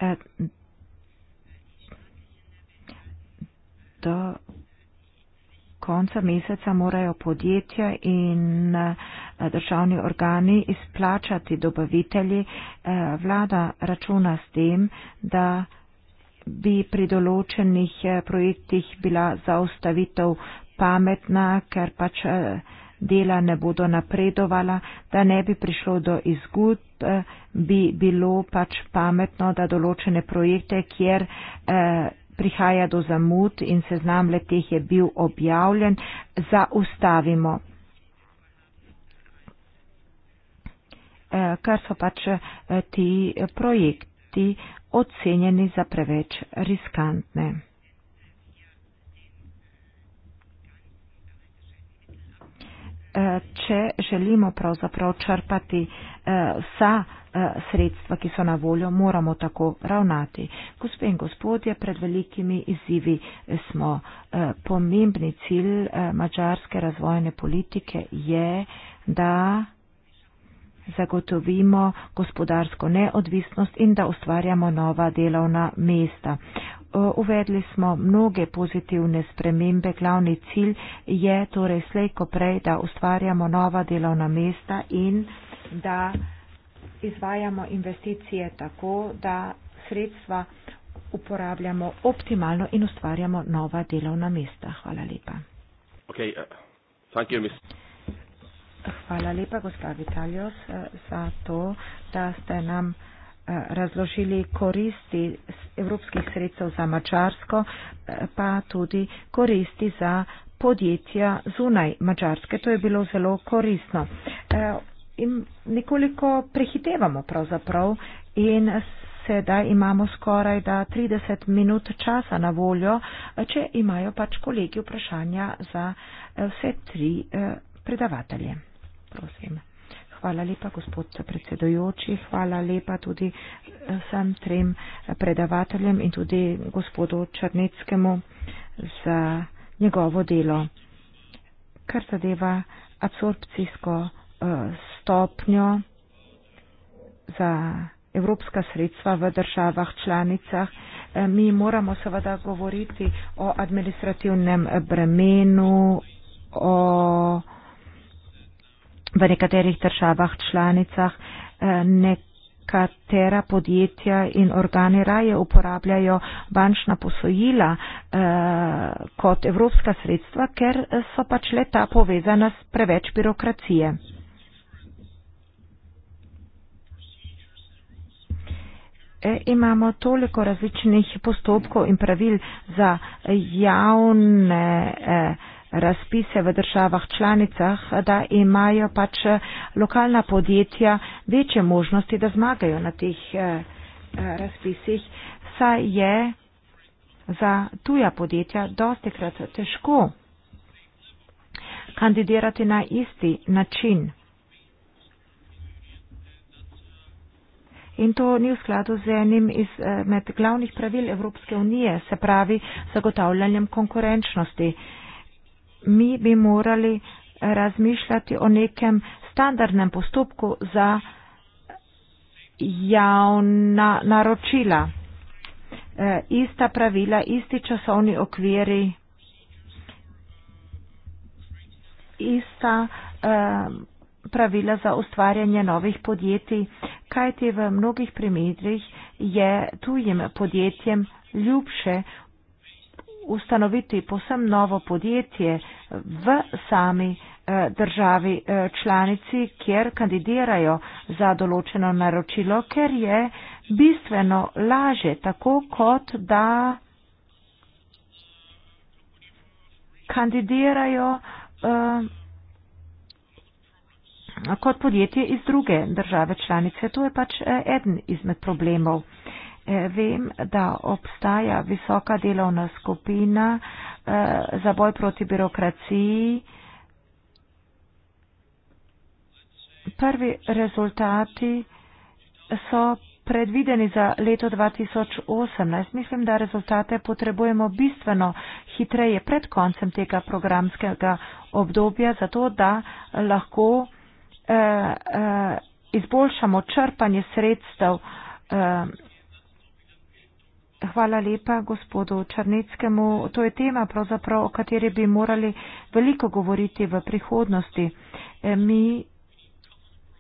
Eh, konca meseca morajo podjetja in eh, državni organi izplačati dobavitelji. Eh, vlada računa s tem, da bi pri določenih eh, projektih bila zaustavitev pametna, ker pač dela ne bodo napredovala, da ne bi prišlo do izgud, bi bilo pač pametno, da določene projekte, kjer eh, prihaja do zamud in seznam letih je bil objavljen, zaustavimo. Eh, kar so pač eh, ti projekti ocenjeni za preveč riskantne. Eh, če želimo pravzaprav črpati eh, vsa eh, sredstva, ki so na voljo, moramo tako ravnati. Gospe in gospodje, pred velikimi izzivi smo. Pomembni cilj mađarske razvojne politike je, da zagotovimo gospodarsko neodvisnost in da ustvarjamo nova delovna mesta. Uvedli smo mnoge pozitivne spremembe. Glavni cilj je torej slejko prej, da ustvarjamo nova delovna mesta in da izvajamo investicije tako, da sredstva uporabljamo optimalno in ustvarjamo nova delovna mesta. Hvala lepa. Okay, uh, Hvala lepa, gospa Vitalijos, eh, za to, da ste nam eh, razložili koristi evropskih sredstev za Mačarsko, eh, pa tudi koristi za podjetja zunaj Mačarske. To je bilo zelo koristno. In nekoliko prehitevamo pravzaprav in sedaj imamo skoraj da 30 minut časa na voljo, če imajo pač kolegi vprašanja za vse tri predavatelje prosim. Hvala lepa, gospod predsedujoči, hvala lepa tudi eh, vsem trem predavateljem in tudi gospodu Črneckemu za njegovo delo. Kar zadeva absorpcijsko eh, stopnjo za evropska sredstva v državah članicah, eh, mi moramo seveda govoriti o administrativnem bremenu, o v nekaterih državah članicah eh, nekatera podjetja in organi raje uporabljajo bančna posojila eh, kot evropska sredstva, ker eh, so pač le ta povezana s preveč birokracije. E, imamo toliko različnih postopkov in pravil za javne. Eh, razpise v državah članicah, da imajo pač eh, lokalna podjetja večje možnosti, da zmagajo na teh eh, eh, razpisih, saj je za tuja podjetja dostikrat težko kandidirati na isti način. In to ni v skladu z enim izmed glavnih pravil Evropske unije, se pravi zagotavljanjem konkurenčnosti mi bi morali razmišljati o nekem standardnem postopku za javna naročila. E, ista pravila, isti časovni okviri, ista e, pravila za ustvarjanje novih podjetij, kajti v mnogih primerjih je tujim podjetjem ljubše ustanoviti posem novo podjetje v sami eh, državi eh, članici, kjer kandidirajo za določeno naročilo, ker je bistveno laže, tako kot da kandidirajo eh, kot podjetje iz druge države članice. To je pač eden izmed problemov. Eh, vem, da obstaja visoka delovna skupina eh, za boj proti birokraciji. Prvi rezultati so predvideni za leto 2018. Mislim, da rezultate potrebujemo bistveno hitreje pred koncem tega programskega obdobja, zato da lahko eh, eh, izboljšamo črpanje sredstev eh, Hvala lepa gospodu Črneckemu. To je tema, pravzaprav, o kateri bi morali veliko govoriti v prihodnosti. E, mi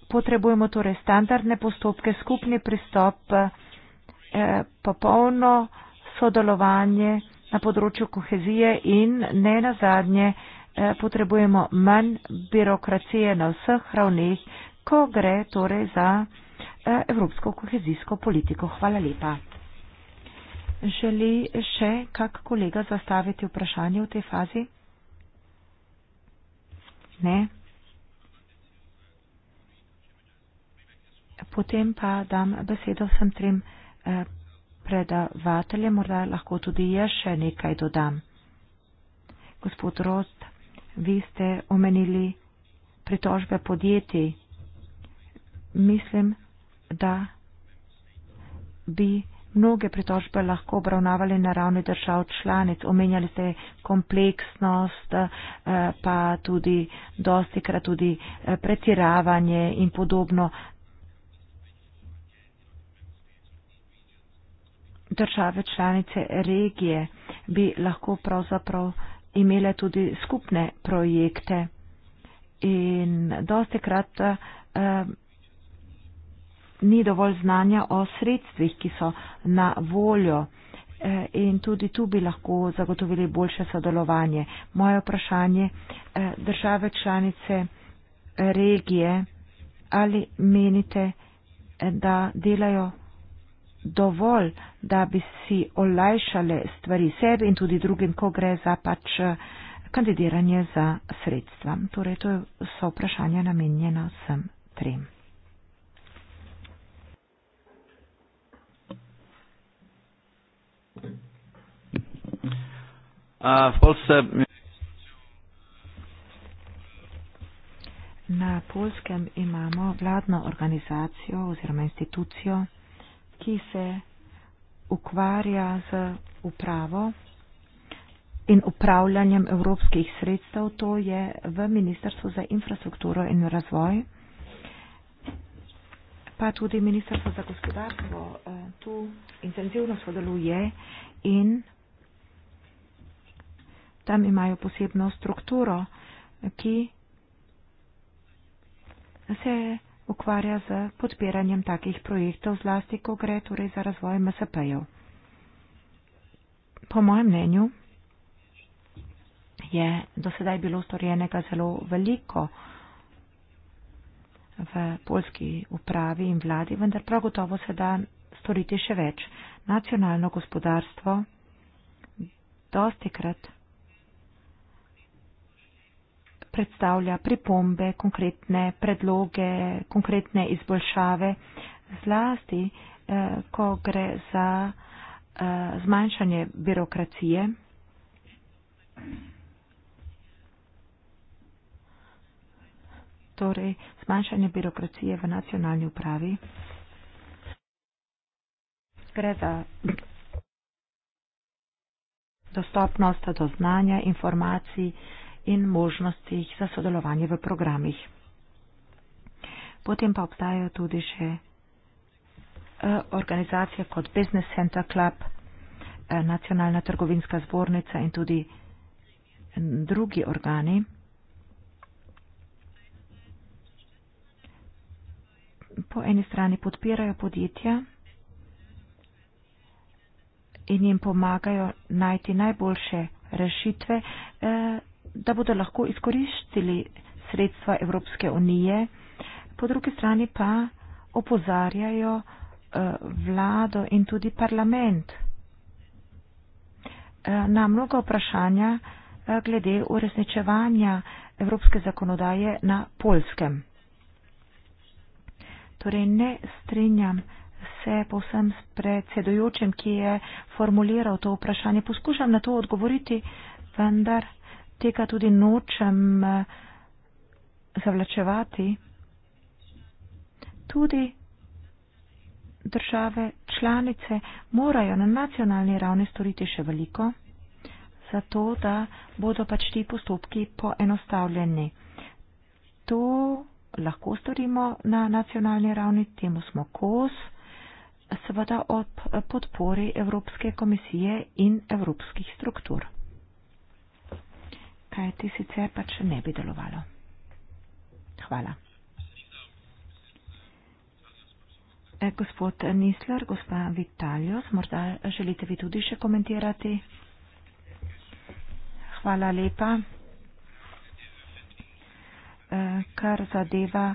potrebujemo torej standardne postopke, skupni pristop, e, popolno sodelovanje na področju kohezije in ne nazadnje e, potrebujemo manj birokracije na vseh ravneh, ko gre torej za evropsko kohezijsko politiko. Hvala lepa. Želi še kak kolega zastaviti vprašanje v tej fazi? Ne. Potem pa dam besedo vsem trem eh, predavateljem, morda lahko tudi jaz še nekaj dodam. Gospod Rost, vi ste omenili pritožbe podjetij. Mislim, da bi mnoge pritožbe lahko obravnavali na ravni držav članic. Omenjali ste kompleksnost, eh, pa tudi dosti krat tudi eh, pretiravanje in podobno. Države članice regije bi lahko pravzaprav imele tudi skupne projekte in dosti krat eh, ni dovolj znanja o sredstvih, ki so na voljo eh, in tudi tu bi lahko zagotovili boljše sodelovanje. Moje vprašanje, eh, države članice eh, regije, ali menite, da delajo dovolj, da bi si olajšale stvari sebi in tudi drugim, ko gre za pač kandidiranje za sredstva. Torej, to so vprašanja namenjena vsem trem. A v Polsce... Na Polskem imamo vladno organizacijo oziroma institucijo, ki se ukvarja z upravo in upravljanjem evropskih sredstev. To je v Ministrstvu za infrastrukturo in razvoj. Pa tudi Ministrstvo za gospodarstvo eh, tu intenzivno sodeluje in Tam imajo posebno strukturo, ki se ukvarja z podpiranjem takih projektov, zlasti, ko gre torej za razvoj MSP-jev. Po mojem mnenju je do sedaj bilo storjenega zelo veliko v polski upravi in vladi, vendar prav gotovo se da storiti še več. Nacionalno gospodarstvo dosti krat predstavlja pripombe, konkretne predloge, konkretne izboljšave, zlasti eh, ko gre za eh, zmanjšanje birokracije. Torej, zmanjšanje birokracije v nacionalni upravi. Gre za dostopnost do znanja, informacij, eh, in možnostih za sodelovanje v programih. Potem pa obstajajo tudi še e, organizacije kot Business Center Club, e, Nacionalna trgovinska zbornica in tudi drugi organi. Po eni strani podpirajo podjetja in jim pomagajo najti najboljše rešitve. Eh, da bodo lahko izkoristili sredstva Evropske unije, po drugi strani pa opozarjajo eh, vlado in tudi parlament eh, na mnoga vprašanja eh, glede uresničevanja evropske zakonodaje na polskem. Torej ne strinjam se povsem s predsedujočim, ki je formuliral to vprašanje. Poskušam na to odgovoriti, vendar tega tudi nočem eh, zavlačevati. Tudi države članice morajo na nacionalni ravni storiti še veliko, zato da bodo pač ti postopki poenostavljeni. To lahko storimo na nacionalni ravni, temu smo kos, seveda ob podpori Evropske komisije in evropskih struktur kajti sicer pač ne bi delovalo. Hvala. E, gospod Nisler, gospa Vitalios, morda želite vi tudi še komentirati? Hvala lepa. E, kar zadeva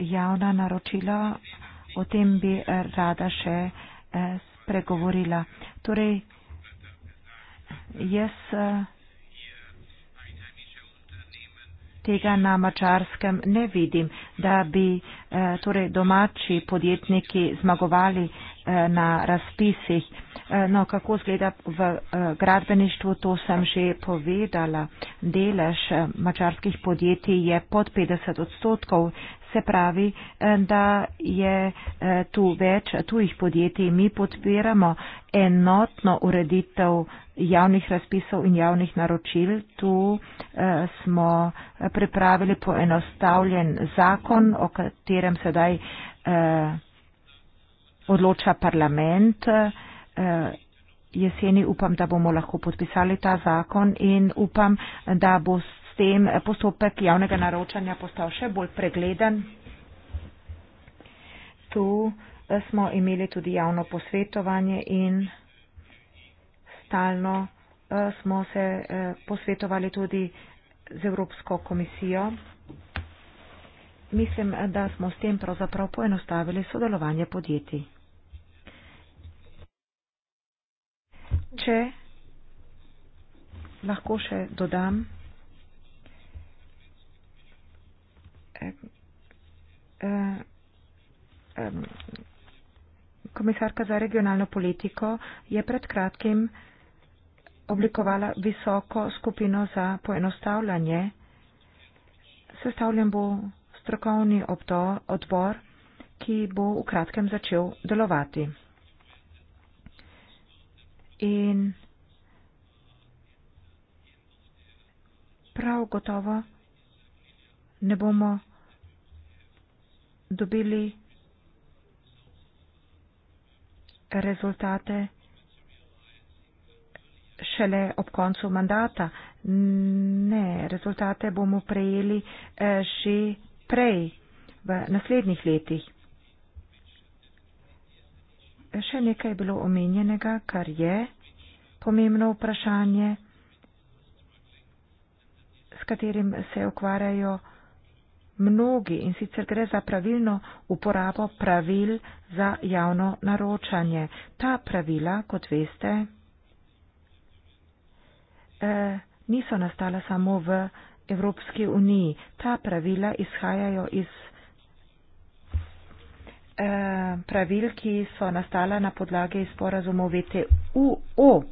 javna naročila, o tem bi rada še e, spregovorila. Torej, jaz. Yes, tega na mačarskem ne vidim, da bi eh, torej domači podjetniki zmagovali eh, na razpisih. Eh, no, kako zgleda v gradbeništvu, to sem že povedala. Delež mačarskih podjetij je pod 50 odstotkov, se pravi, eh, da je eh, tu več tujih podjetij. Mi podpiramo enotno ureditev javnih razpisov in javnih naročil. Tu eh, smo pripravili poenostavljen zakon, o katerem sedaj odloča parlament. Jeseni upam, da bomo lahko podpisali ta zakon in upam, da boste tem postopek javnega naročanja postal še bolj pregleden. Tu eh, smo imeli tudi javno posvetovanje in stalno eh, smo se eh, posvetovali tudi z Evropsko komisijo. Mislim, da smo s tem pravzaprav poenostavili sodelovanje podjetij. Če lahko še dodam. Eh, komisarka za regionalno politiko je pred kratkim oblikovala visoko skupino za poenostavljanje. Sestavljen bo strokovni odbor, ki bo v kratkem začel delovati. In prav gotovo ne bomo dobili rezultate šele ob koncu mandata. Ne, rezultate bomo prejeli eh, že prej, v naslednjih letih. Še nekaj je bilo omenjenega, kar je pomembno vprašanje, s katerim se ukvarjajo mnogi in sicer gre za pravilno uporabo pravil za javno naročanje. Ta pravila, kot veste, eh, niso nastala samo v Evropski uniji. Ta pravila izhajajo iz eh, pravil, ki so nastala na podlagi sporazumov VTUO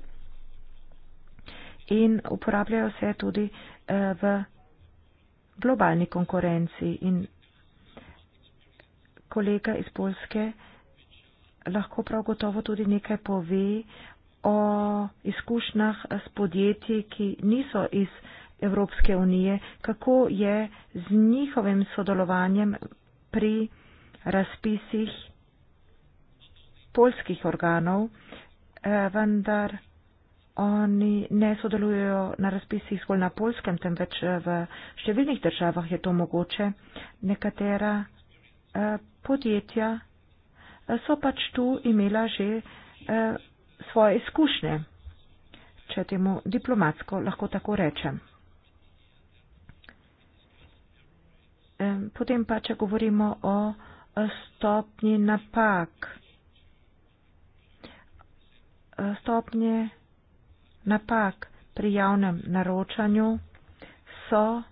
in uporabljajo se tudi eh, v globalni konkurenci. In kolega iz Polske lahko prav gotovo tudi nekaj pove o izkušnjah s podjetji, ki niso iz Evropske unije, kako je z njihovim sodelovanjem pri razpisih polskih organov, eh, vendar oni ne sodelujejo na razpisih zgolj na polskem, temveč eh, v številnih državah je to mogoče. Nekatera eh, podjetja eh, so pač tu imela že svoje izkušnje, če temu diplomatsko lahko tako rečem. Potem pa, če govorimo o stopnji napak, stopnje napak pri javnem naročanju so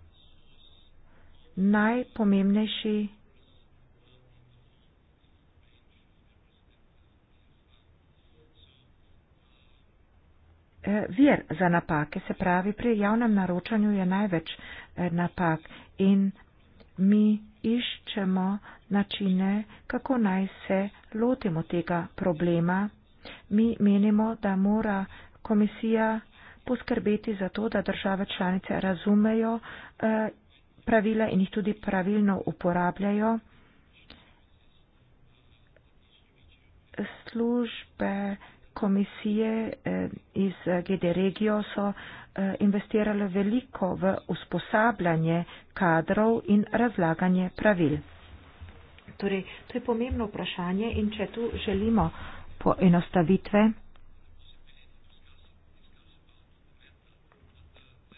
najpomembnejši eh, vir za napake. Se pravi, pri javnem naročanju je največ eh, napak in mi iščemo načine, kako naj se lotimo tega problema. Mi menimo, da mora komisija poskrbeti za to, da države članice razumejo eh, pravila in jih tudi pravilno uporabljajo. Službe komisije eh, iz GD Regio so eh, investirale veliko v usposabljanje kadrov in razlaganje pravil. Torej, to je pomembno vprašanje in če tu želimo poenostavitve,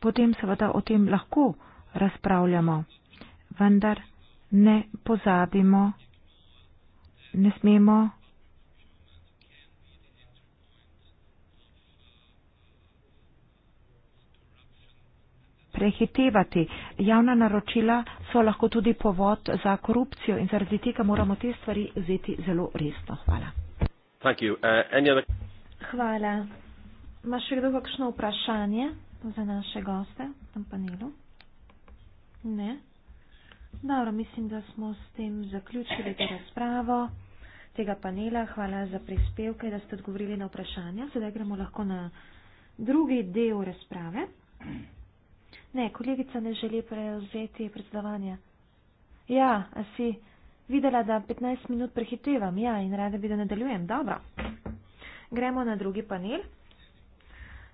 potem seveda o tem lahko razpravljamo. Vendar ne pozabimo, ne smemo prehitevati. Javna naročila so lahko tudi povod za korupcijo in zaradi tega moramo te stvari vzeti zelo resno. Hvala. Uh, Hvala. Ma še kdo kakšno vprašanje? za naše goste v tem panelu? Ne. Dobro, mislim, da smo s tem zaključili to razpravo tega panela. Hvala za prispevke, da ste odgovorili na vprašanja. Sedaj gremo lahko na drugi del razprave. Ne, kolegica ne želi prevzeti predsedovanja. Ja, a si videla, da 15 minut prehitevam? Ja, in rada bi, da nadaljujem. Dobro. Gremo na drugi panel.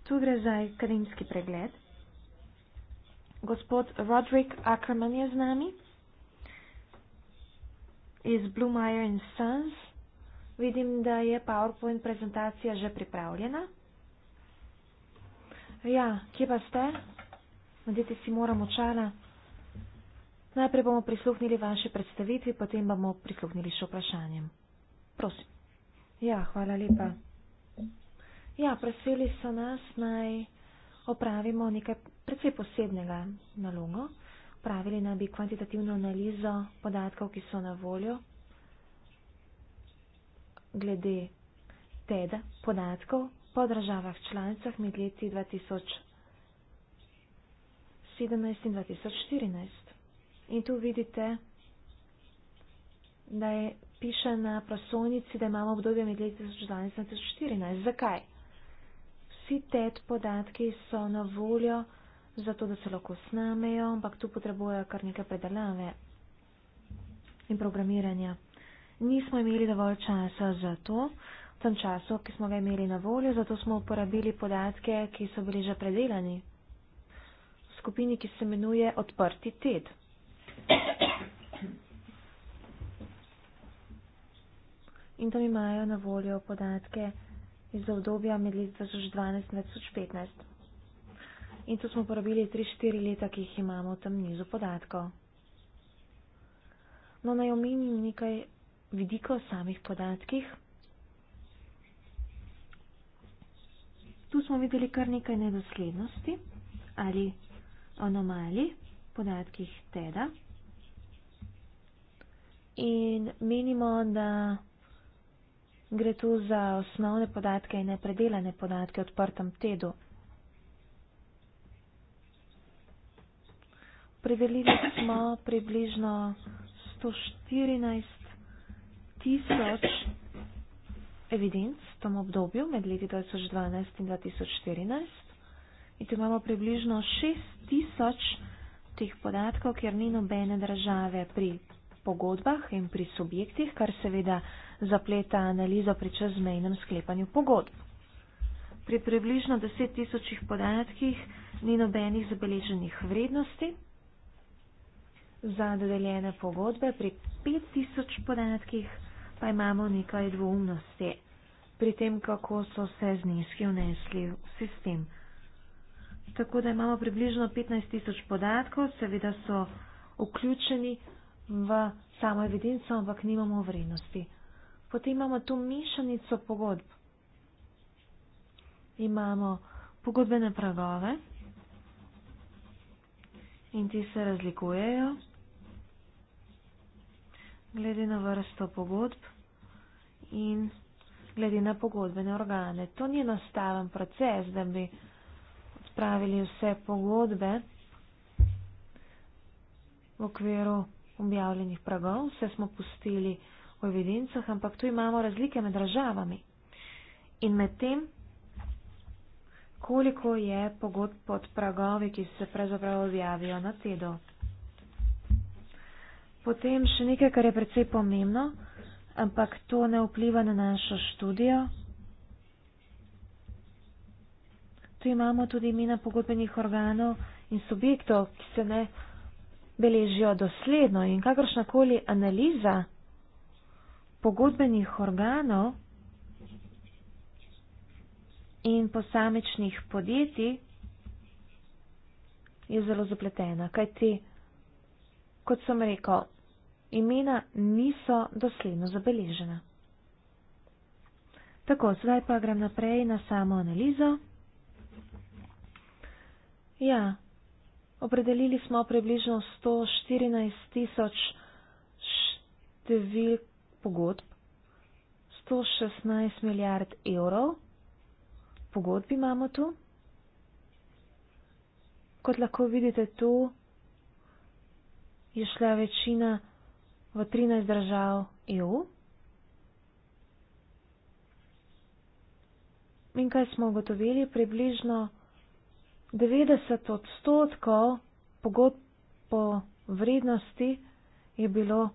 Tu gre za akademski pregled. Gospod Roderick Ackerman je z nami iz Blue Mayer and Sons. Vidim, da je PowerPoint prezentacija že pripravljena. Ja, kje pa ste? Vedite si moram očala. Najprej bomo prisluhnili vaše predstavitvi, potem bomo prisluhnili še vprašanjem. Prosim. Ja, hvala lepa. Mm -hmm. Ja, prosili so nas naj opravimo nekaj precej posebnega nalogo. Pravili naj bi kvantitativno analizo podatkov, ki so na voljo glede TED podatkov po državah članicah med leti 2017 in 2014. In tu vidite, da je piše na prosonici, da imamo obdobje med leti 2012 in 2014. Zakaj? vsi TED podatki so na voljo, zato da se lahko snamejo, ampak tu potrebujejo kar nekaj predelave in programiranja. Nismo imeli dovolj časa za to, v tem času, ki smo ga imeli na voljo, zato smo uporabili podatke, ki so bili že predelani v skupini, ki se imenuje Odprti TED. In tam imajo na voljo podatke iz obdobja med leti 2012 in 2015. In tu smo uporabili 3-4 leta, ki jih imamo v tem nizu podatkov. No, naj omenim nekaj vidikov samih podatkih. Tu smo videli kar nekaj nedoslednosti ali anomalij v podatkih TEDA. In menimo, da gre tu za osnovne podatke in nepredelane podatke v odprtem tedu. Predelili smo približno 114 tisoč evidenc v tom obdobju med leti 2012 in 2014. In tu imamo približno 6 tisoč teh podatkov, kjer ni nobene države pri pogodbah in pri subjektih, kar seveda zapleta analizo pri čezmejnem sklepanju pogodb. Pri približno 10 tisočih podatkih ni nobenih zabeleženih vrednosti. Za dodeljene pogodbe pri 5 tisoč podatkih pa imamo nekaj dvoumnosti pri tem, kako so se zneski vnesli v sistem. Tako da imamo približno 15 tisoč podatkov, seveda so vključeni v samo evidenco, ampak nimamo vrednosti. Potem imamo tu mešanico pogodb. Imamo pogodbene pragove in ti se razlikujejo glede na vrsto pogodb in glede na pogodbene organe. To ni enostaven proces, da bi odpravili vse pogodbe v okviru objavljenih pragov, vse smo pustili v evidencah, ampak tu imamo razlike med državami in med tem, koliko je pogodb pod pragovi, ki se pravzaprav objavijo na TEDO. Potem še nekaj, kar je predvsej pomembno, ampak to ne vpliva na našo študijo. Tu imamo tudi imena pogodbenih organov in subjektov, ki se ne beležijo dosledno in kakršnakoli analiza pogodbenih organov in posamečnih podjetij je zelo zapletena, kajti, kot sem rekel, imena niso dosledno zabeležena. Tako, zdaj pa grem naprej na samo analizo. Ja, Opredelili smo približno 114 tisoč števil pogodb, 116 milijard evrov pogodb imamo tu. Kot lahko vidite tu, je šla večina v 13 držav EU. In kaj smo ugotovili? Približno 90 odstotkov pogodb po vrednosti je bilo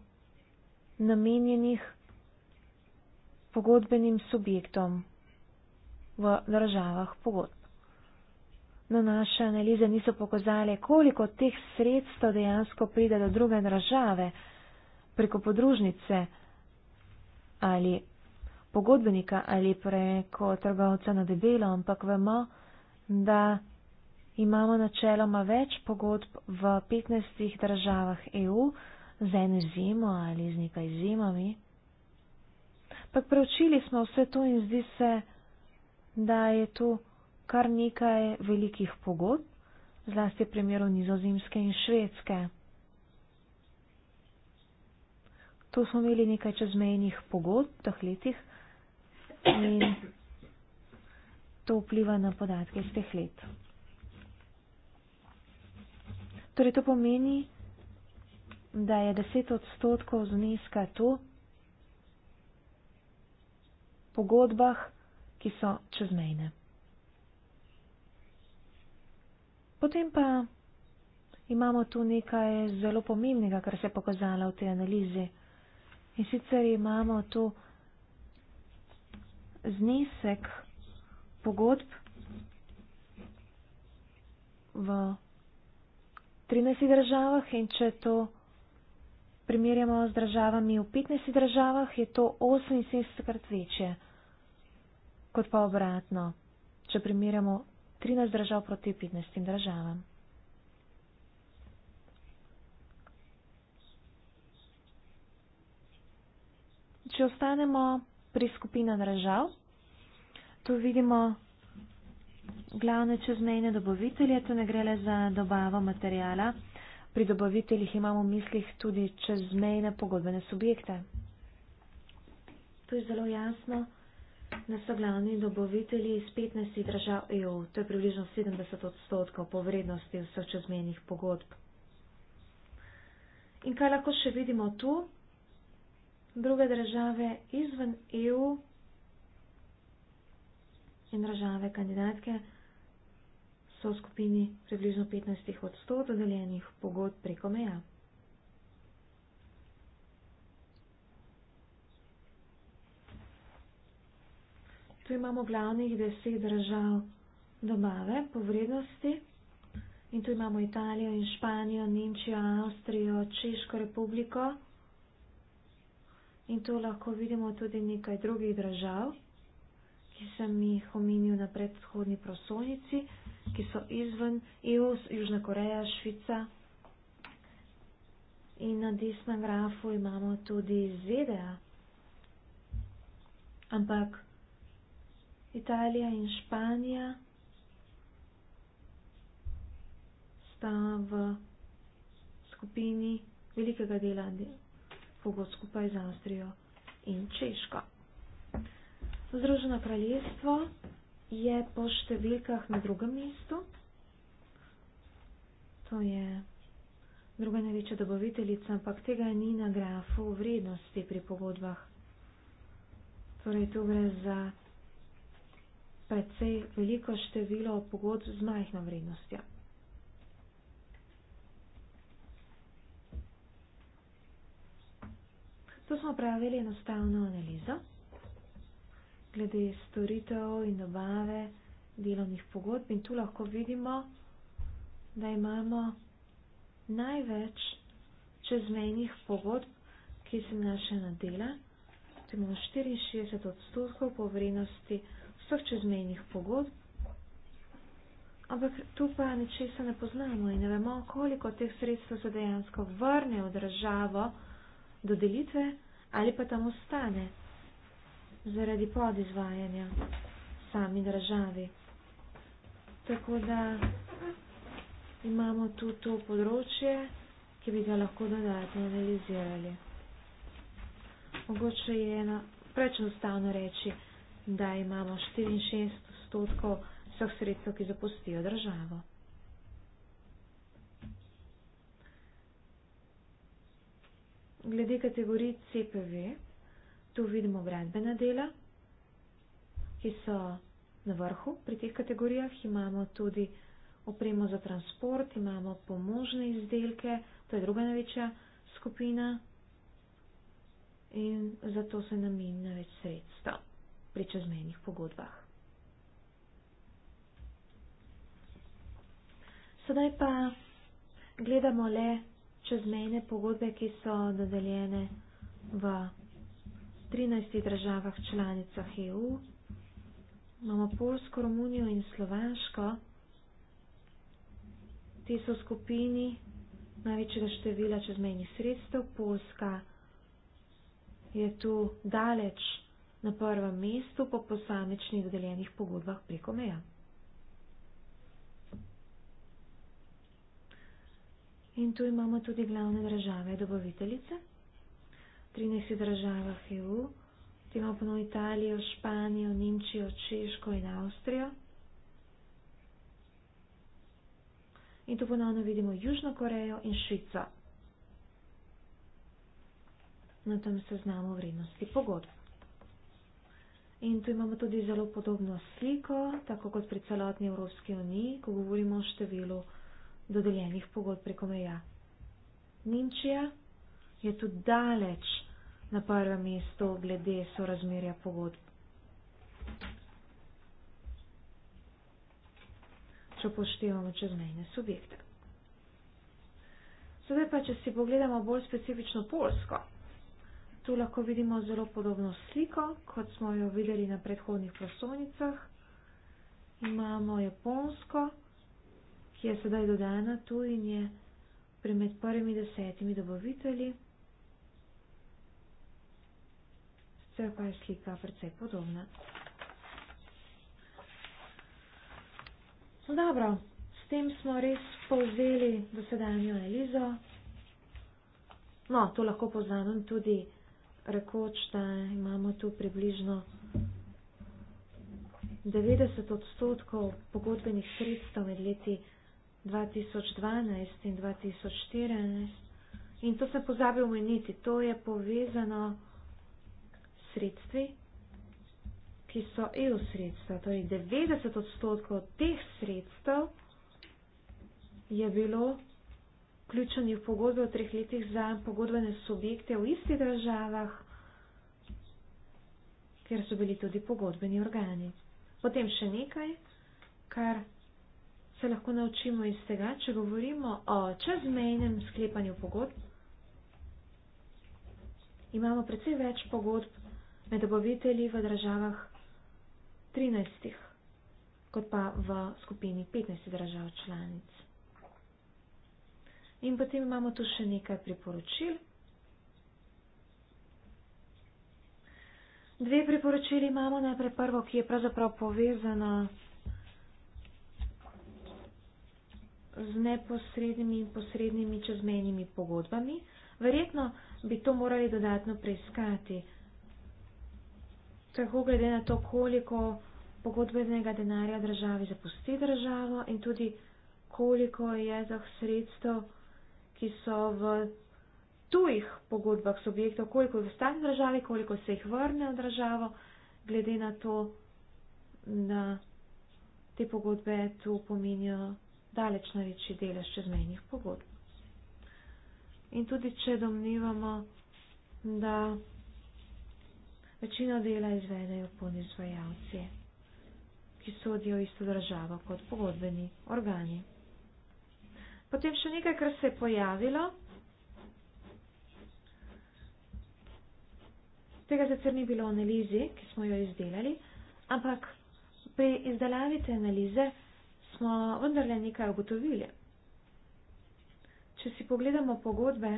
namenjenih pogodbenim subjektom v državah pogodb. Na naše analize niso pokazali, koliko teh sredstev dejansko pride do druge države preko podružnice ali pogodbenika ali preko trgovca na debelo, ampak vemo, da imamo načeloma več pogodb v 15 državah EU z eno izjemo ali z nekaj izjemami. Pak preučili smo vse to in zdi se, da je tu kar nekaj velikih pogodb, zlasti primeru nizozemske in švedske. Tu smo imeli nekaj čezmejnih pogodb v teh letih in to vpliva na podatke iz teh letov. Torej, to pomeni, da je 10 odstotkov zneska tu, pogodbah, ki so čezmejne. Potem pa imamo tu nekaj zelo pomembnega, kar se je pokazalo v tej analizi. In sicer imamo tu znesek pogodb v 13 državah in če to primerjamo z državami v 15 državah, je to 78 krat večje, kot pa obratno, če primerjamo 13 držav proti 15 državam. Če ostanemo pri skupinah držav, tu vidimo, glavne čezmejne dobavitelje, to ne gre le za dobavo materijala, pri dobaviteljih imamo v mislih tudi čezmejne pogodbene subjekte. To je zelo jasno, da so glavni dobavitelji iz 15 držav EU, to je približno 70 odstotkov po vrednosti vseh čezmejnih pogodb. In kaj lahko še vidimo tu? Druge države izven EU in države kandidatke so v skupini približno 15 odstotkov dodeljenih pogod preko meja. Tu imamo glavnih 10 držav dobave po vrednosti in tu imamo Italijo in Španijo, Nemčijo, Avstrijo, Češko republiko. In tu lahko vidimo tudi nekaj drugih držav ki sem jih omenil na predhodni prosojnici, ki so izven EU, Južna Koreja, Švica. In na desnem grafu imamo tudi ZDA. Ampak Italija in Španija sta v skupini velikega dela, pogod skupaj z Avstrijo in Češko. Združeno kraljestvo je po številkah na drugem mestu. To je druga največja dobaviteljica, ampak tega ni na grafu vrednosti pri pogodbah. Torej, tu gre za precej veliko število pogodb z majhno vrednostjo. To smo pravili enostavno analizo glede storitev in dobave delovnih pogodb in tu lahko vidimo, da imamo največ čezmejnih pogodb, ki se naše na dela. Tu imamo 64 odstotkov po vrednosti vseh čezmejnih pogodb, ampak tu pa ničesa ne poznamo in ne vemo, koliko teh sredstev se dejansko vrne v državo do delitve ali pa tam ostane zaradi podizvajanja sami državi. Tako da imamo tu to področje, ki bi ga lahko dodatno analizirali. Mogoče je ena preč enostavno reči, da imamo 64 odstotkov vseh sredstev, ki zapustijo državo. Glede kategorij CPV, Tu vidimo gradbena dela, ki so na vrhu pri teh kategorijah. Imamo tudi opremo za transport, imamo pomožne izdelke, to je druga največja skupina in zato se namenja več sredstva pri čezmejnih pogodbah. Sedaj pa gledamo le čezmejne pogodbe, ki so dodeljene v 13 državah članicah EU, imamo Polsko, Romunijo in Slovaško. Te so skupini največjega števila čezmejnih sredstev. Polska je tu daleč na prvem mestu po posamečnih deljenih pogodbah preko meja. In tu imamo tudi glavne države dobaviteljice. 13 državah EU, potem imamo Italijo, Španijo, Nemčijo, Češko in Avstrijo. In tu ponovno vidimo Južno Korejo in Švico na tem seznamu vrednosti pogodb. In tu imamo tudi zelo podobno sliko, tako kot pri celotni Evropski uniji, ko govorimo o številu dodeljenih pogodb preko meja. Nemčija je tudi daleč na prvem mestu glede sorazmerja pogodb. Če poštevamo čezmejne subjekte. Sedaj pa, če si pogledamo bolj specifično Polsko, tu lahko vidimo zelo podobno sliko, kot smo jo videli na predhodnih prosovnicah. Imamo Japonsko, ki je sedaj dodana tu in je pri med prvimi desetimi dobavitelji. Трапа е слика прецей подобна. Dobro, s tem smo res povzeli dosedanjo analizo. No, to lahko povzamem tudi rekoč, da imamo tu približno 90 odstotkov pogodbenih sredstev med leti 2012 in 2014. In to sem pozabil omeniti, to je povezano sredstvi, ki so EU sredstva, torej 90 odstotkov teh sredstev je bilo vključenih v pogodbe v treh letih za pogodbene subjekte v istih državah, kjer so bili tudi pogodbeni organi. Potem še nekaj, kar se lahko naučimo iz tega, če govorimo o čezmejnem sklepanju pogodb. Imamo predvsej več pogodb med dobavitelji v državah 13, kot pa v skupini 15 držav članic. In potem imamo tu še nekaj priporočil. Dve priporočili imamo, najprej prvo, ki je pravzaprav povezana z neposrednimi in posrednimi čezmenjimi pogodbami. Verjetno bi to morali dodatno preiskati. Tako glede na to, koliko pogodbenega denarja državi zapusti državo in tudi koliko je teh sredstev, ki so v tujih pogodbah subjektov, koliko je v stani državi, koliko se jih vrne v državo, glede na to, da te pogodbe tu pomenijo daleč največji delež čezmejnih pogodb. In tudi, če domnivamo, da Večino dela izvedejo podizvajalci, ki sodijo isto državo kot pogodbeni organi. Potem še nekaj, kar se je pojavilo. Tega sicer ni bilo v analizi, ki smo jo izdelali, ampak pri izdelavi te analize smo vendarle nekaj ugotovili. Če si pogledamo pogodbe,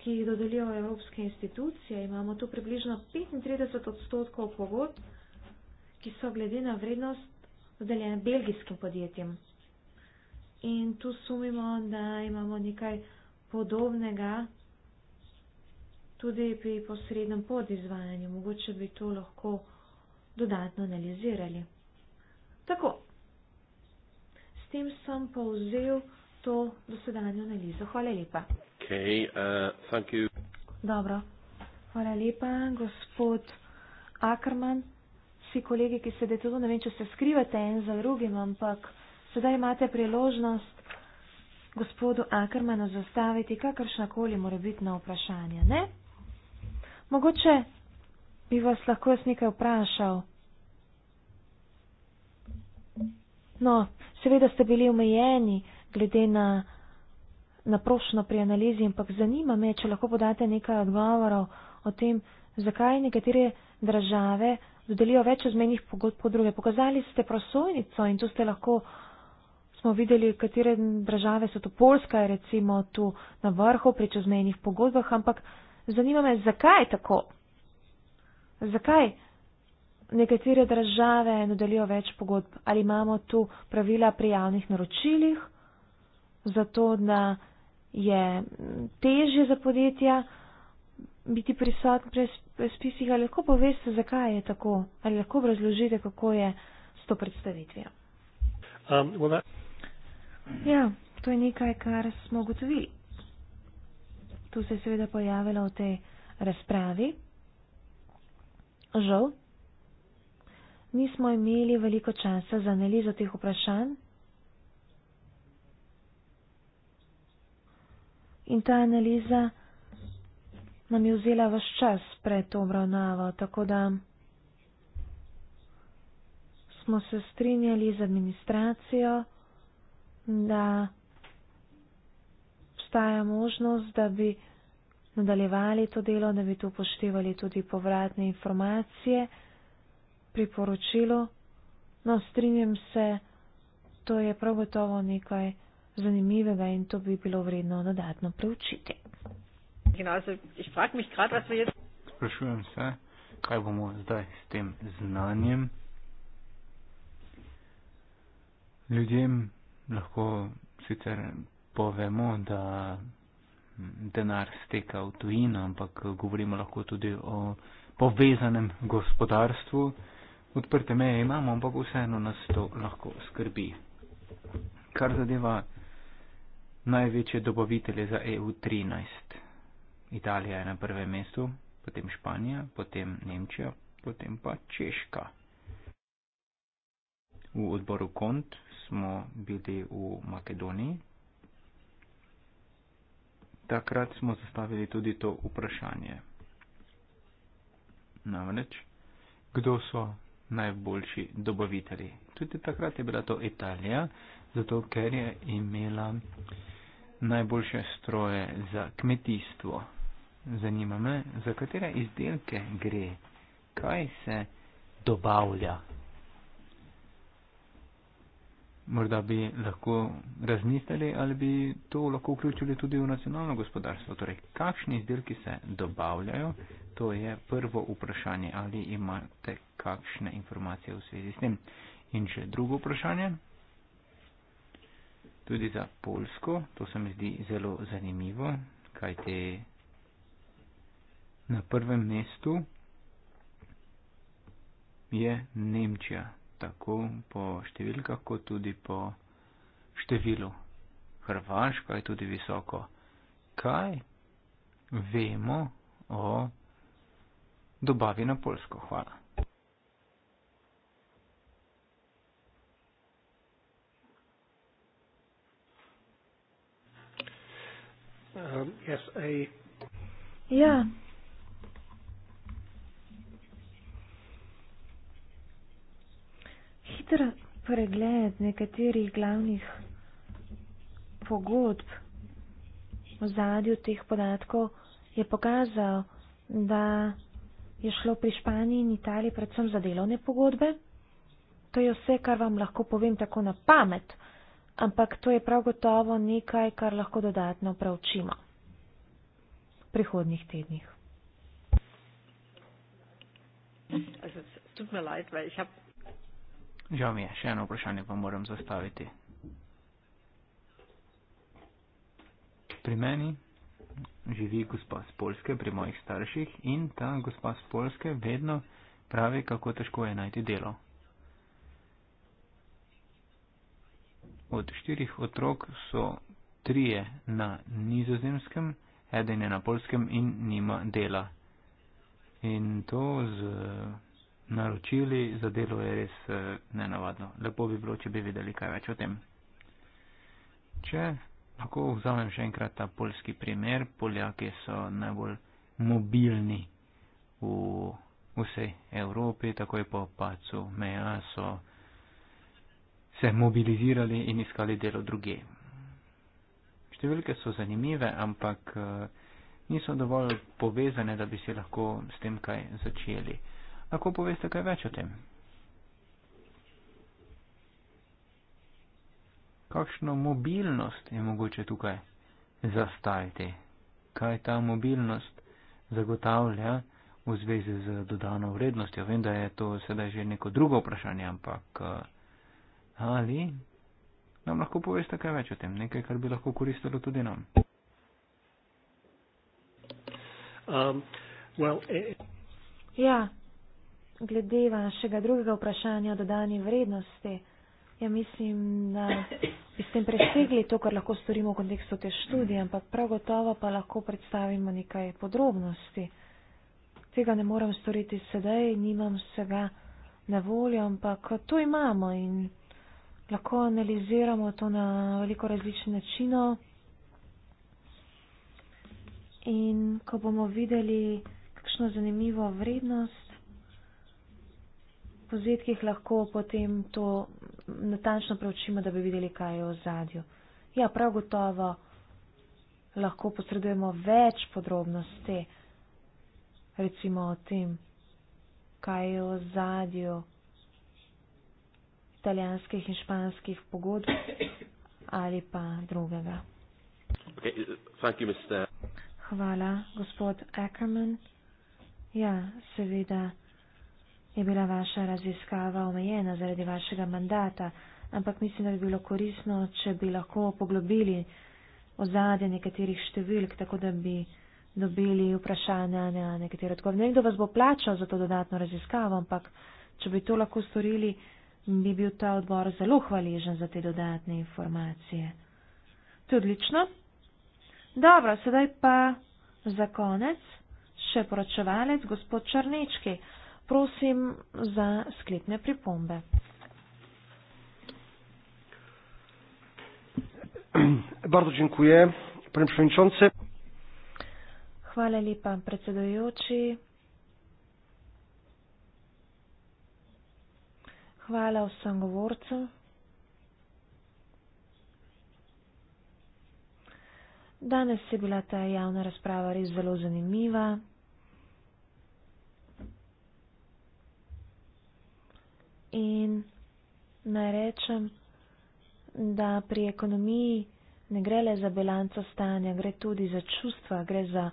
ki jih dodelijo evropske institucije, imamo tu približno 35 odstotkov pogod, ki so glede na vrednost dodeljene belgijskim podjetjem. In tu sumimo, da imamo nekaj podobnega tudi pri posrednem podizvajanju. Mogoče bi to lahko dodatno analizirali. Tako, s tem sem povzel to dosedanje analizo. Hvala lepa. Okay, uh, thank you. Dobro. Hvala lepa, gospod Ackerman. Vsi kolegi, ki se tu, ne vem, če se skrivate en za drugim, ampak sedaj imate priložnost gospodu Ackermanu zastaviti kakršnakoli mora biti na vprašanje. Ne? Mogoče bi vas lahko jaz nekaj vprašal. No, seveda ste bili omejeni glede na naprošno pri analizi, ampak zanima me, če lahko podate nekaj odgovorov o tem, zakaj nekatere države dodelijo več ozmenih pogodb po druge. Pokazali ste prosojnico in tu ste lahko, smo videli, katere države so to Polska, recimo tu na vrhu pri čezmenih pogodbah, ampak zanima me, zakaj tako? Zakaj nekatere države dodelijo več pogodb? Ali imamo tu pravila pri javnih naročilih? Zato, da je teže za podjetja biti prisotni pri spisih. Ali lahko poveste, zakaj je tako? Ali lahko razložite, kako je s to predstavitvijo? Um, well, that... Ja, to je nekaj, kar smo ugotovili. To se je seveda pojavilo v tej razpravi. Žal, nismo imeli veliko časa za analizo teh vprašanj, In ta analiza nam je vzela vaš čas pred to obravnavo, tako da smo se strinjali z administracijo, da obstaja možnost, da bi nadaljevali to delo, da bi tu upoštevali tudi povratne informacije pri poročilu. No, strinjam se, to je prav gotovo nekaj zanimivega in to bi bilo vredno dodatno preučiti. Sprašujem se, kaj bomo zdaj s tem znanjem ljudem lahko sicer povemo, da denar steka v tujino, ampak govorimo lahko tudi o povezanem gospodarstvu. Odprte meje imamo, ampak vseeno nas to lahko skrbi. Kar zadeva največje dobavitelje za EU13. Italija je na prvem mestu, potem Španija, potem Nemčija, potem pa Češka. V odboru KONT smo bili v Makedoniji. Takrat smo zastavili tudi to vprašanje. Namreč, kdo so najboljši dobavitelji? Tudi takrat je bila to Italija, zato ker je imela najboljše stroje za kmetijstvo. Zanima me, za katere izdelke gre, kaj se dobavlja. Morda bi lahko razmislili ali bi to lahko vključili tudi v nacionalno gospodarstvo. Torej, kakšni izdelki se dobavljajo, to je prvo vprašanje, ali imate kakšne informacije v svezi s tem. In še drugo vprašanje, tudi za Polsko. To se mi zdi zelo zanimivo, kaj te na prvem mestu je Nemčija, tako po številkah, kot tudi po številu. Hrvaška je tudi visoko. Kaj vemo o dobavi na Polsko? Hvala. SA. Ja. Hitro pregled nekaterih glavnih pogodb v zadju teh podatkov je pokazal, da je šlo pri Španiji in Italiji predvsem za delovne pogodbe. To je vse, kar vam lahko povem tako na pamet, ampak to je prav gotovo nekaj, kar lahko dodatno preučimo prihodnih tednih. Žal mi je, še eno vprašanje pa moram zastaviti. Pri meni živi gospa z Polske, pri mojih starših in ta gospa z Polske vedno pravi, kako težko je najti delo. Od štirih otrok so trije na nizozemskem eden je na polskem in nima dela. In to z eh, naročili za delo je res eh, nenavadno. Lepo bi bilo, če bi vedeli kaj več o tem. Če lahko vzamem še enkrat ta polski primer, Poljaki so najbolj mobilni v vsej Evropi, takoj po pacu meja so se mobilizirali in iskali delo druge številke so zanimive, ampak eh, niso dovolj povezane, da bi si lahko s tem kaj začeli. Lahko poveste kaj več o tem? Kakšno mobilnost je mogoče tukaj zastaviti? Kaj ta mobilnost zagotavlja v zvezi z dodano vrednostjo? Vem, da je to sedaj že neko drugo vprašanje, ampak eh, ali nam lahko poveste kaj več o tem, nekaj, kar bi lahko koristilo tudi nam. Um, well, eh. Ja, glede vašega drugega vprašanja o dodani vrednosti, ja mislim, da bi s tem presegli to, kar lahko storimo v kontekstu te študije, ampak prav gotovo pa lahko predstavimo nekaj podrobnosti. Tega ne moram storiti sedaj, nimam vsega na voljo, ampak to imamo in lahko analiziramo to na veliko različnih načinov. In ko bomo videli, kakšno zanimivo vrednost po zetkih, lahko potem to natančno preučimo, da bi videli, kaj je v zadju. Ja, prav gotovo lahko posredujemo več podrobnosti, recimo o tem, kaj je v zadju italijanskih in španskih pogodb ali pa drugega. Okay, you, Hvala, gospod Ackerman. Ja, seveda je bila vaša raziskava omejena zaradi vašega mandata, ampak mislim, da bi bilo korisno, če bi lahko poglobili ozadje nekaterih številk, tako da bi dobili vprašanja na nekatere odgovore. Nekdo vas bo plačal za to dodatno raziskavo, ampak če bi to lahko storili bi bil ta odbor zelo hvaležen za te dodatne informacije. To je odlično. Dobro, sedaj pa za konec še poročevalec, gospod Črnečki. Prosim za sklepne pripombe. Bardzo dziękuję, panie przewodniczący. Hvala lepa, predsedujoči. hvala vsem govorcem. Danes je bila ta javna razprava res zelo zanimiva. In naj rečem, da pri ekonomiji ne gre le za bilanco stanja, gre tudi za čustva, gre za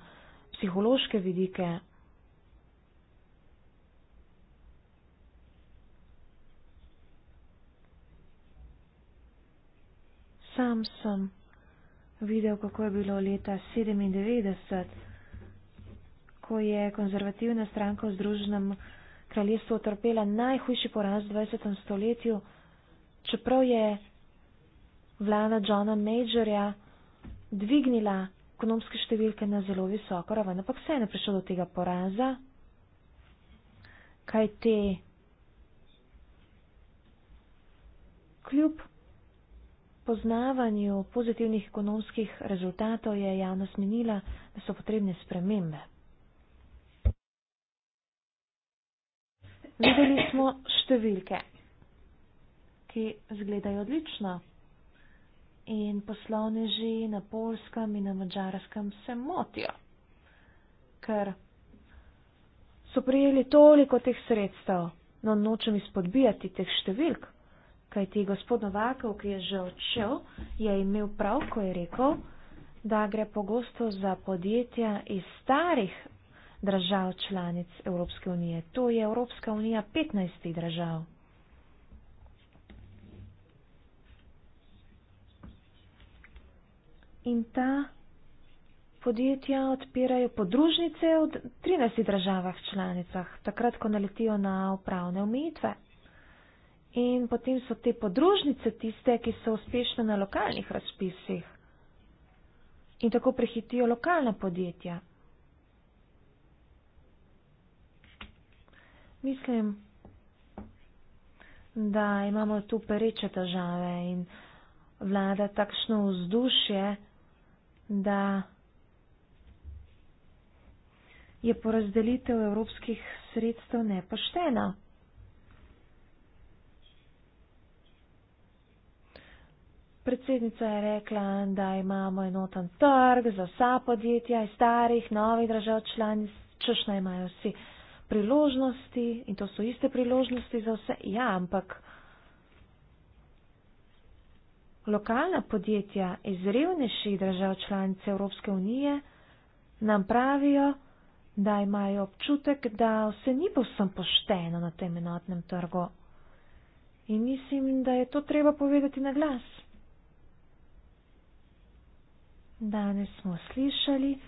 psihološke vidike sam sem videl, kako je bilo leta 97, ko je konzervativna stranka v Združenem kraljestvu utrpela najhujši poraz v 20. stoletju, čeprav je vlada Johna Majorja dvignila ekonomske številke na zelo visoko raven, ampak se je ne prišlo do tega poraza, kaj te kljub poznavanju pozitivnih ekonomskih rezultatov je javnost menila, da so potrebne spremembe. Videli smo številke, ki izgledajo odlično in poslovneži na polskem in na mačarskem se motijo, ker so prijeli toliko teh sredstev, no nočem izpodbijati teh številk, kajti gospod Novakov, ki je že odšel, je imel prav, ko je rekel, da gre pogosto za podjetja iz starih držav članic Evropske unije. To je Evropska unija 15 držav. In ta podjetja odpirajo podružnice v 13 državah članicah, takrat, ko naletijo na upravne omejitve. In potem so te podružnice tiste, ki so uspešne na lokalnih razpisih in tako prehitijo lokalna podjetja. Mislim, da imamo tu pereče težave in vlada takšno vzdušje, da je porazdelitev evropskih sredstev nepoštena. Predsednica je rekla, da imamo enoten trg za vsa podjetja iz starih, novih držav članic, češ naj imajo vsi priložnosti in to so iste priložnosti za vse. Ja, ampak lokalna podjetja iz revnejših držav članic Evropske unije nam pravijo, da imajo občutek, da vse ni povsem pošteno na tem enotnem trgu. In mislim, da je to treba povedati na glas. Danes smo slišali,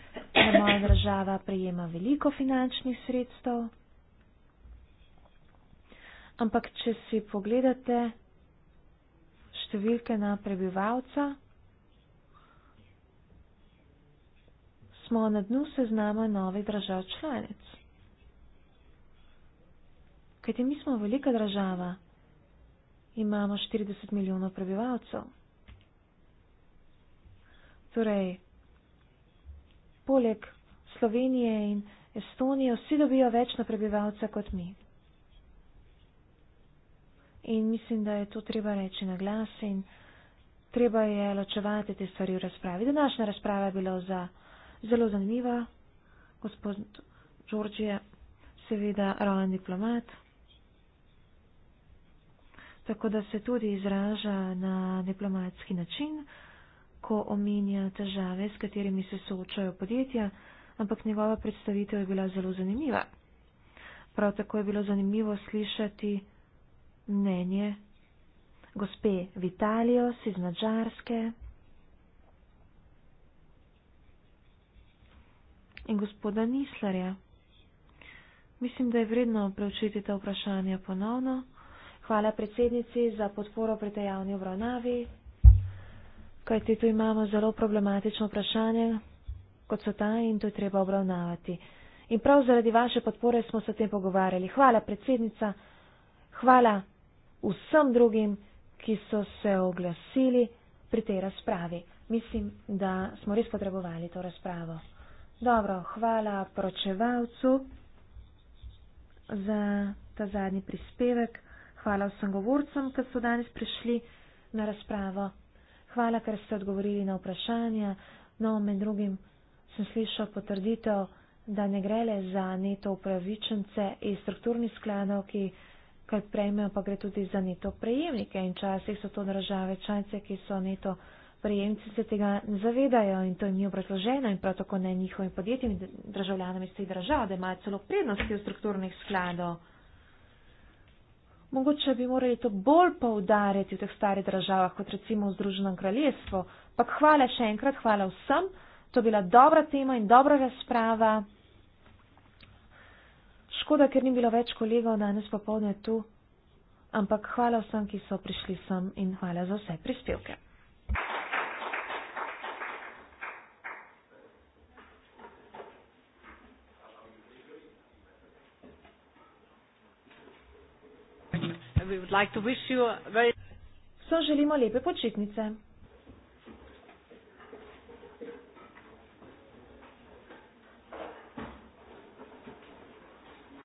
da moja država prejema veliko finančnih sredstev, ampak če si pogledate številke na prebivalca, smo na dnu seznama novih držav članic. Kajti mi smo velika država, imamo 40 milijonov prebivalcev. Torej, poleg Slovenije in Estonije vsi dobijo več na prebivalca kot mi. In mislim, da je to treba reči na glas in treba je ločevati te stvari v razpravi. Današnja razprava je bila za zelo zanimiva. Gospod Đorđe, seveda rojen diplomat. Tako da se tudi izraža na diplomatski način ko omenja težave, s katerimi se soočajo podjetja, ampak njegova predstavitev je bila zelo zanimiva. Prav tako je bilo zanimivo slišati mnenje gospe Vitalijos iz Mačarske in gospoda Nislarja. Mislim, da je vredno preučiti ta vprašanja ponovno. Hvala predsednici za podporo pri tej javni obravnavi kajti tu imamo zelo problematično vprašanje, kot so ta in to je treba obravnavati. In prav zaradi vaše podpore smo se o tem pogovarjali. Hvala, predsednica, hvala vsem drugim, ki so se oglasili pri tej razpravi. Mislim, da smo res potrebovali to razpravo. Dobro, hvala poročevalcu za ta zadnji prispevek. Hvala vsem govorcem, ki so danes prišli na razpravo hvala, ker ste odgovorili na vprašanja. No, med drugim sem slišal potrditev, da ne gre le za neto upravičence iz strukturnih skladov, ki kar prejmejo, pa gre tudi za neto prejemnike. In časih so to države članice, ki so neto prejemci, se tega ne zavedajo in to jim ni obrazloženo in prav tako ne njihovim podjetjem in državljanom iz tih držav, da imajo celo prednosti v strukturnih skladov mogoče bi morali to bolj poudariti v teh starih državah, kot recimo v Združenem kraljestvu. Pak hvala še enkrat, hvala vsem, to je bila dobra tema in dobra razprava. Škoda, ker ni bilo več kolegov danes popovdne tu, ampak hvala vsem, ki so prišli sem in hvala za vse prispevke. like to wish you a very... Vsem želimo lepe počitnice.